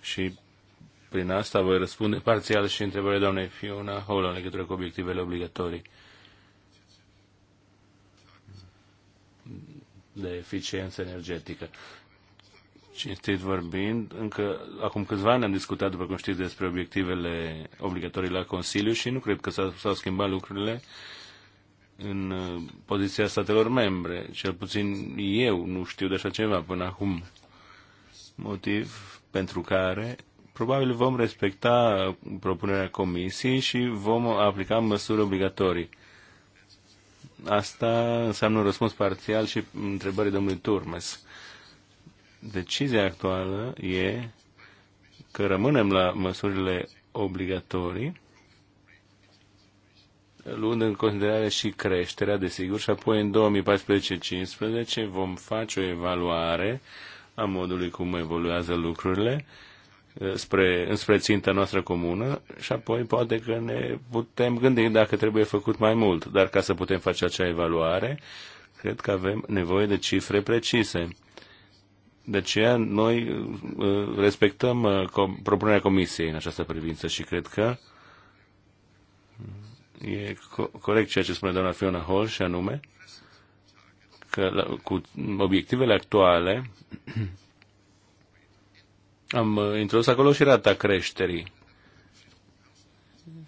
și prin asta voi răspunde parțial și întrebările doamnei Fiona Hall în legătură cu obiectivele obligatorii de eficiență energetică. Cinstit vorbind, încă acum câțiva ani am discutat, după cum știți, despre obiectivele obligatorii la Consiliu și nu cred că s-au schimbat lucrurile în uh, poziția statelor membre. Cel puțin eu nu știu de așa ceva până acum motiv pentru care probabil vom respecta propunerea comisiei și vom aplica măsuri obligatorii. Asta înseamnă un răspuns parțial și întrebării domnului Turmes. Decizia actuală e că rămânem la măsurile obligatorii, luând în considerare și creșterea, desigur, și apoi în 2014-2015 vom face o evaluare uh, a modului cum evoluează lucrurile eh, spre, înspre ținta noastră comună și apoi poate că ne putem gândi dacă trebuie făcut mai mult. Dar ca să putem face acea evaluare, cred că avem nevoie de cifre precise. De aceea noi eh, respectăm eh, propunerea Comisiei în această privință și cred că e corect ceea ce spune doamna Fiona Hall și anume că cu obiectivele actuale am introdus acolo și rata creșterii.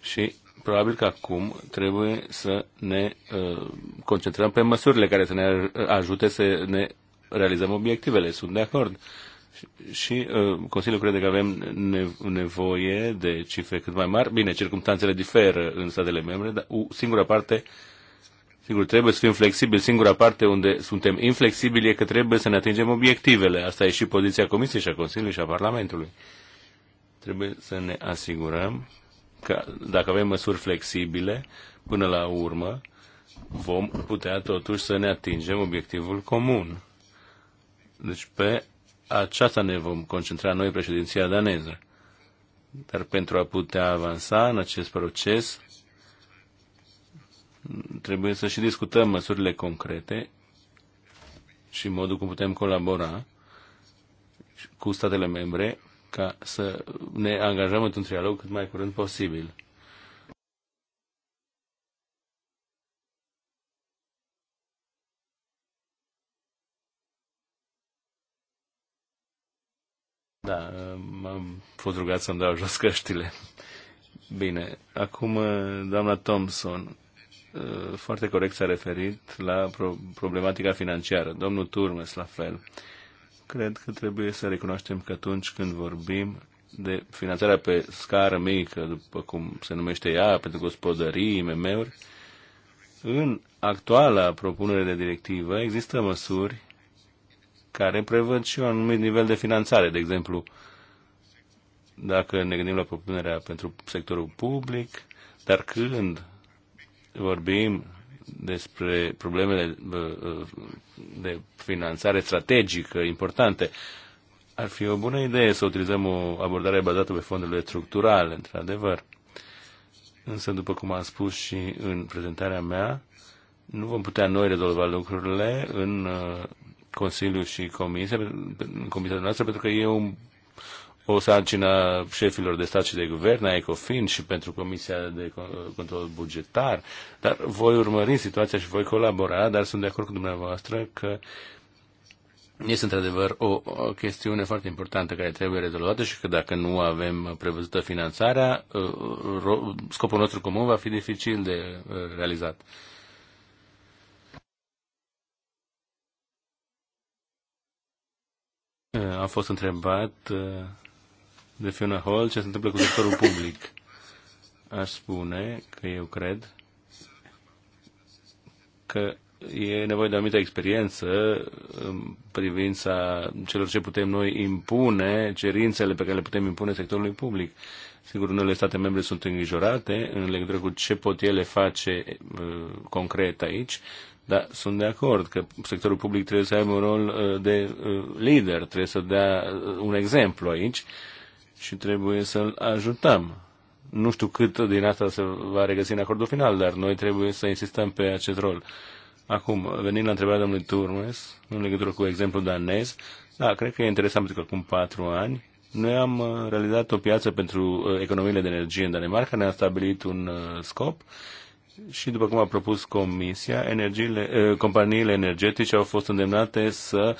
Și probabil că acum trebuie să ne uh, concentrăm pe măsurile care să ne ajute să ne realizăm obiectivele. Sunt de acord. Și, și uh, Consiliul crede că avem nevoie de cifre cât mai mari. Bine, circumstanțele diferă în statele membre, dar singura parte uh, Sigur, trebuie să fim flexibili. Singura parte unde suntem inflexibili e că trebuie să ne atingem obiectivele. Asta e și poziția Comisiei și a Consiliului și a Parlamentului. Trebuie să ne asigurăm că dacă avem măsuri flexibile, până la urmă, vom putea totuși să ne atingem obiectivul comun. Deci pe aceasta ne vom concentra noi, președinția daneză. Dar pentru a putea avansa în acest proces, trebuie să și discutăm măsurile concrete și modul cum putem colabora cu statele membre ca să ne angajăm într-un trialog cât mai curând posibil. Da, am fost rugat să-mi dau jos căștile. Bine, acum doamna Thompson Uh, foarte corect s-a referit la pro- problematica financiară. Domnul Turmes, la fel. Cred că trebuie să recunoaștem că atunci când vorbim de finanțarea pe scară mică, după cum se numește ea, pentru gospodării, IMM-uri, în actuala propunere de directivă există măsuri care prevăd și un anumit nivel de finanțare. De exemplu, dacă ne gândim la propunerea pentru sectorul public, dar când vorbim despre problemele de finanțare strategică importante. Ar fi o bună idee să utilizăm o abordare bazată pe fondurile structurale, într-adevăr. Însă, după cum am spus și în prezentarea mea, nu vom putea noi rezolva lucrurile în uh, Consiliu și Comisia, în Comisia noastră, pentru că e un o sarcină șefilor de stat și de guvern, a ECOFIN și pentru Comisia de Control Bugetar, dar voi urmări situația și voi colabora, dar sunt de acord cu dumneavoastră că este într-adevăr o, o chestiune foarte importantă care trebuie rezolvată și că dacă nu avem prevăzută finanțarea, ă, scopul nostru comun va fi dificil de ă, realizat. Ă, Am fost întrebat de Fiona Hall ce se întâmplă cu sectorul public. Aș spune că eu cred că e nevoie de o anumită experiență în privința celor ce putem noi impune, cerințele pe care le putem impune sectorului public. Sigur, unele state membre sunt îngrijorate în legătură cu ce pot ele face uh, concret aici, dar sunt de acord că sectorul public trebuie să aibă un rol uh, de uh, lider, trebuie să dea uh, un exemplu aici. Uh, și trebuie să-l ajutăm. Nu știu cât din asta se va regăsi în acordul final, dar noi trebuie să insistăm pe acest rol. Acum, venind la întrebarea domnului Turmes, în legătură cu exemplul danez, da, cred că e interesant pentru că acum patru ani noi am uh, realizat o piață pentru uh, economiile de energie în Danemarca, ne-am stabilit un uh, scop și după cum a propus Comisia, energiile, companiile energetice au fost îndemnate să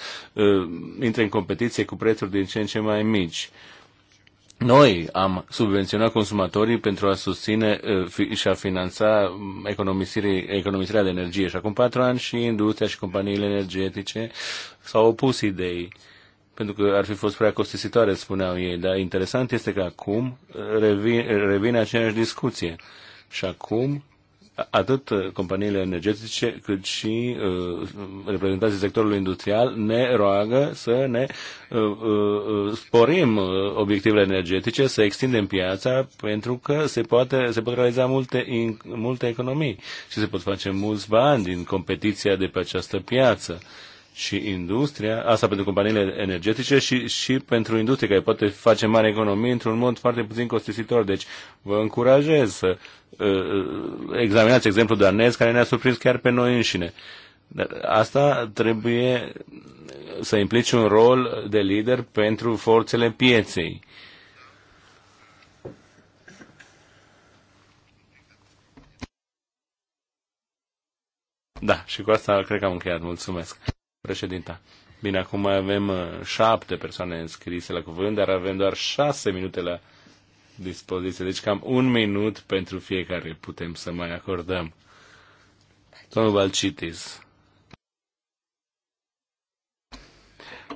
intre în competiție cu prețuri din ce în ce mai mici. Noi am subvenționat consumatorii pentru a susține uh, și a finanța mm, economisirea de energie. Și acum patru ani și industria și companiile energetice s-au opus idei pentru că ar fi fost prea costisitoare, spuneau ei. Dar interesant este că acum uh, revine, revine aceeași discuție. Și acum atât uh, companiile energetice cât și uh, reprezentanții sectorului industrial ne roagă să ne uh, uh, uh sporim uh, obiectivele energetice, să extindem piața pentru că se, poate, se pot realiza multe, in, multe economii și se pot face mulți bani din competiția de pe această piață. Uh, și industria, asta pentru companiile energetice și, și pentru industrie, care poate face mare economie într-un mod foarte puțin costisitor. Deci vă încurajez să uh, uh examinați exemplul danez care ne-a surprins chiar pe noi înșine. Dar asta trebuie să implice un rol de lider pentru forțele pieței. Da, și cu asta cred că am încheiat. Mulțumesc. Președinta. Bine, acum mai avem uh, șapte persoane înscrise la cuvânt, dar avem doar șase minute la dispoziție. Deci cam un minut pentru fiecare putem să mai acordăm. Domnul Balcitis.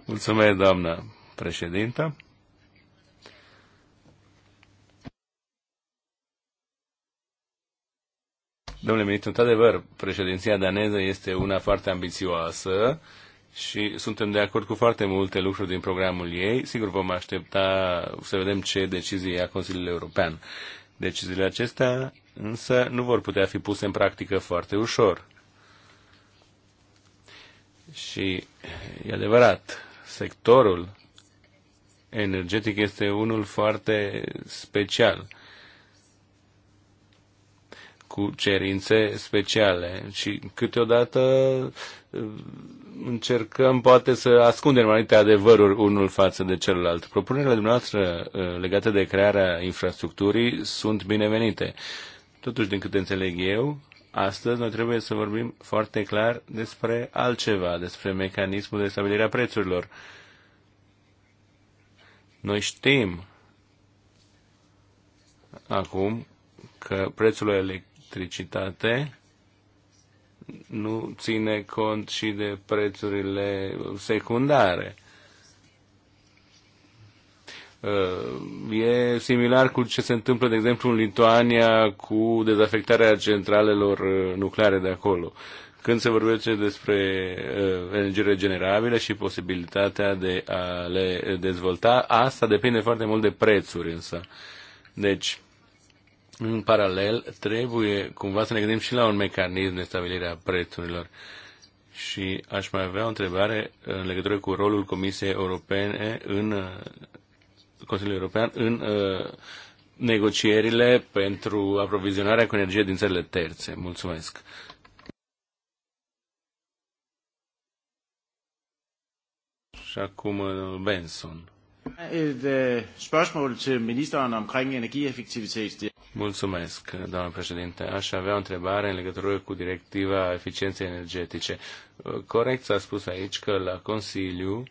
Mulțumesc, doamnă președintă. Domnule ministru, într-adevăr, președinția daneză este una foarte ambițioasă și suntem de acord cu foarte multe lucruri din programul ei. Sigur, vom aștepta să vedem ce decizie ia Consiliul European. Deciziile acestea însă nu vor putea fi puse în practică foarte ușor. Și e adevărat, sectorul energetic este unul foarte special cu cerințe speciale și câteodată uh, încercăm poate să ascundem anumite adevăruri unul față de celălalt. Propunerile dumneavoastră uh, legate de crearea infrastructurii sunt binevenite. Totuși, din câte înțeleg eu, astăzi noi trebuie să vorbim foarte clar despre altceva, despre mecanismul de stabilire a prețurilor. Noi știm acum că prețul electricitate nu ține cont și de prețurile secundare. Uh, e similar cu ce se întâmplă, de exemplu, în Lituania cu dezafectarea centralelor uh, nucleare de acolo. Când se vorbește despre uh, energie regenerabile și posibilitatea de a le dezvolta, asta depinde foarte mult de prețuri însă. Deci, în paralel, trebuie cumva să ne gândim și la un mecanism de stabilire a prețurilor. Și aș mai avea o întrebare în legătură cu rolul Comisiei Europene în Consiliul European în uh, negocierile pentru aprovizionarea cu energie din țările terțe. Mulțumesc. Și acum uh, Benson. Et uh, spørgsmål til ministeren omkring energieffektivitet. Mulțumesc, doamnă președinte. Aș avea o întrebare în legătură cu directiva eficienței energetice. Corect s-a spus aici că la Consiliu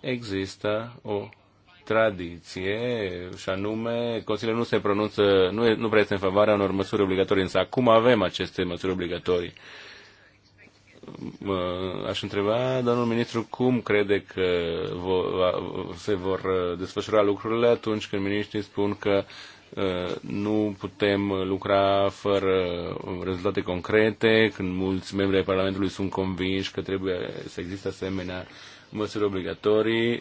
există o tradiție și anume Consiliul nu se pronunță, nu, nu prea este în favoarea unor măsuri obligatorii, însă acum avem aceste măsuri obligatorii. Uh, aș întreba, domnul ministru, cum crede că se vor uh, desfășura lucrurile atunci când ministrii spun că uh, nu putem lucra fără uh, rezultate concrete, când mulți membri ai Parlamentului sunt convinși că trebuie să existe asemenea măsuri obligatorii.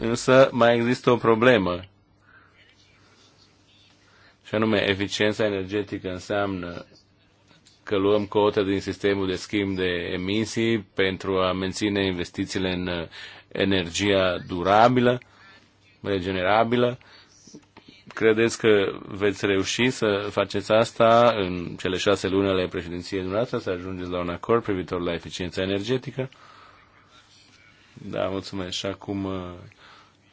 Însă mai există o problemă. Și anume, eficiența energetică înseamnă că luăm cote din sistemul de schimb de emisii pentru a menține investițiile în uh, energia durabilă, regenerabilă. Credeți că veți reuși să faceți asta în cele șase luni ale președinției dumneavoastră, să ajungeți la un acord privitor la eficiența energetică? Da, mulțumesc. Și acum uh,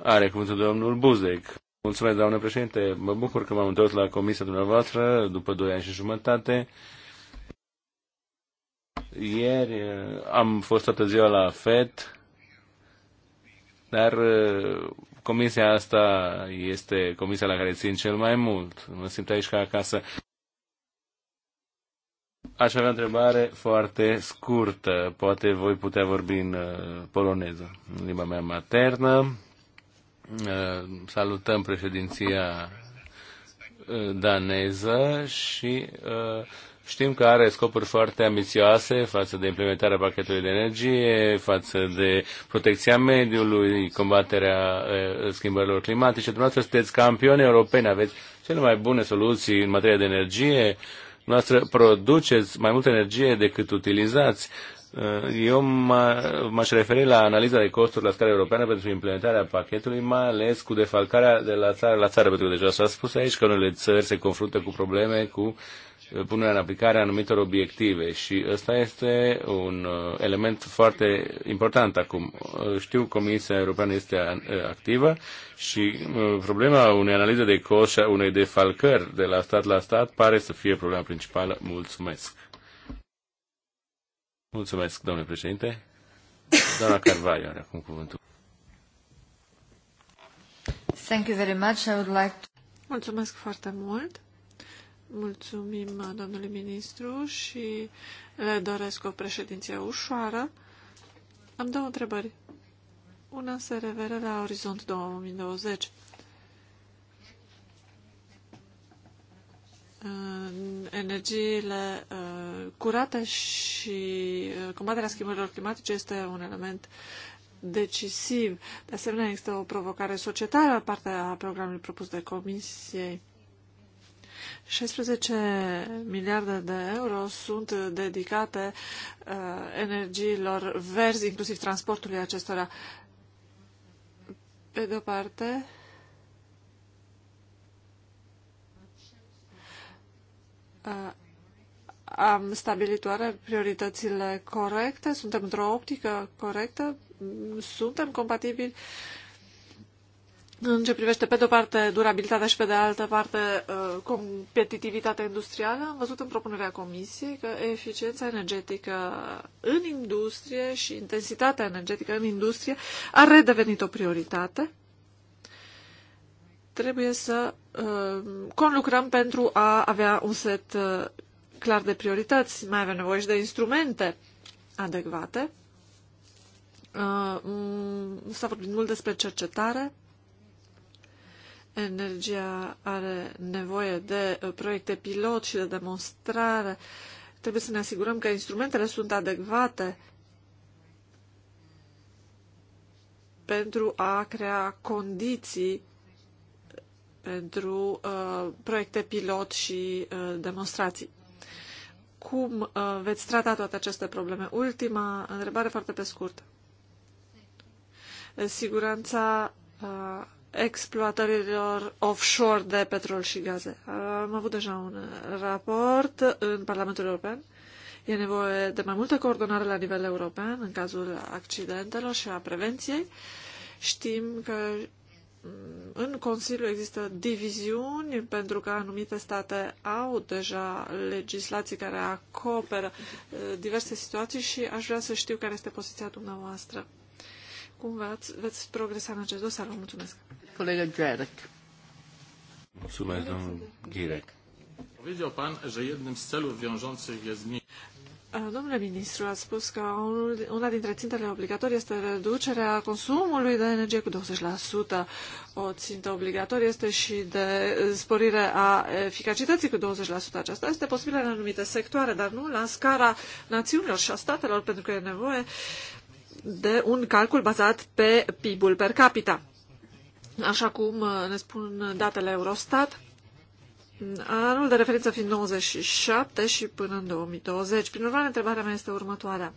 are cuvântul domnul Buzec. Mulțumesc, doamnă președinte. Mă bucur că m-am întors la comisia dumneavoastră după doi ani și jumătate. Ieri uh, am fost toată ziua la Fed, dar uh, comisia asta este comisia la care țin cel mai mult. Mă simt aici ca acasă. Aș avea o întrebare foarte scurtă. Poate voi putea vorbi în uh, poloneză, în limba mea maternă. Salutăm președinția daneză și Știm că are scopuri foarte ambițioase față de implementarea pachetului de energie, față de protecția mediului, combaterea schimbărilor climatice. Dumneavoastră sunteți campioni europeni, aveți cele mai bune soluții în materie de energie. Dumneavoastră produceți mai multă energie decât utilizați. Eu m-aș referi la analiza de costuri la scară europeană pentru implementarea pachetului, mai ales cu defalcarea de la țară la țară, pentru că deja s-a spus aici că unele țări se confruntă cu probleme cu uh, punerea în aplicare a anumitor obiective și ăsta este un uh, element foarte important acum. Uh, știu că Comisia Europeană este uh, activă și problema unei analize de cost și a unei defalcări de la stat la stat pare să fie problema principală. Mulțumesc! Mulțumesc, domnule președinte. Doamna Carvalho are acum cuvântul. Thank you very much. I would like to... Mulțumesc foarte mult. Mulțumim, domnule ministru, și le eh, doresc o președinție ușoară. Am două întrebări. Una se referă la Orizont 2020. Energiile eh, curate și eh, combaterea schimbărilor climatice este un element decisiv. De asemenea, există o provocare societală partea a programului propus de Comisiei 16 miliarde de euro sunt dedicate uh, energiilor verzi, inclusiv transportului acestora. Pe de-o parte, uh, am stabilit oare prioritățile corecte? Suntem într-o optică corectă? Suntem compatibili uh, în ce privește pe de-o parte durabilitatea și pe de altă parte uh, competitivitatea industrială, am văzut în propunerea comisiei că eficiența energetică în industrie și intensitatea energetică în industrie a redevenit o prioritate. Trebuie să uh, conlucrăm pentru a avea un set uh, clar de priorități. Mai avem nevoie și de instrumente adecvate. s-a vorbit mult despre cercetare Energia are nevoie de uh, proiecte pilot și de demonstrare. Trebuie să ne asigurăm că instrumentele sunt adecvate pentru a crea condiții pentru uh, proiecte pilot și uh, demonstrații. Cum uh, veți trata toate aceste probleme? Ultima întrebare foarte pe scurt. Siguranța uh, exploatărilor offshore de petrol și gaze. Uh, am avut deja un raport în Parlamentul European. E nevoie de mai multă coordonare la nivel european în cazul accidentelor și a prevenției. Știm că mm, în Consiliu există diviziuni pentru că anumite state au deja legislații care acoperă uh, diverse situații și aș vrea să știu care este poziția dumneavoastră. Cum veți, veți progresa în acest dosar? Vă mulțumesc! Colega Gerek. Mulțumesc, domnul Girek. Powiedział pan, Domnule ministru, a spus că una dintre țintele obligatorii este reducerea consumului de energie cu 20%. O țintă obligatorie este și de sporire a eficacității cu 20%. Aceasta este posibilă în anumite sectoare, dar nu la scara națiunilor și a statelor, pentru că e nevoie de un calcul bazat pe PIB-ul per capita așa cum uh, ne spun datele Eurostat, anul de referință fiind 97 și până în 2020. Prin urmare, întrebarea mea este următoarea.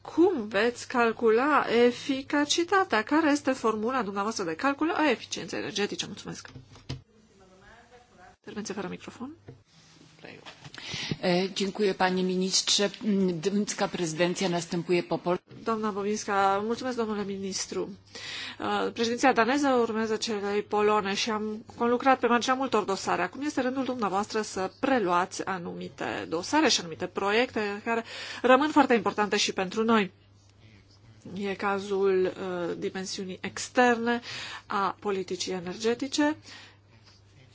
Cum veți calcula eficacitatea? Care este formula dumneavoastră de calcul a eficienței energetice? Mulțumesc! Intervenție fără microfon kraju. Dziękuję panie ministrze. Dymska prezydencja następuje po mulțumesc domnule ministru. Președinția daneză urmează celei polone și am conlucrat pe marginea multor dosare. Acum este rândul dumneavoastră să preluați anumite dosare și anumite proiecte care rămân foarte importante și pentru noi. E cazul uh, dimensiunii externe a politicii energetice, uh,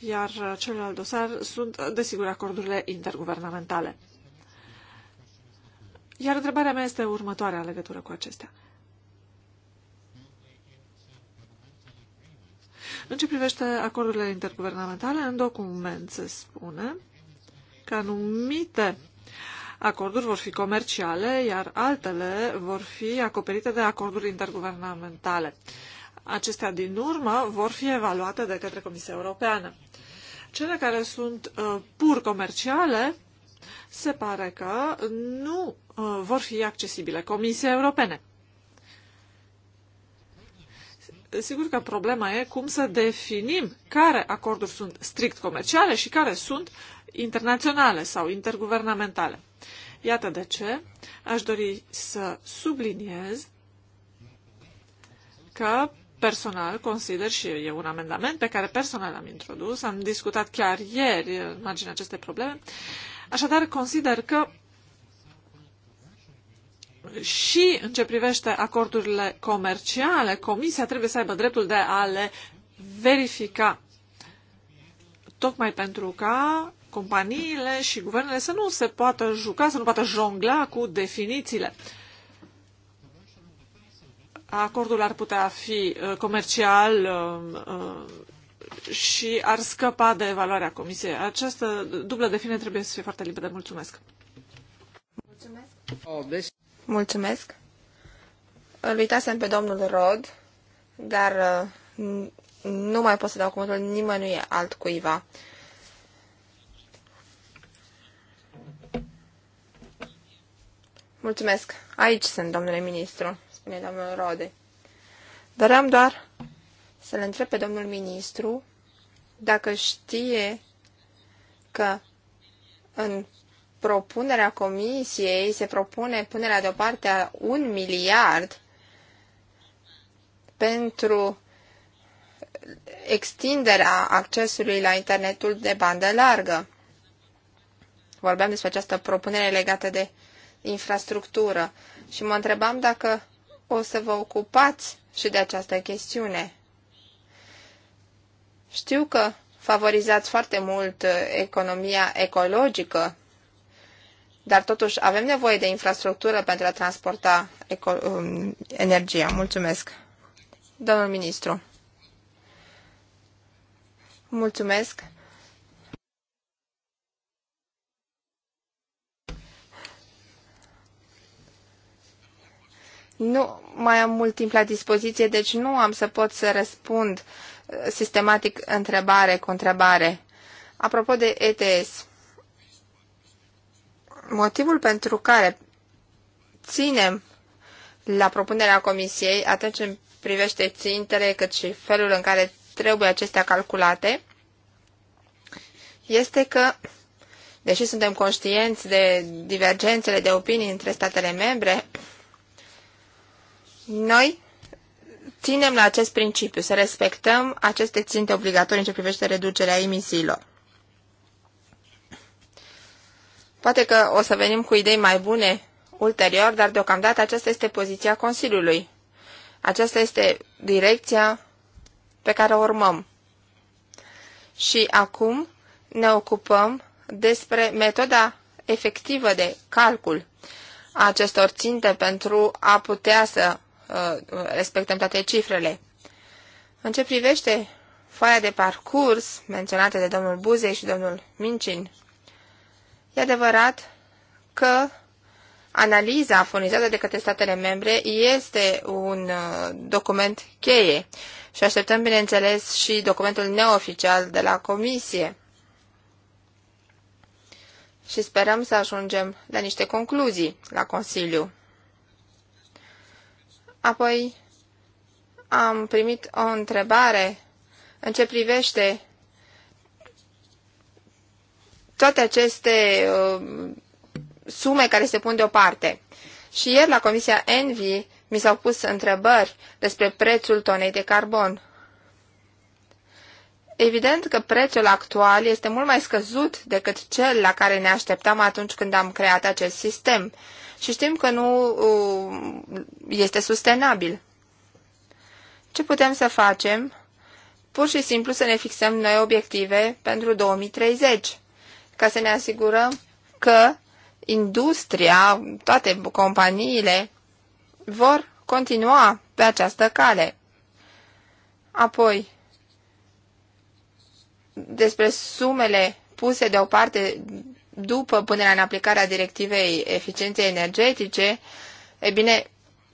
iar celălalt dosar sunt, desigur, acordurile interguvernamentale. Iar întrebarea mea este următoarea în legătură cu acestea. În ce privește acordurile interguvernamentale, în document se spune că anumite acorduri vor fi comerciale, iar altele vor fi acoperite de acorduri interguvernamentale. Uh, Acestea din urmă vor fi evaluate de către Comisia Europeană. Cele care sunt uh, pur comerciale se pare că nu uh, vor fi accesibile Comisiei Europene. Sigur că problema e cum să definim care acorduri sunt strict comerciale și care sunt internaționale sau interguvernamentale. Iată de ce aș dori să subliniez că personal consider și e un amendament pe care personal l-am introdus, am discutat chiar ieri în marginea acestei probleme, așadar consider că și în ce privește acordurile comerciale, Comisia trebuie să aibă dreptul de a le verifica, tocmai pentru ca companiile și guvernele să nu se poată juca, să nu poată jongla cu definițiile. Uh, acordul ar putea fi uh, comercial uh, uh, și ar scăpa de evaluarea comisiei. Această dublă definiție trebuie să fie foarte limpede. Mulțumesc! Mulțumesc! Mulțumesc! Îl uitasem pe domnul Rod, dar nu mai pot să dau cuvântul nimănui altcuiva. Mulțumesc. Aici sunt, domnule ministru spune domnul Rode. Doream doar să-l întreb pe domnul ministru dacă știe că în propunerea comisiei se propune punerea deoparte a un miliard pentru extinderea accesului la internetul de bandă largă. Vorbeam despre această propunere legată de infrastructură și mă întrebam dacă o să vă ocupați și de această chestiune. Știu că favorizați foarte mult uh, economia ecologică, dar totuși avem nevoie de infrastructură pentru a transporta um, energia. Mulțumesc. Domnul ministru. Mulțumesc. Nu mai am mult timp la dispoziție, deci nu am să pot să răspund uh, sistematic întrebare cu întrebare. Apropo de ETS, motivul pentru care ținem la propunerea comisiei, atunci în privește țintele, cât și felul în care trebuie acestea calculate, este că, deși suntem conștienți de divergențele de opinii între statele membre, noi ținem la acest principiu, să respectăm aceste ținte obligatorii în ce privește reducerea emisiilor. Poate că o să venim cu idei mai bune ulterior, dar deocamdată aceasta este poziția Consiliului. Aceasta este direcția pe care o urmăm. Și acum ne ocupăm despre metoda efectivă de calcul a acestor ținte pentru a putea să Uh, respectăm toate cifrele. În ce privește foaia de parcurs menționată de domnul Buzei și domnul Mincin, e adevărat că analiza furnizată de către statele membre este un uh, document cheie și așteptăm, bineînțeles, și documentul neoficial de la Comisie. Și sperăm să ajungem la niște concluzii la Consiliu. Apoi am primit o întrebare în ce privește toate aceste uh, sume care se pun deoparte. Și ieri la Comisia Envi mi s-au pus întrebări despre prețul tonei de carbon. Evident că prețul actual este mult mai scăzut decât cel la care ne așteptam atunci când am creat acest sistem și știm că nu uh, este sustenabil. Ce putem să facem? Pur și simplu să ne fixăm noi obiective pentru 2030, ca să ne asigurăm că industria, toate companiile vor continua pe această cale. Apoi, despre sumele puse deoparte după punerea în aplicare a directivei eficienței energetice, e bine,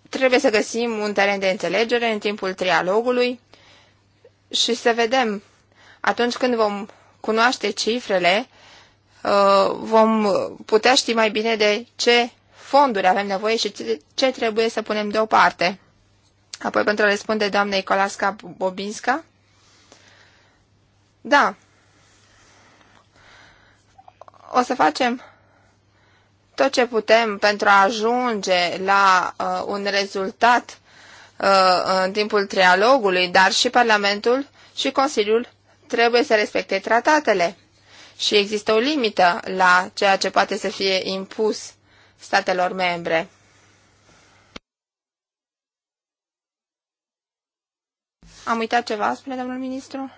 trebuie să găsim un teren de înțelegere în timpul trialogului și să vedem, atunci când vom cunoaște cifrele, uh, vom putea ști mai bine de ce fonduri avem nevoie și ce trebuie să punem deoparte. Apoi, pentru a răspunde doamnei Colasca Bobinska, da, o să facem tot ce putem pentru a ajunge la uh, un rezultat uh, în timpul trialogului, dar și Parlamentul și Consiliul trebuie să respecte tratatele. Și există o limită la ceea ce poate să fie impus statelor membre. Am uitat ceva, spune domnul ministru?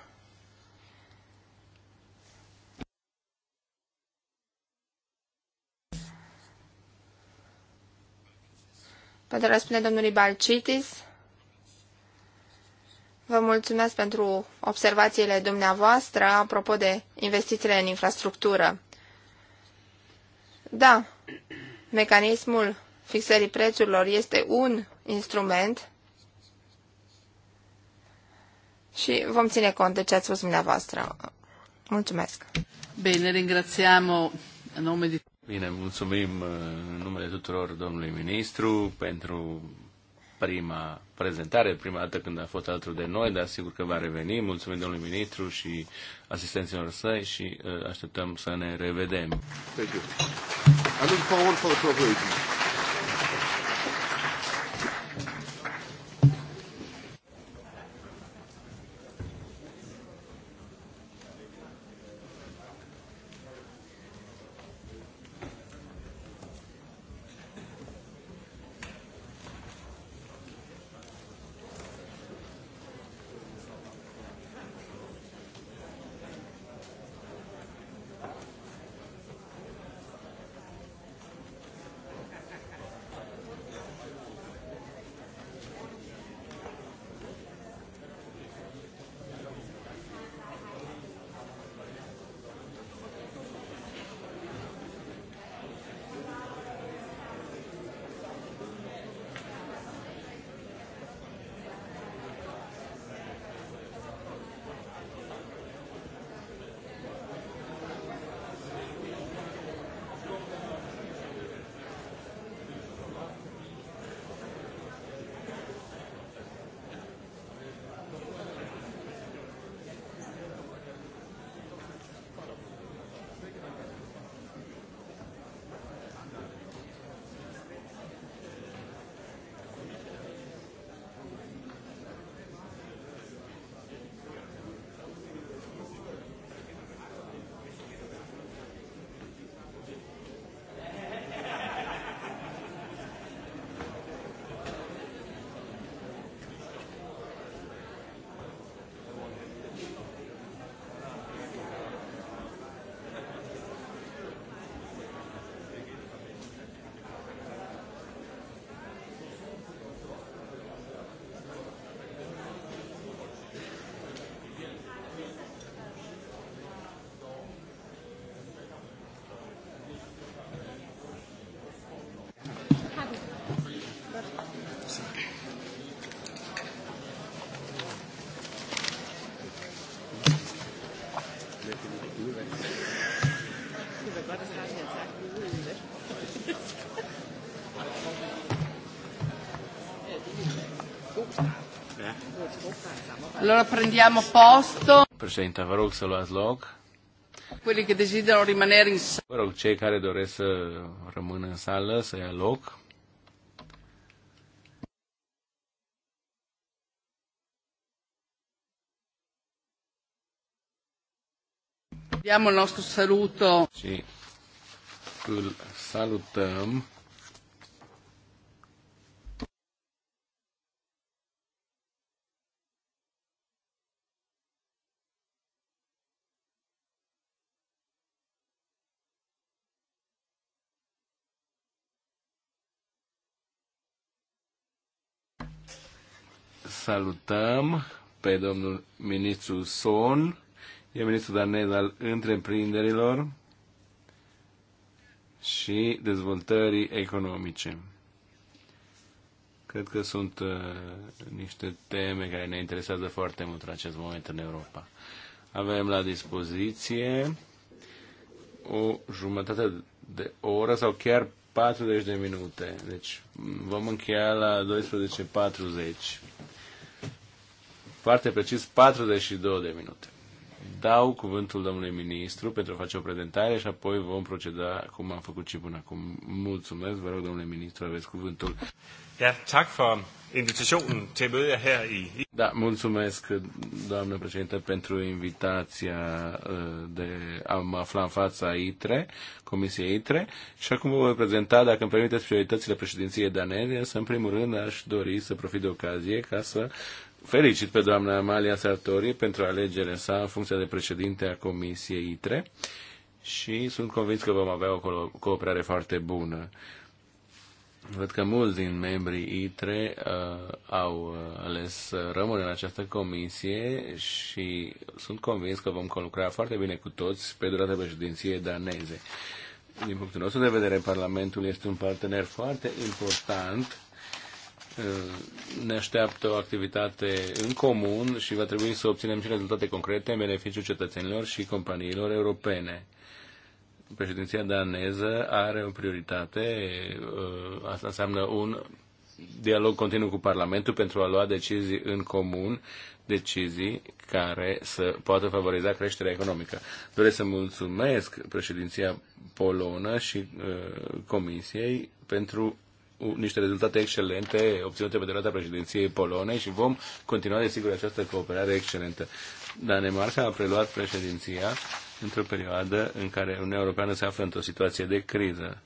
Poate răspunde domnului Balcitis. Vă mulțumesc pentru observațiile dumneavoastră apropo de investițiile în infrastructură. Da, mecanismul fixării prețurilor este un instrument și vom ține cont de ce ați spus dumneavoastră. Mulțumesc. Bine, ringrațiamo a nome di... Bine, mulțumim uh, în numele tuturor domnului ministru pentru prima prezentare, prima dată când a fost altul de noi, dar sigur că va reveni. Mulțumim domnului ministru și asistenților săi și uh, așteptăm să ne revedem. Thank you. Allora prendiamo posto. Președinte, vă rog să luați loc. Quelli che desiderano rimanere in sala. Vă rog, cei care doresc să rămână în sală, să ia loc. Diamo il nostro saluto. Sì. Îl salutăm salutăm pe domnul ministru Son, e ministru danez al întreprinderilor și dezvoltării economice. Cred că sunt uh, niște teme care ne interesează foarte mult în acest moment în Europa. Avem la dispoziție o jumătate de oră sau chiar 40 de minute. Deci vom încheia la 12.40 foarte precis 42 de minute. Dau cuvântul domnului ministru pentru a face o prezentare și apoi vom proceda cum am făcut și până acum. Mulțumesc, vă rog, domnule ministru, aveți cuvântul. Ja, tak for invitationen til møde her i... Da, mulțumesc, doamnă președinte, pentru invitația uh, de a mă afla în fața ITRE, Comisiei ITRE. Și acum vă voi prezenta, dacă îmi permiteți, prioritățile președinției daneze. Să, în primul rând, aș dori să profit de ocazie ca să felicit pe doamna Amalia Sartori pentru alegerea sa în funcția de președinte a Comisiei ITRE și sunt convins că vom avea o cooperare foarte bună. Văd că mulți din membrii ITRE uh, au ales să în această comisie și sunt convins că vom lucra foarte bine cu toți pe durata președinției daneze. Din punctul nostru de vedere, Parlamentul este un partener foarte important ne așteaptă o activitate în comun și va trebui să obținem și rezultate concrete în beneficiul cetățenilor și companiilor europene. Președinția daneză are o prioritate, ă, asta înseamnă un dialog continuu cu Parlamentul pentru a lua decizii în comun, decizii care să poată favoriza creșterea economică. Doresc să mulțumesc președinția polonă și uh, Comisiei pentru niște rezultate excelente obținute pe durata președinției polonei și vom continua, desigur, această cooperare excelentă. Danemarca a preluat președinția într-o perioadă în care Uniunea Europeană se află într-o situație de criză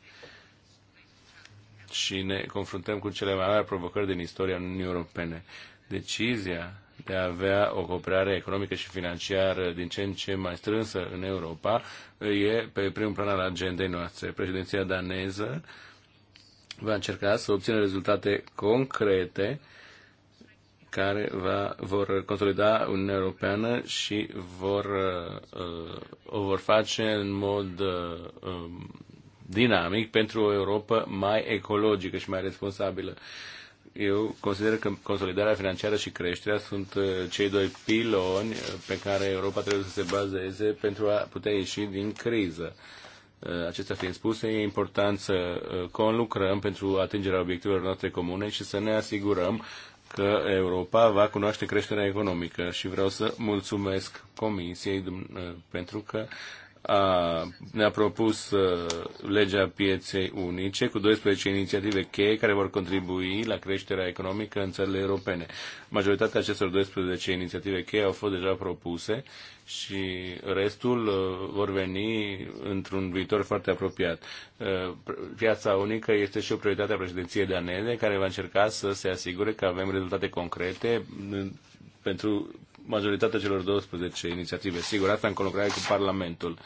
și ne confruntăm cu cele mai mari provocări din istoria Uniunii Europene. Decizia de a avea o cooperare economică și financiară din ce în ce mai strânsă în Europa e pe primul plan al agendei noastre. Președinția daneză va încerca să obțină rezultate concrete care va, vor consolida Uniunea Europeană și vor, uh, o vor face în mod uh, um, dinamic pentru o Europa mai ecologică și mai responsabilă. Eu consider că consolidarea financiară și creșterea sunt uh, cei doi piloni uh, pe care Europa trebuie să se bazeze pentru a putea ieși din criză. Uh, acestea fiind spuse, e important să uh, conlucrăm pentru atingerea obiectivelor noastre comune și să ne asigurăm că Europa va cunoaște creșterea economică și vreau să mulțumesc Comisiei uh, pentru că a, ne-a propus uh, legea pieței unice cu 12 inițiative cheie care vor contribui la creșterea economică în țările europene. Majoritatea acestor 12 inițiative cheie au fost deja propuse și restul uh, vor veni într-un viitor foarte apropiat. Uh, piața unică este și o prioritate a președinției daneze, care va încerca să se asigure că avem rezultate concrete uh, pentru majoritatea celor 12 inițiative. Sigur, asta în colaborare cu Parlamentul.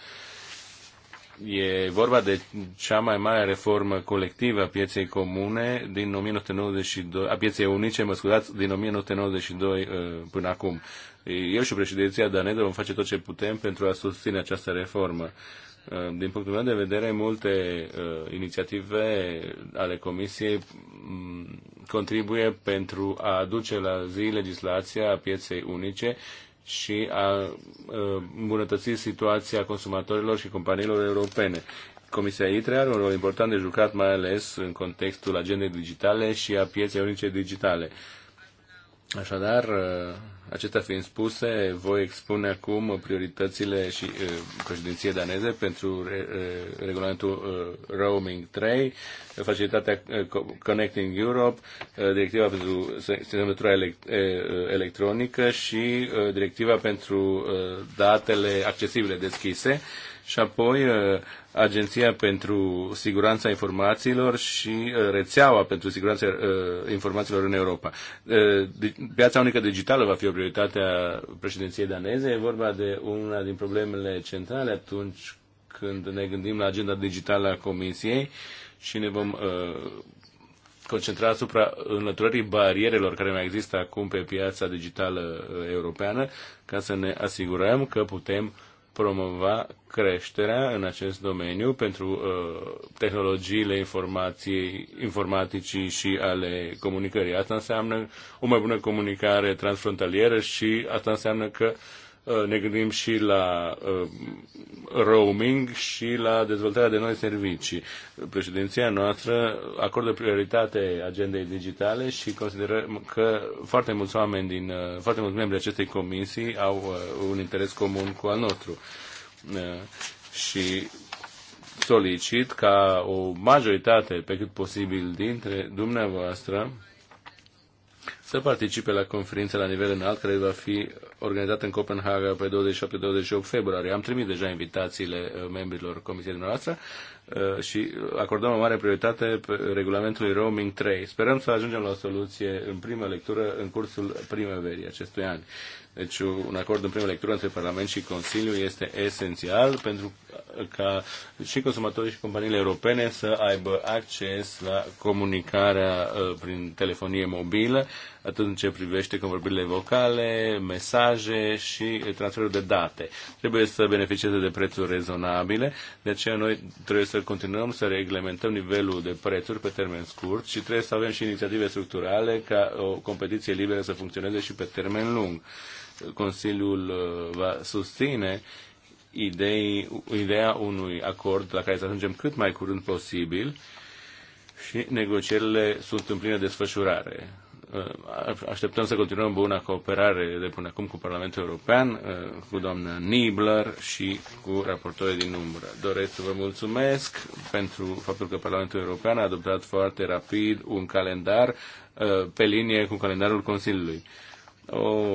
E vorba de cea mai mare reformă colectivă a pieței comune din 1992, a pieței unice, mă scuzați, din 1992 până acum. Eu și președinția daneză vom face tot ce putem pentru a susține această reformă. Uh, din punctul meu de vedere, multe uh, inițiative ale Comisiei mm, contribuie pentru a aduce la zi legislația pieței unice și a uh, îmbunătăți situația consumatorilor și companiilor europene. Comisia ITRE are un rol important de jucat, mai ales în contextul agendei digitale și a pieței unice digitale. Uh, Așadar, uh, acestea fiind spuse, voi expune acum prioritățile și uh, președinție daneze pentru uh, regulamentul Roaming 3, facilitatea Connecting Europe, directiva pentru semnătura electronică și directiva pentru datele accesibile deschise și apoi Agenția pentru Siguranța Informațiilor și uh, rețeaua pentru Siguranța uh, Informațiilor în Europa. Uh, piața unică digitală va fi o prioritate a președinției daneze. E vorba de una din problemele centrale atunci când ne gândim la agenda digitală a Comisiei și ne vom concentra asupra înlăturării barierelor care mai există acum pe piața digitală europeană ca să ne asigurăm că putem uh, promova creșterea în acest domeniu pentru uh, tehnologiile informației, informaticii și ale comunicării. Asta înseamnă o mai bună comunicare transfrontalieră și asta înseamnă că uh, Uh, ne gândim și la uh, roaming și la dezvoltarea de noi servicii. Președinția noastră acordă prioritate agendei digitale și considerăm că foarte mulți oameni din, uh, foarte mulți membri acestei comisii au un interes comun cu al nostru. Și solicit ca o majoritate, pe cât posibil, dintre dumneavoastră să participe la conferința la nivel înalt care va fi organizat în Copenhaga pe 27-28 februarie. Am trimis deja invitațiile uh, membrilor comisiei dumneavoastră. Uh, și acordăm o mare prioritate regulamentului Roaming 3. Sperăm să ajungem la o soluție în primă lectură în cursul primăverii acestui an. Deci un acord în primă lectură între Parlament și Consiliu este esențial pentru ca și consumatorii și companiile europene să aibă acces la comunicarea uh, prin telefonie mobilă, atât în ce privește convorbirile vocale, mesaje și transferul de date. Trebuie să beneficieze de prețuri rezonabile, de aceea noi trebuie să continuăm să reglementăm nivelul de prețuri pe termen scurt și trebuie să avem și inițiative structurale ca o competiție liberă să funcționeze și pe termen lung. Consiliul uh, va susține idei, ideea unui acord la care să ajungem cât mai curând posibil și negocierile sunt în plină desfășurare. Uh, așteptăm să continuăm buna cooperare de până acum cu Parlamentul European, uh, cu doamna Nibler și cu raportorii din umbră. Doresc să vă mulțumesc pentru faptul că Parlamentul European a adoptat foarte rapid un calendar uh, pe linie cu calendarul Consiliului. O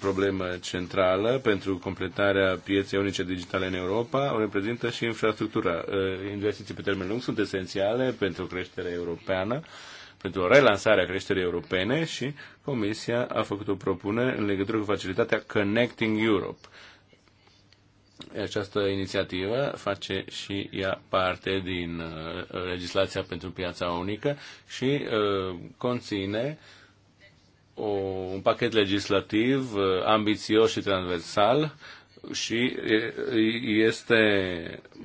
problemă centrală pentru completarea pieței unice digitale în Europa o reprezintă și infrastructura. Investiții pe termen lung sunt esențiale pentru creșterea europeană pentru relansarea creșterii europene și Comisia a făcut o propunere în legătură cu facilitatea Connecting Europe. Această inițiativă face și ea parte din uh, legislația pentru piața unică și uh, conține o, un pachet legislativ uh, ambițios și transversal și este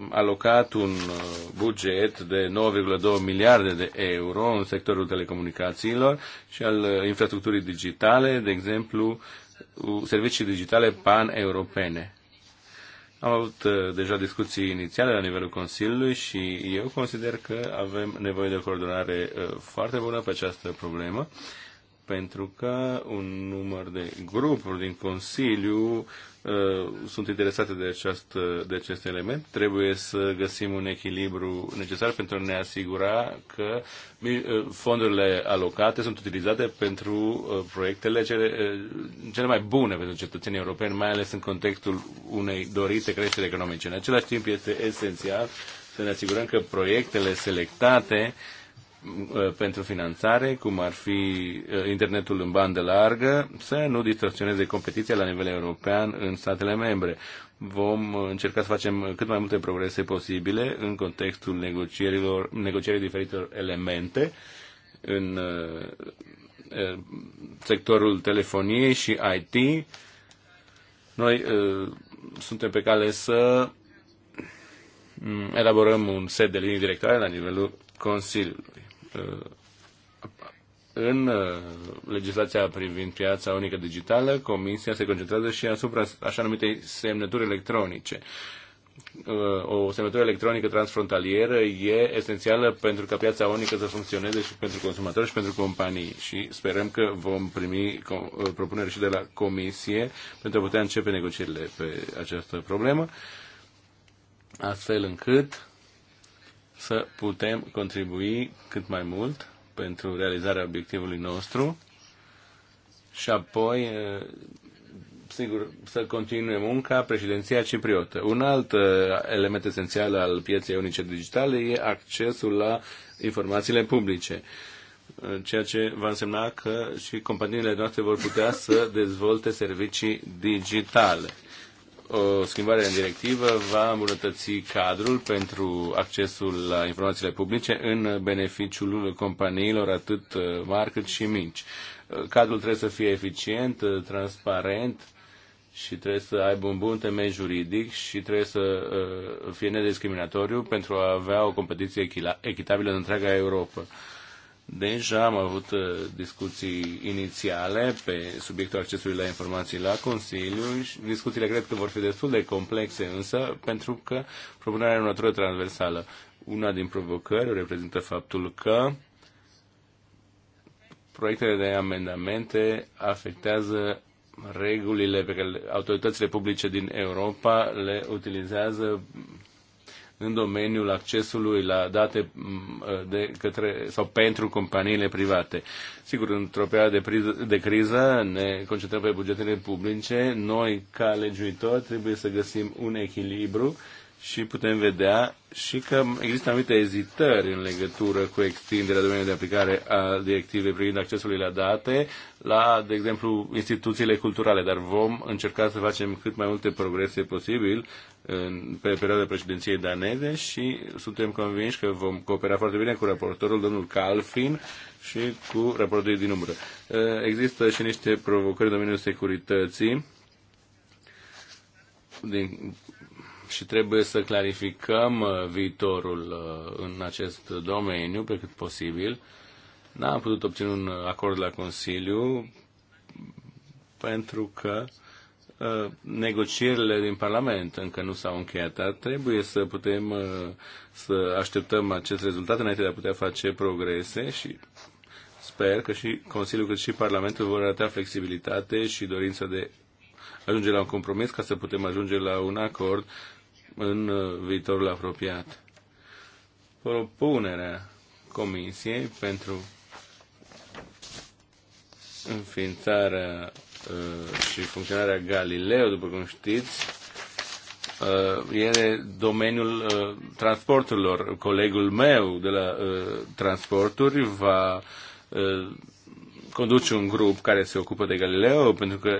alocat un uh, buget de 9,2 miliarde de euro în sectorul telecomunicațiilor și al uh, infrastructurii digitale, de exemplu, servicii digitale pan-europene. Am avut uh, deja discuții inițiale la nivelul Consiliului și eu consider că avem nevoie de o coordonare foarte bună pe această problemă, pentru că un număr de grupuri din Consiliu Uh, sunt interesate de, această, de acest element. Trebuie să găsim un echilibru necesar pentru a ne asigura că uh, fondurile alocate sunt utilizate pentru uh, proiectele cele, cele mai bune pentru cetățenii europeni, mai ales în contextul unei dorite creșteri economice. În același timp este esențial să ne asigurăm că proiectele selectate uh, Uh, pentru finanțare, cum ar fi uh, internetul în bandă largă, să nu distorsioneze competiția la nivel european în statele membre. Vom uh, încerca să facem cât mai multe progrese posibile în contextul negocierilor, negocierii diferitor elemente în sectorul telefoniei și IT. Noi suntem pe cale să mm, elaborăm un set de linii directoare la nivelul Consiliului. Uh, în uh, legislația privind piața unică digitală, Comisia se concentrează și asupra așa numitei semnături electronice uh, o semnătură electronică transfrontalieră e esențială pentru ca piața unică să funcționeze și pentru consumatori și pentru companii. Și sperăm că vom primi propuneri și de la Comisie pentru a putea începe negocierile pe această problemă, astfel încât să putem contribui cât mai mult pentru realizarea obiectivului nostru și apoi, sigur, să continue munca președinția cipriotă. Un alt element esențial al pieței unice digitale e accesul la informațiile publice ceea ce va însemna că și companiile noastre vor putea să dezvolte servicii digitale o schimbare în directivă va îmbunătăți cadrul pentru accesul la informațiile publice în beneficiul companiilor atât uh, mari cât și mici. Uh, cadrul trebuie să fie eficient, uh, transparent și trebuie să aibă un bun temei juridic și trebuie să fie nediscriminatoriu pentru a avea o competiție echitabilă în întreaga Europa Deja am avut uh, discuții inițiale pe subiectul accesului la informații la Consiliu și discuțiile cred că vor fi destul de complexe, însă pentru că propunerea e o natură transversală. Una din provocări reprezintă faptul că proiectele de amendamente afectează regulile pe care autoritățile publice din Europa le utilizează în domeniul accesului la date mm, de către, sau pentru companiile private. Sigur, într-o perioadă de, de criză ne concentrăm pe bugetele publice. Noi, ca legiuitori, trebuie să găsim un echilibru uh, și putem vedea și că există anumite ezitări în legătură cu extinderea domeniului de aplicare a directivei privind accesul la date la, de exemplu, instituțiile culturale, dar vom încerca să facem cât mai multe progrese posibil în, pe perioada președinției daneze și suntem convinși că vom coopera foarte bine cu raportorul, domnul Calfin, și cu raportorii din umbră. Eh, există și niște provocări în domeniul securității din și trebuie să clarificăm uh, viitorul uh, în acest domeniu pe cât posibil. N-am putut obține un acord la Consiliu pentru că uh, negocierile din Parlament încă nu s-au încheiat, dar trebuie să putem să așteptăm acest rezultat înainte de a putea face progrese și sper că și Consiliul cât și Parlamentul vor arăta flexibilitate și dorință de ajunge la un compromis ca să putem ajunge la un acord în uh, viitorul apropiat. Propunerea Comisiei pentru înființarea uh, și funcționarea Galileo, după cum știți, uh, e domeniul transporturilor. Colegul meu de la transporturi va conduce un grup care se ocupă de Galileo, pentru că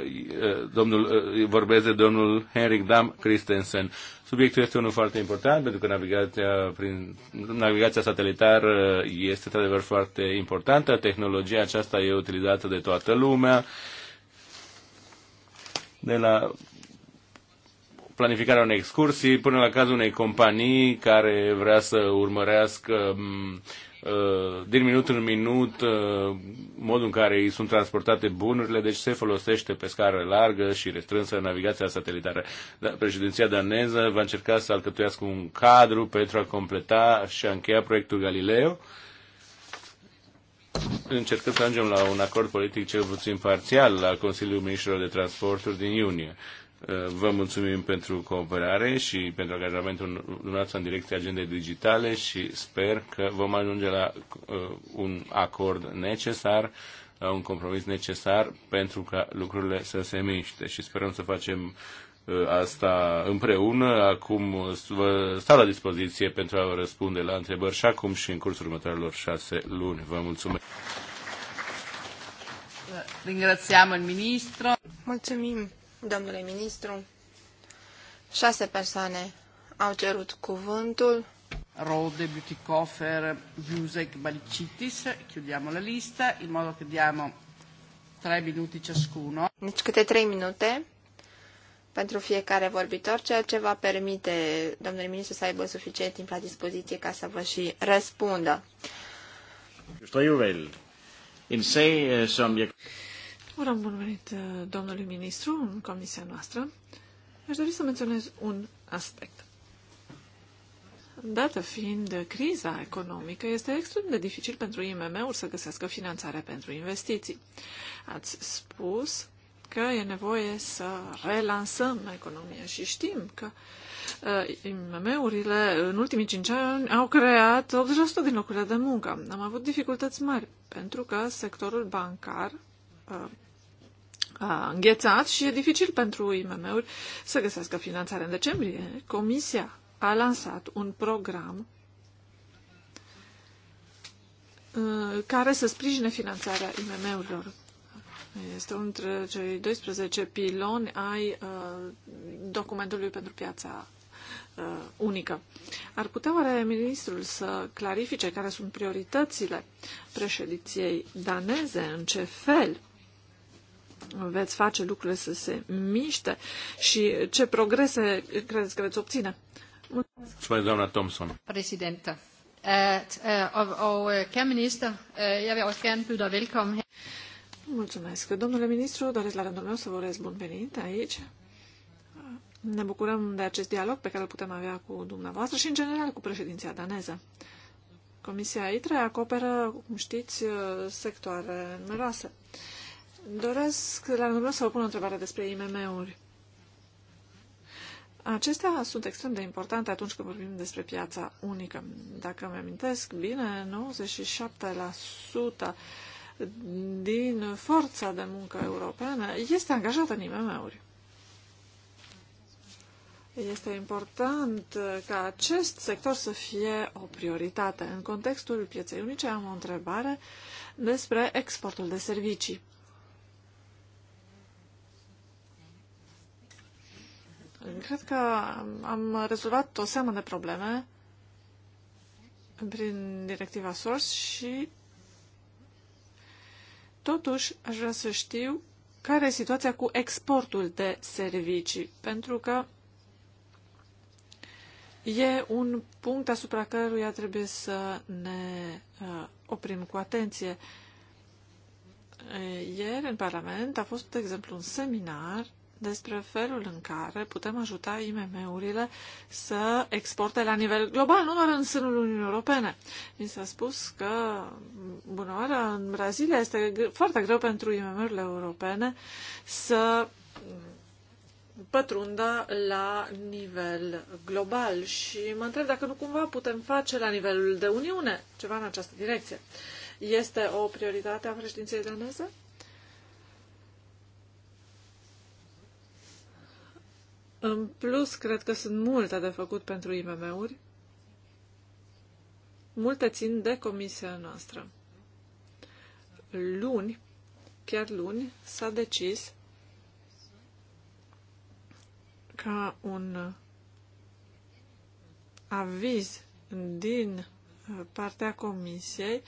domnul, vorbesc de domnul Henrik Dam Christensen. Subiectul este unul foarte important pentru că navigația, prin, navigația satelitară este într-adevăr foarte importantă. Tehnologia aceasta e utilizată de toată lumea. De la planificarea unei excursii până la cazul unei companii care vrea să urmărească Uh, din minut în minut uh, modul în care îi sunt transportate bunurile, deci se folosește pe scară largă și restrânsă navigația satelitară. Da, președinția daneză va încerca să alcătuiască un cadru pentru a completa și a încheia proiectul Galileo, Încercăm să ajungem la un acord politic cel puțin parțial la Consiliul Ministrilor de Transporturi din iunie. Vă mulțumim pentru cooperare și pentru angajamentul dumneavoastră în direcția agendei digitale și sper că vom ajunge la uh, un acord necesar, la uh, un compromis necesar pentru ca lucrurile să se miște și sperăm să facem uh, asta împreună. Acum vă stau la dispoziție pentru a vă răspunde la întrebări și acum și în cursul următoarelor șase luni. Vă mulțumesc! Ringrațiamo il ministro. Mulțumim domnule ministru. Șase persoane au cerut cuvântul. Rode, Butikofer, Jusek, Balicitis. Chiudiamo la lista in modo che diamo tre minuti ciascuno. Deci câte trei minute pentru fiecare vorbitor, ceea ce va permite domnului ministru să aibă suficient timp la dispoziție ca să vă și răspundă. Juvel, In se, eh, som Urăm bun venit uh, domnului ministru în comisia noastră. Aș dori să menționez un aspect. Dată fiind criza economică, este extrem de dificil pentru IMM-uri să găsească finanțare pentru investiții. Ați spus că e nevoie să relansăm economia și știm că uh, IMM-urile în ultimii 5 ani au creat 80% din locurile de muncă. Am avut dificultăți mari pentru că sectorul bancar uh, a înghețat și e dificil pentru IMM-uri să găsească finanțare. În decembrie, Comisia a lansat un program uh, care să sprijine finanțarea IMM-urilor. Este unul dintre cei 12 piloni ai uh, documentului pentru piața uh, unică. Ar putea oare ministrul să clarifice care sunt prioritățile președinției daneze, în ce fel veți face lucrurile să se miște și ce progrese credeți că veți obține? Mulțumesc, doamna Thompson. Președintă. Uh, og, og uh, kære minister, uh, jeg vil også gerne Mulțumesc. Domnule ministru, doresc la rândul meu să vă urez bun venit aici. Ne bucurăm de acest dialog pe care îl putem avea cu dumneavoastră și, în general, cu președinția daneză. Comisia ITRE acoperă, cum știți, sectoare numeroase. Doresc la rândul meu să vă pun o întrebare despre IMM-uri. Acestea sunt extrem de importante atunci când vorbim despre piața unică. Dacă îmi amintesc bine, 97% din forța de muncă europeană este angajată în IMM-uri. Este important ca acest sector să fie o prioritate. În contextul pieței unice am o întrebare despre exportul de servicii. Cred că am rezolvat o seamă de probleme prin directiva Source și totuși aș vrea să știu care e situația cu exportul de servicii, pentru că e un punct asupra căruia trebuie să ne uh, oprim cu atenție. Ieri, în Parlament, a fost, de exemplu, un seminar despre felul în care putem ajuta IMM-urile să exporte la nivel global, nu doar în sânul Uniunii Europene. Mi s-a spus că, bună oară, în Brazilia este foarte greu pentru IMM-urile europene să pătrundă la nivel global și mă întreb dacă nu cumva putem face la nivelul de Uniune ceva în această direcție. Este o prioritate a președinției daneze? În plus, cred că sunt multe de făcut pentru IMM-uri. Multe țin de comisia noastră. Luni, chiar luni, s-a decis ca un aviz din partea comisiei uh,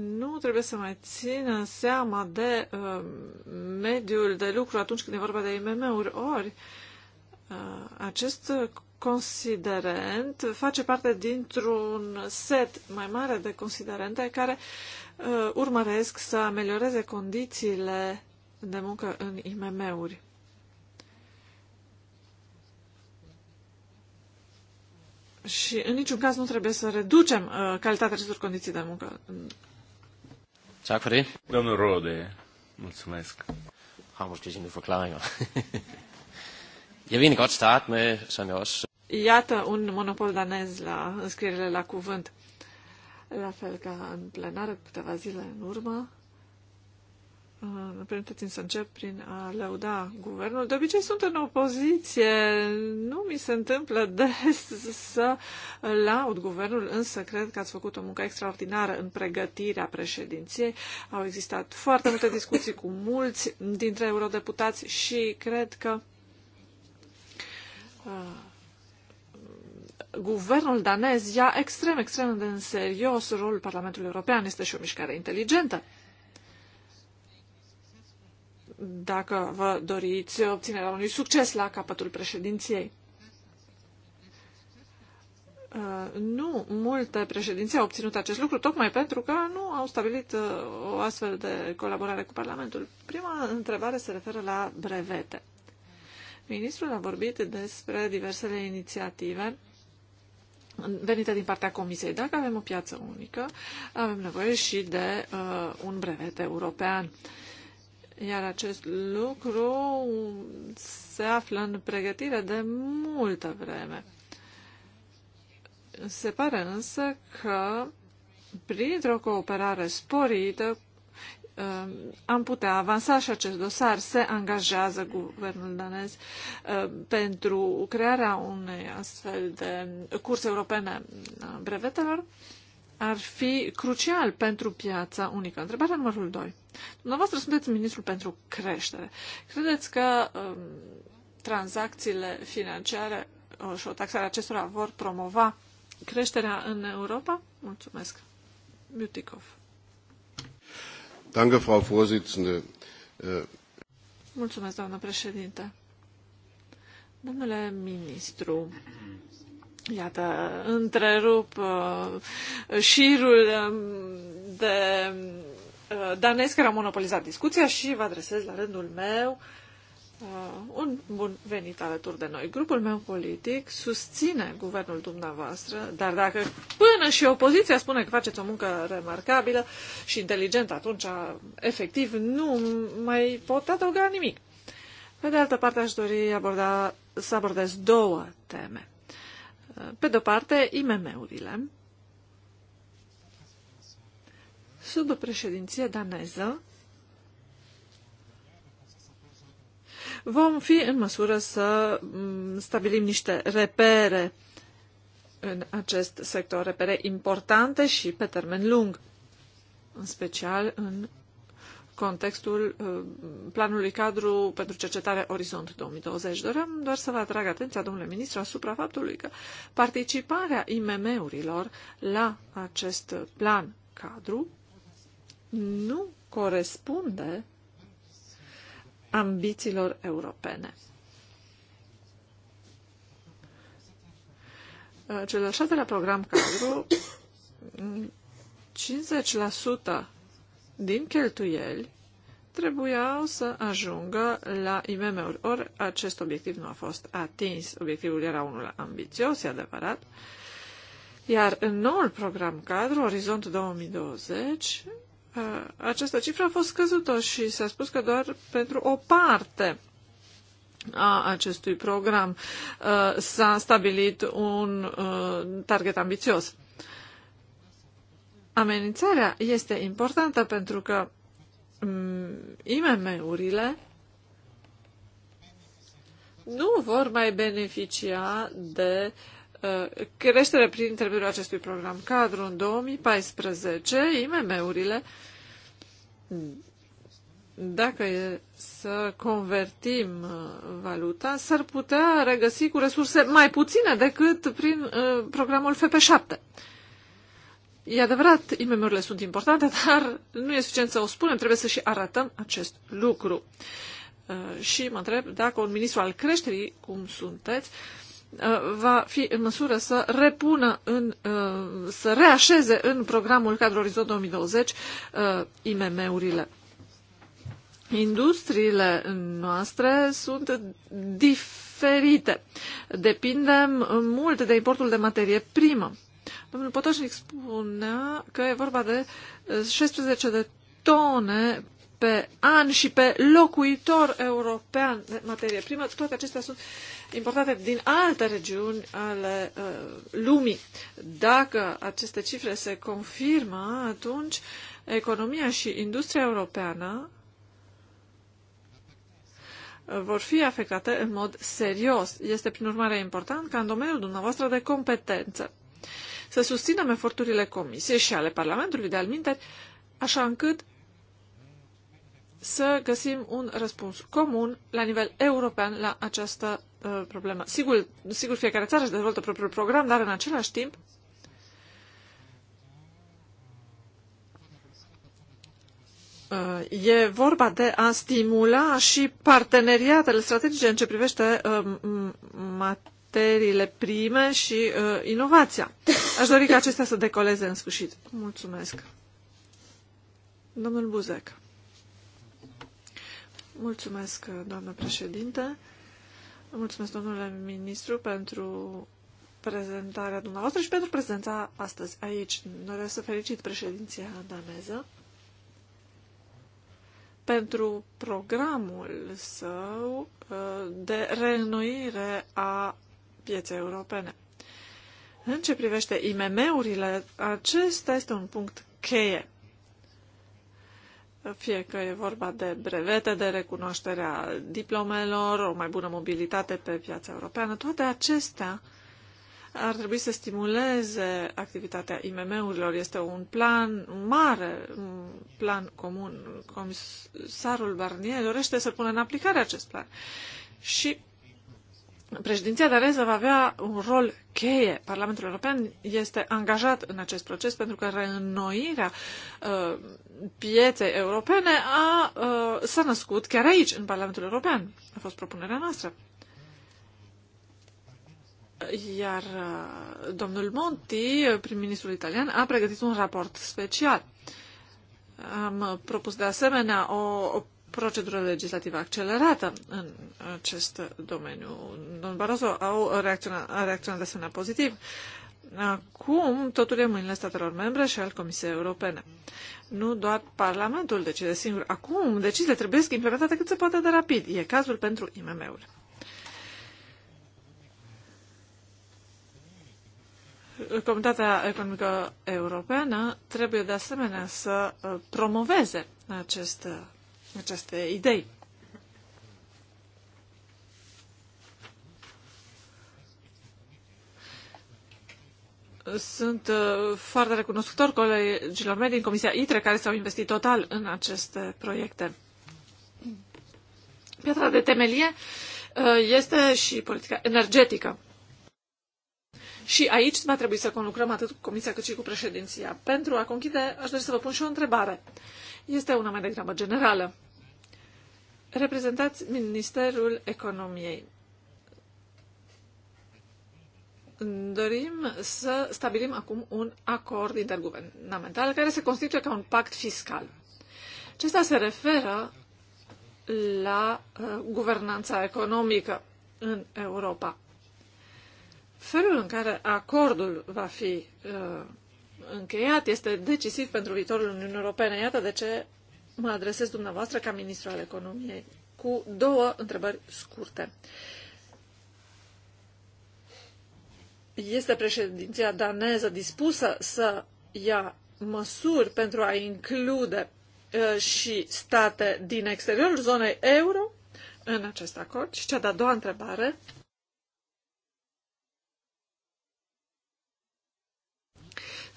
nu trebuie să mai țină seama de uh, mediul de lucru atunci când e vorba de IMM-uri. Ori, uh, acest considerent face parte dintr-un set mai mare de considerente care uh, urmăresc să amelioreze condițiile de muncă în IMM-uri. Și în niciun caz nu trebuie să reducem uh, calitatea acestor condiții de muncă Tak for det. Domnul Rode, mulțumesc. Har måske sine forklaringer. jeg vil egentlig godt starte med, som jeg også... Iată un monopol danez la înscrierile la cuvânt. La fel ca în plenară câteva zile în urmă, Uh, permiteți să încep prin a lăuda guvernul. De obicei sunt în opoziție. Nu mi se întâmplă des să laud guvernul, însă cred că ați făcut o muncă extraordinară în pregătirea președinției. Au existat foarte multe discuții cu mulți dintre eurodeputați și cred că uh, guvernul danez ia extrem, extrem de în serios rolul Parlamentului European. Este și o mișcare inteligentă dacă vă doriți obținerea unui succes la capătul președinției. Uh, nu multe președinții au obținut acest lucru, tocmai pentru că nu au stabilit uh, o astfel de colaborare cu Parlamentul. Prima întrebare se referă la brevete. Ministrul a vorbit despre diversele inițiative venite din partea Comisiei. Dacă avem o piață unică, avem nevoie și de uh, un brevet european. Uh, iar acest lucru se află în pregătire de multă vreme. Se pare însă că printr-o cooperare sporită um, am putea avansa și acest dosar. Se angajează guvernul danez um, pentru crearea unei astfel de curs europene a brevetelor ar fi crucial pentru piața unică. Întrebarea numărul 2. Dumneavoastră sunteți ministrul pentru creștere. Credeți că um, tranzacțiile financiare uh, și o taxare acestora vor promova creșterea în Europa? Mulțumesc. Butikov. Danke, Frau Vorsitzende. Äh, Mulțumesc, doamnă președinte. Domnule ministru, Iată, întrerup uh, șirul um, de uh, danesc care a monopolizat discuția și vă adresez la rândul meu uh, un bun venit alături de noi. Grupul meu politic susține guvernul dumneavoastră, dar dacă până și opoziția spune că faceți o muncă remarcabilă și inteligentă, atunci efectiv nu mai pot adăuga nimic. Pe de altă parte, aș dori aborda, să abordez două teme. Pe de-o parte, IMM-urile, sub președinție daneză, vom fi în măsură să mm, stabilim niște repere în acest sector, repere importante și pe termen lung, în special în contextul uh, planului cadru pentru cercetare Orizont 2020. Doream doar să vă atrag atenția, domnule ministru, asupra faptului că participarea IMM-urilor la acest plan cadru nu corespunde ambițiilor europene. Cel de program cadru, 50% din cheltuieli trebuiau să ajungă la IMM-uri. Ori acest obiectiv nu a fost atins. Obiectivul era unul ambițios, e adevărat. Iar în noul program cadru, Orizont 2020, această cifră a fost scăzută și s-a spus că doar pentru o parte a acestui program s-a stabilit un target ambițios. Amenințarea este importantă pentru că mm, IMM-urile nu vor mai beneficia de uh, creștere prin intermediul acestui program cadru. În 2014, IMM-urile, dacă e să convertim uh, valuta, s-ar putea regăsi cu resurse mai puține decât prin uh, programul FP7. E adevărat, IMM-urile sunt importante, dar nu e suficient să o spunem, trebuie să și arătăm acest lucru. Uh, și mă întreb dacă un ministru al creșterii, cum sunteți, uh, va fi în măsură să repună, în, uh, să reașeze în programul cadrul Orizont 2020 IMM-urile. Industriile noastre sunt diferite. Depindem mult de importul de materie primă. Domnul Potoșnic spunea că e vorba de 16 eh, de tone pe an și pe locuitor european de materie primă. Toate acestea sunt importate din alte regiuni ale uh, lumii. Dacă aceste cifre se confirmă, atunci economia și industria europeană eh, vor fi afectate în mod serios. Este, prin urmare, important ca în domeniul dumneavoastră de competență să susținem eforturile Comisiei și ale Parlamentului de alminteri, așa încât să găsim un răspuns comun la nivel european la această uh, problemă. Sigur, sigur, fiecare țară își dezvoltă propriul program, dar în același timp uh, e vorba de a stimula și parteneriatele strategice în ce privește uh, materiile prime și uh, inovația. Aș dori ca acestea să decoleze în sfârșit. Mulțumesc. Domnul Buzec. Mulțumesc, uh, doamnă președinte. Mulțumesc, domnule ministru, pentru prezentarea dumneavoastră și pentru prezența astăzi aici. Doresc să felicit președinția daneză pentru programul său uh, de reînnoire a piețe europene. În ce privește IMM-urile, acesta este un punct cheie. Fie că e vorba de brevete, de recunoașterea diplomelor, o mai bună mobilitate pe piața europeană, toate acestea ar trebui să stimuleze activitatea IMM-urilor. Este un plan mare, un plan comun. Comisarul Barnier dorește să pună în aplicare acest plan. Și Președinția daneză va avea un rol cheie. Parlamentul European este angajat în acest proces pentru că reînnoirea uh, pieței europene a, uh, s-a născut chiar aici, în Parlamentul European. A fost propunerea noastră. Iar uh, domnul Monti, prim-ministrul italian, a pregătit un raport special. Am propus de asemenea o, o procedură legislativă accelerată în acest domeniu. Domnul Barroso au reacționat, a reacționat de asemenea pozitiv. Acum totul e în mâinile statelor membre și al Comisiei Europene. Nu doar Parlamentul decide singur. Acum deciziile trebuie să implementate cât se poate de rapid. E cazul pentru IMM-uri. Comunitatea Economică Europeană trebuie de asemenea să promoveze acest aceste idei. Sunt uh, foarte recunoscător colegilor mei din Comisia ITRE care s-au investit total în aceste proiecte. Piatra de temelie uh, este și politica energetică. Și aici va trebui să conlucrăm atât cu Comisia cât și cu președinția. Pentru a conchide, aș dori să vă pun și o întrebare este una mai degrabă generală. Reprezentați Ministerul Economiei. Dorim să stabilim acum un acord interguvernamental care se constituie ca un pact fiscal. Acesta se referă la uh, guvernanța economică în Europa. Felul în care acordul va fi uh, încheiat este decisiv pentru viitorul Uniunii Europene. Iată de ce mă adresez dumneavoastră ca ministru al economiei cu două întrebări scurte. Este președinția daneză dispusă să ia măsuri pentru a include uh, și state din exteriorul zonei euro în acest acord? Și cea de-a doua întrebare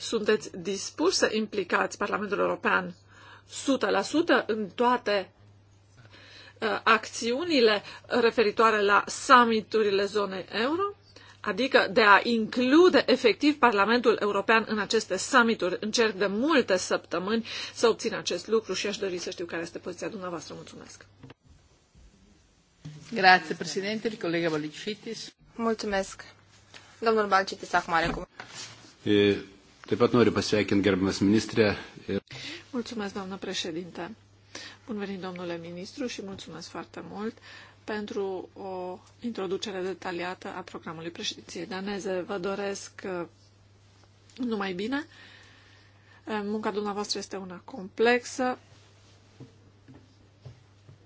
Sunteți dispuși să implicați Parlamentul European 100% în toate uh, acțiunile referitoare la summiturile zonei euro, adică de a include efectiv Parlamentul European în aceste summituri. Încerc de multe săptămâni să obțin acest lucru și aș dori să știu care este poziția dumneavoastră. Mulțumesc. Grazie, președinte. Colega Balicitis. Mulțumesc. Domnul Balicitis, acum are cum. E... Taip pat noriu pasveikinti ministrė. Ir... Mulțumesc, doamnă președinte. Bun venit, domnule ministru, și mulțumesc foarte mult pentru o introducere detaliată a programului președinției daneze. Vă doresc uh, numai bine. Uh, munca dumneavoastră este una complexă,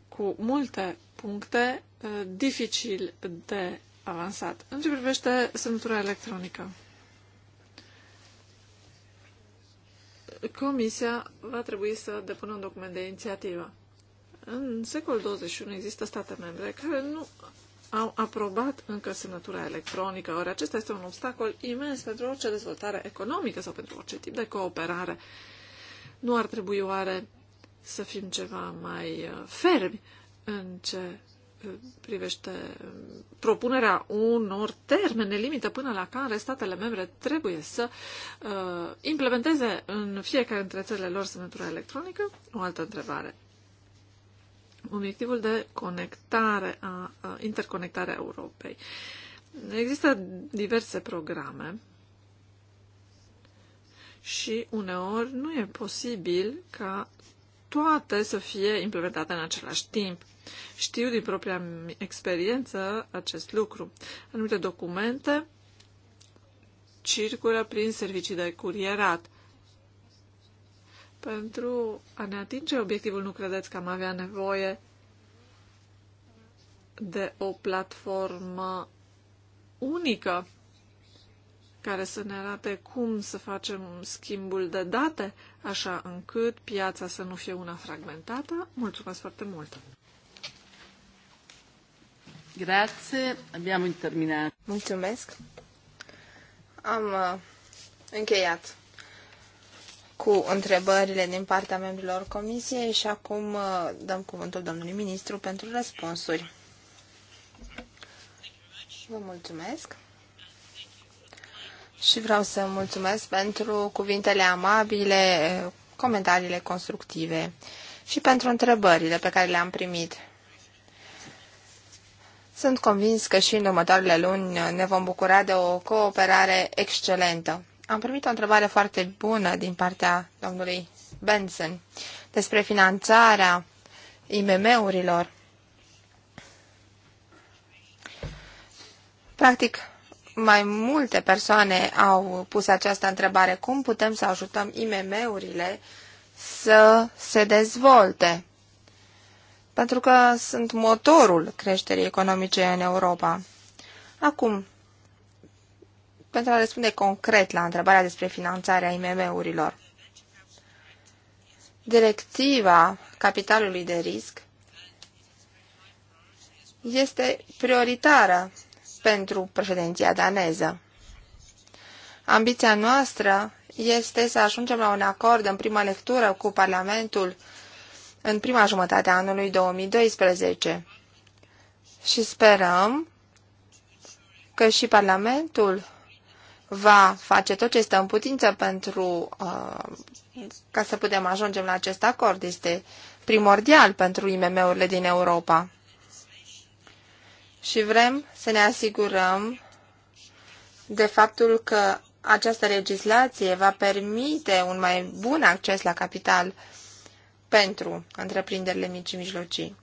cu multe puncte uh, dificil de avansat. În ce privește semnătura electronică? Comisia va trebui să depună un document de inițiativă. În secolul 21 există state membre care nu au aprobat încă semnătura electronică, ori acesta este un obstacol imens pentru orice dezvoltare economică sau pentru orice tip de cooperare. Nu ar trebui oare să fim ceva mai uh, fermi în ce privește propunerea unor termene limită până la care statele membre trebuie să uh, implementeze în fiecare dintre țările lor semnătura electronică? O altă întrebare. Obiectivul de conectare a, a interconectare a Europei. Există diverse programe și uneori nu e posibil ca toate să fie implementate în același timp. Știu din propria experiență acest lucru. Anumite documente circulă prin servicii de curierat. Pentru a ne atinge obiectivul, nu credeți că am avea nevoie de o platformă unică care să ne arate cum să facem schimbul de date, așa încât piața să nu fie una fragmentată. Mulțumesc foarte mult! Grazie, abbiamo Mulțumesc! Am uh, încheiat cu întrebările din partea membrilor comisiei și acum uh, dăm cuvântul domnului ministru pentru răspunsuri. Vă mulțumesc! Și vreau să mulțumesc pentru cuvintele amabile, comentariile constructive și pentru întrebările pe care le-am primit. Sunt convins că și în următoarele luni ne vom bucura de o cooperare excelentă. Am primit o întrebare foarte bună din partea domnului Benson despre finanțarea IMM-urilor. Practic, mai multe persoane au pus această întrebare. Cum putem să ajutăm IMM-urile să se dezvolte? Pentru că sunt motorul creșterii economice în Europa. Acum, pentru a răspunde concret la întrebarea despre finanțarea IMM-urilor. Directiva capitalului de risc este prioritară pentru președinția daneză. Ambiția noastră este să ajungem la un acord în prima lectură cu Parlamentul în prima jumătate a anului 2012 și sperăm că și Parlamentul va face tot ce stă în putință pentru uh, ca să putem ajungem la acest acord. Este primordial pentru IMM-urile din Europa și vrem să ne asigurăm de faptul că această legislație va permite un mai bun acces la capital pentru întreprinderile mici și mijlocii.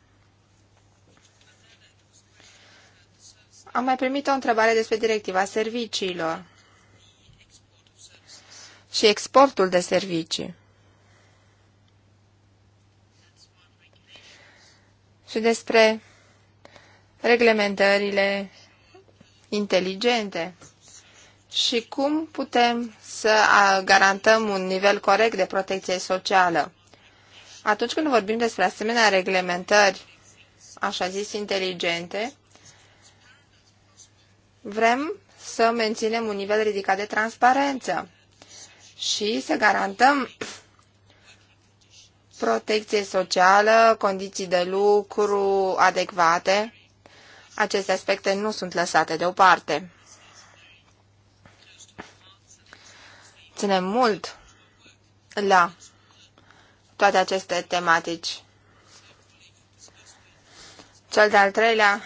Am mai primit o întrebare despre directiva serviciilor și exportul de servicii. Și despre reglementările inteligente și cum putem să garantăm un nivel corect de protecție socială. Atunci când vorbim despre asemenea reglementări, așa zis, inteligente, vrem să menținem un nivel ridicat de transparență și să garantăm protecție socială, condiții de lucru adecvate aceste aspecte nu sunt lăsate deoparte. Ținem mult la toate aceste tematici. Cel de-al treilea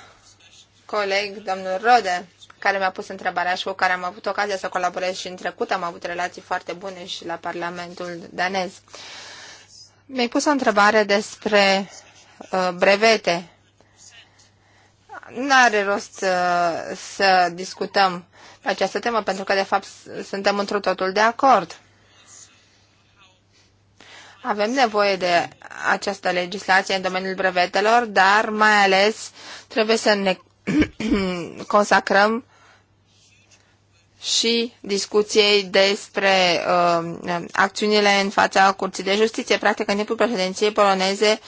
coleg, domnul Rode, care mi-a pus întrebarea și cu care am avut ocazia să colaborez și în trecut, am avut relații foarte bune și la Parlamentul danez. Mi-ai pus o întrebare despre uh, brevete nu are rost să, să discutăm pe această temă, pentru că, de fapt, suntem într totul de acord. Avem nevoie de această legislație în domeniul brevetelor, dar mai ales trebuie să ne consacrăm și discuției despre uh, acțiunile în fața Curții de Justiție. Practic, în timpul președinției poloneze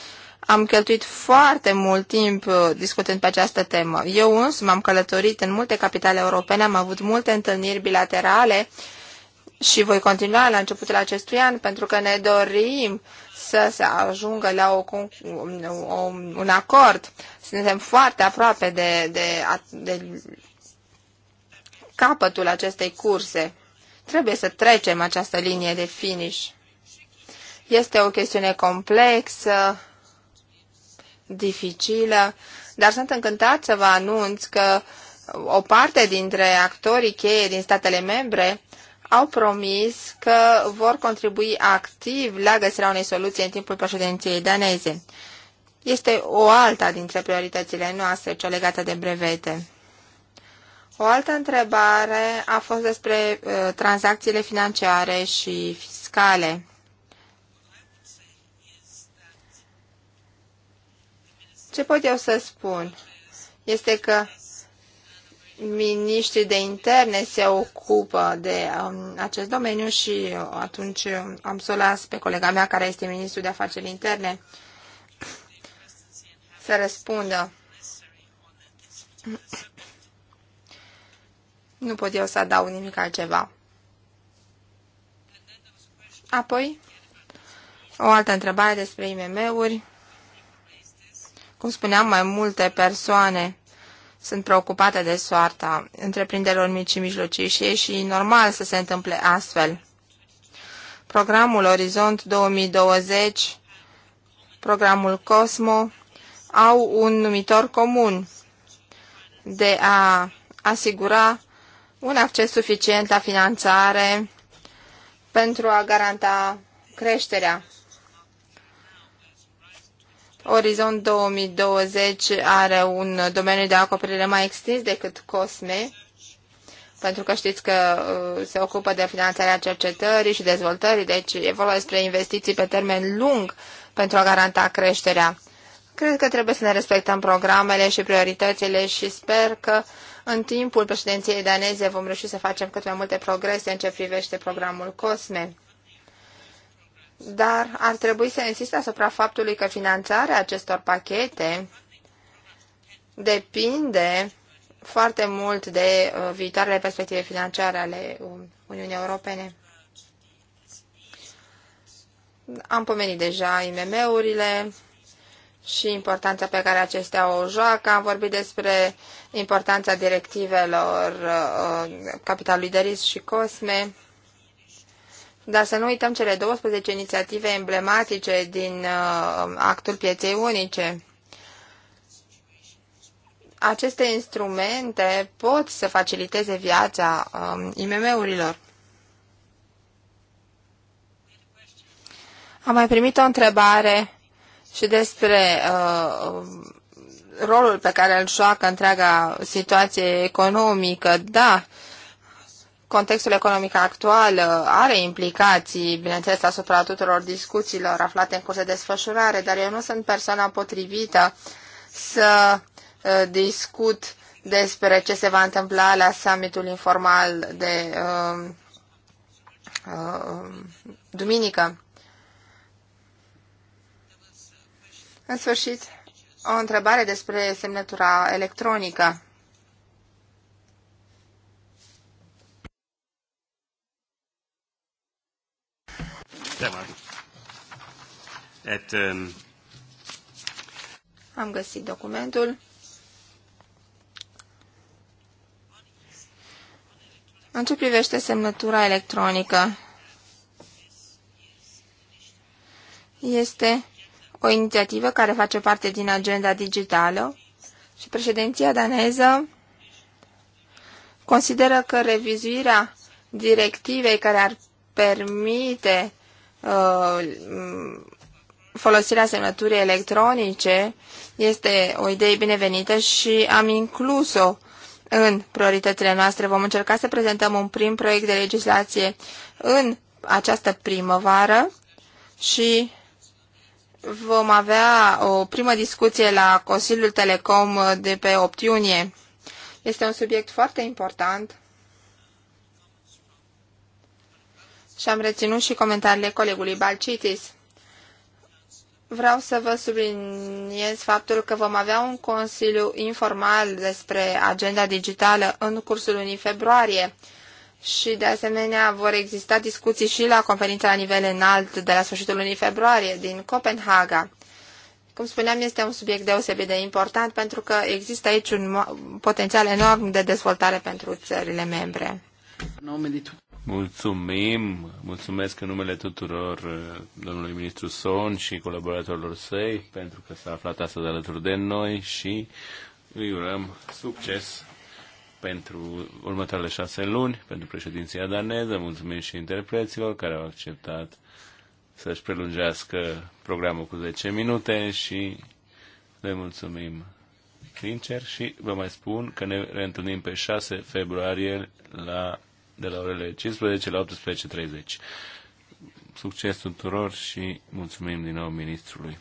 am cheltuit foarte mult timp uh, discutând pe această temă. Eu însă m-am călătorit în multe capitale europene, am avut multe întâlniri bilaterale și voi continua la începutul acestui an pentru că ne dorim să se ajungă la o, un, un acord. Suntem foarte aproape de, de, de capătul acestei curse. Trebuie să trecem această linie de finish. Este o chestiune complexă dificilă, dar sunt încântat să vă anunț că o parte dintre actorii cheie din statele membre au promis că vor contribui activ la găsirea unei soluții în timpul președinției daneze. Este o alta dintre prioritățile noastre, cea legată de brevete. O altă întrebare a fost despre uh, tranzacțiile financiare și fiscale. Ce pot eu să spun este că miniștrii de interne se ocupă de um, acest domeniu și uh, atunci um, am să o las pe colega mea care este ministrul de afaceri interne să răspundă. Nu pot eu să adaug nimic altceva. Apoi, o altă întrebare despre IMM-uri. Cum spuneam, mai multe persoane sunt preocupate de soarta întreprinderilor mici și mijlocii și e și normal să se întâmple astfel. Programul Orizont 2020, programul Cosmo, au un numitor comun de a asigura un acces suficient la finanțare pentru a garanta creșterea Orizont 2020 are un domeniu de acoperire mai extins decât COSME, pentru că știți că uh, se ocupă de finanțarea cercetării și dezvoltării, deci e vorba despre investiții pe termen lung pentru a garanta creșterea. Cred că trebuie să ne respectăm programele și prioritățile și sper că în timpul președinției daneze vom reuși să facem cât mai multe progrese în ce privește programul COSME dar ar trebui să insist asupra faptului că finanțarea acestor pachete depinde foarte mult de uh, viitoarele perspective financiare ale um, Uniunii Europene. Am pomenit deja IMM-urile și importanța pe care acestea o joacă. Am vorbit despre importanța directivelor uh, uh, capitalului de risc și COSME. Dar să nu uităm cele 12 inițiative emblematice din uh, actul pieței unice. Aceste instrumente pot să faciliteze viața um, IMM-urilor. Am mai primit o întrebare și despre uh, rolul pe care îl joacă întreaga situație economică. Da, contextul economic actual uh, are implicații, bineînțeles, asupra tuturor discuțiilor aflate în curs de desfășurare, dar eu nu sunt persoana potrivită să uh, discut despre ce se va întâmpla la summitul informal de uh, uh, duminică. În sfârșit, o întrebare despre semnătura electronică. At, um... Am găsit documentul. În ce privește semnătura electronică, este o inițiativă care face parte din agenda digitală și președinția daneză consideră că revizuirea directivei care ar permite Uh, folosirea semnăturii electronice este o idee binevenită și am inclus-o în prioritățile noastre. Vom încerca să prezentăm un prim proiect de legislație în această primăvară și vom avea o primă discuție la Consiliul Telecom de pe 8 iunie. Este un subiect foarte important și am reținut și comentariile colegului Balcitis. Vreau să vă subliniez faptul că vom avea un consiliu informal despre agenda digitală în cursul lunii februarie și, de asemenea, vor exista discuții și la conferința la nivel înalt de la sfârșitul lunii februarie din Copenhaga. Cum spuneam, este un subiect deosebit de important pentru că există aici un potențial enorm de dezvoltare pentru țările membre. Mulțumim, mulțumesc în numele tuturor uh, domnului ministru Son și colaboratorilor săi pentru că s-a aflat astăzi alături de noi și îi urăm succes pentru următoarele șase luni, pentru președinția daneză. Mulțumim și interpreților care au acceptat să-și prelungească programul cu 10 minute și le mulțumim sincer și vă mai spun că ne reîntâlnim pe 6 februarie la de la orele 15 la 18.30. Succes tuturor și mulțumim din nou ministrului.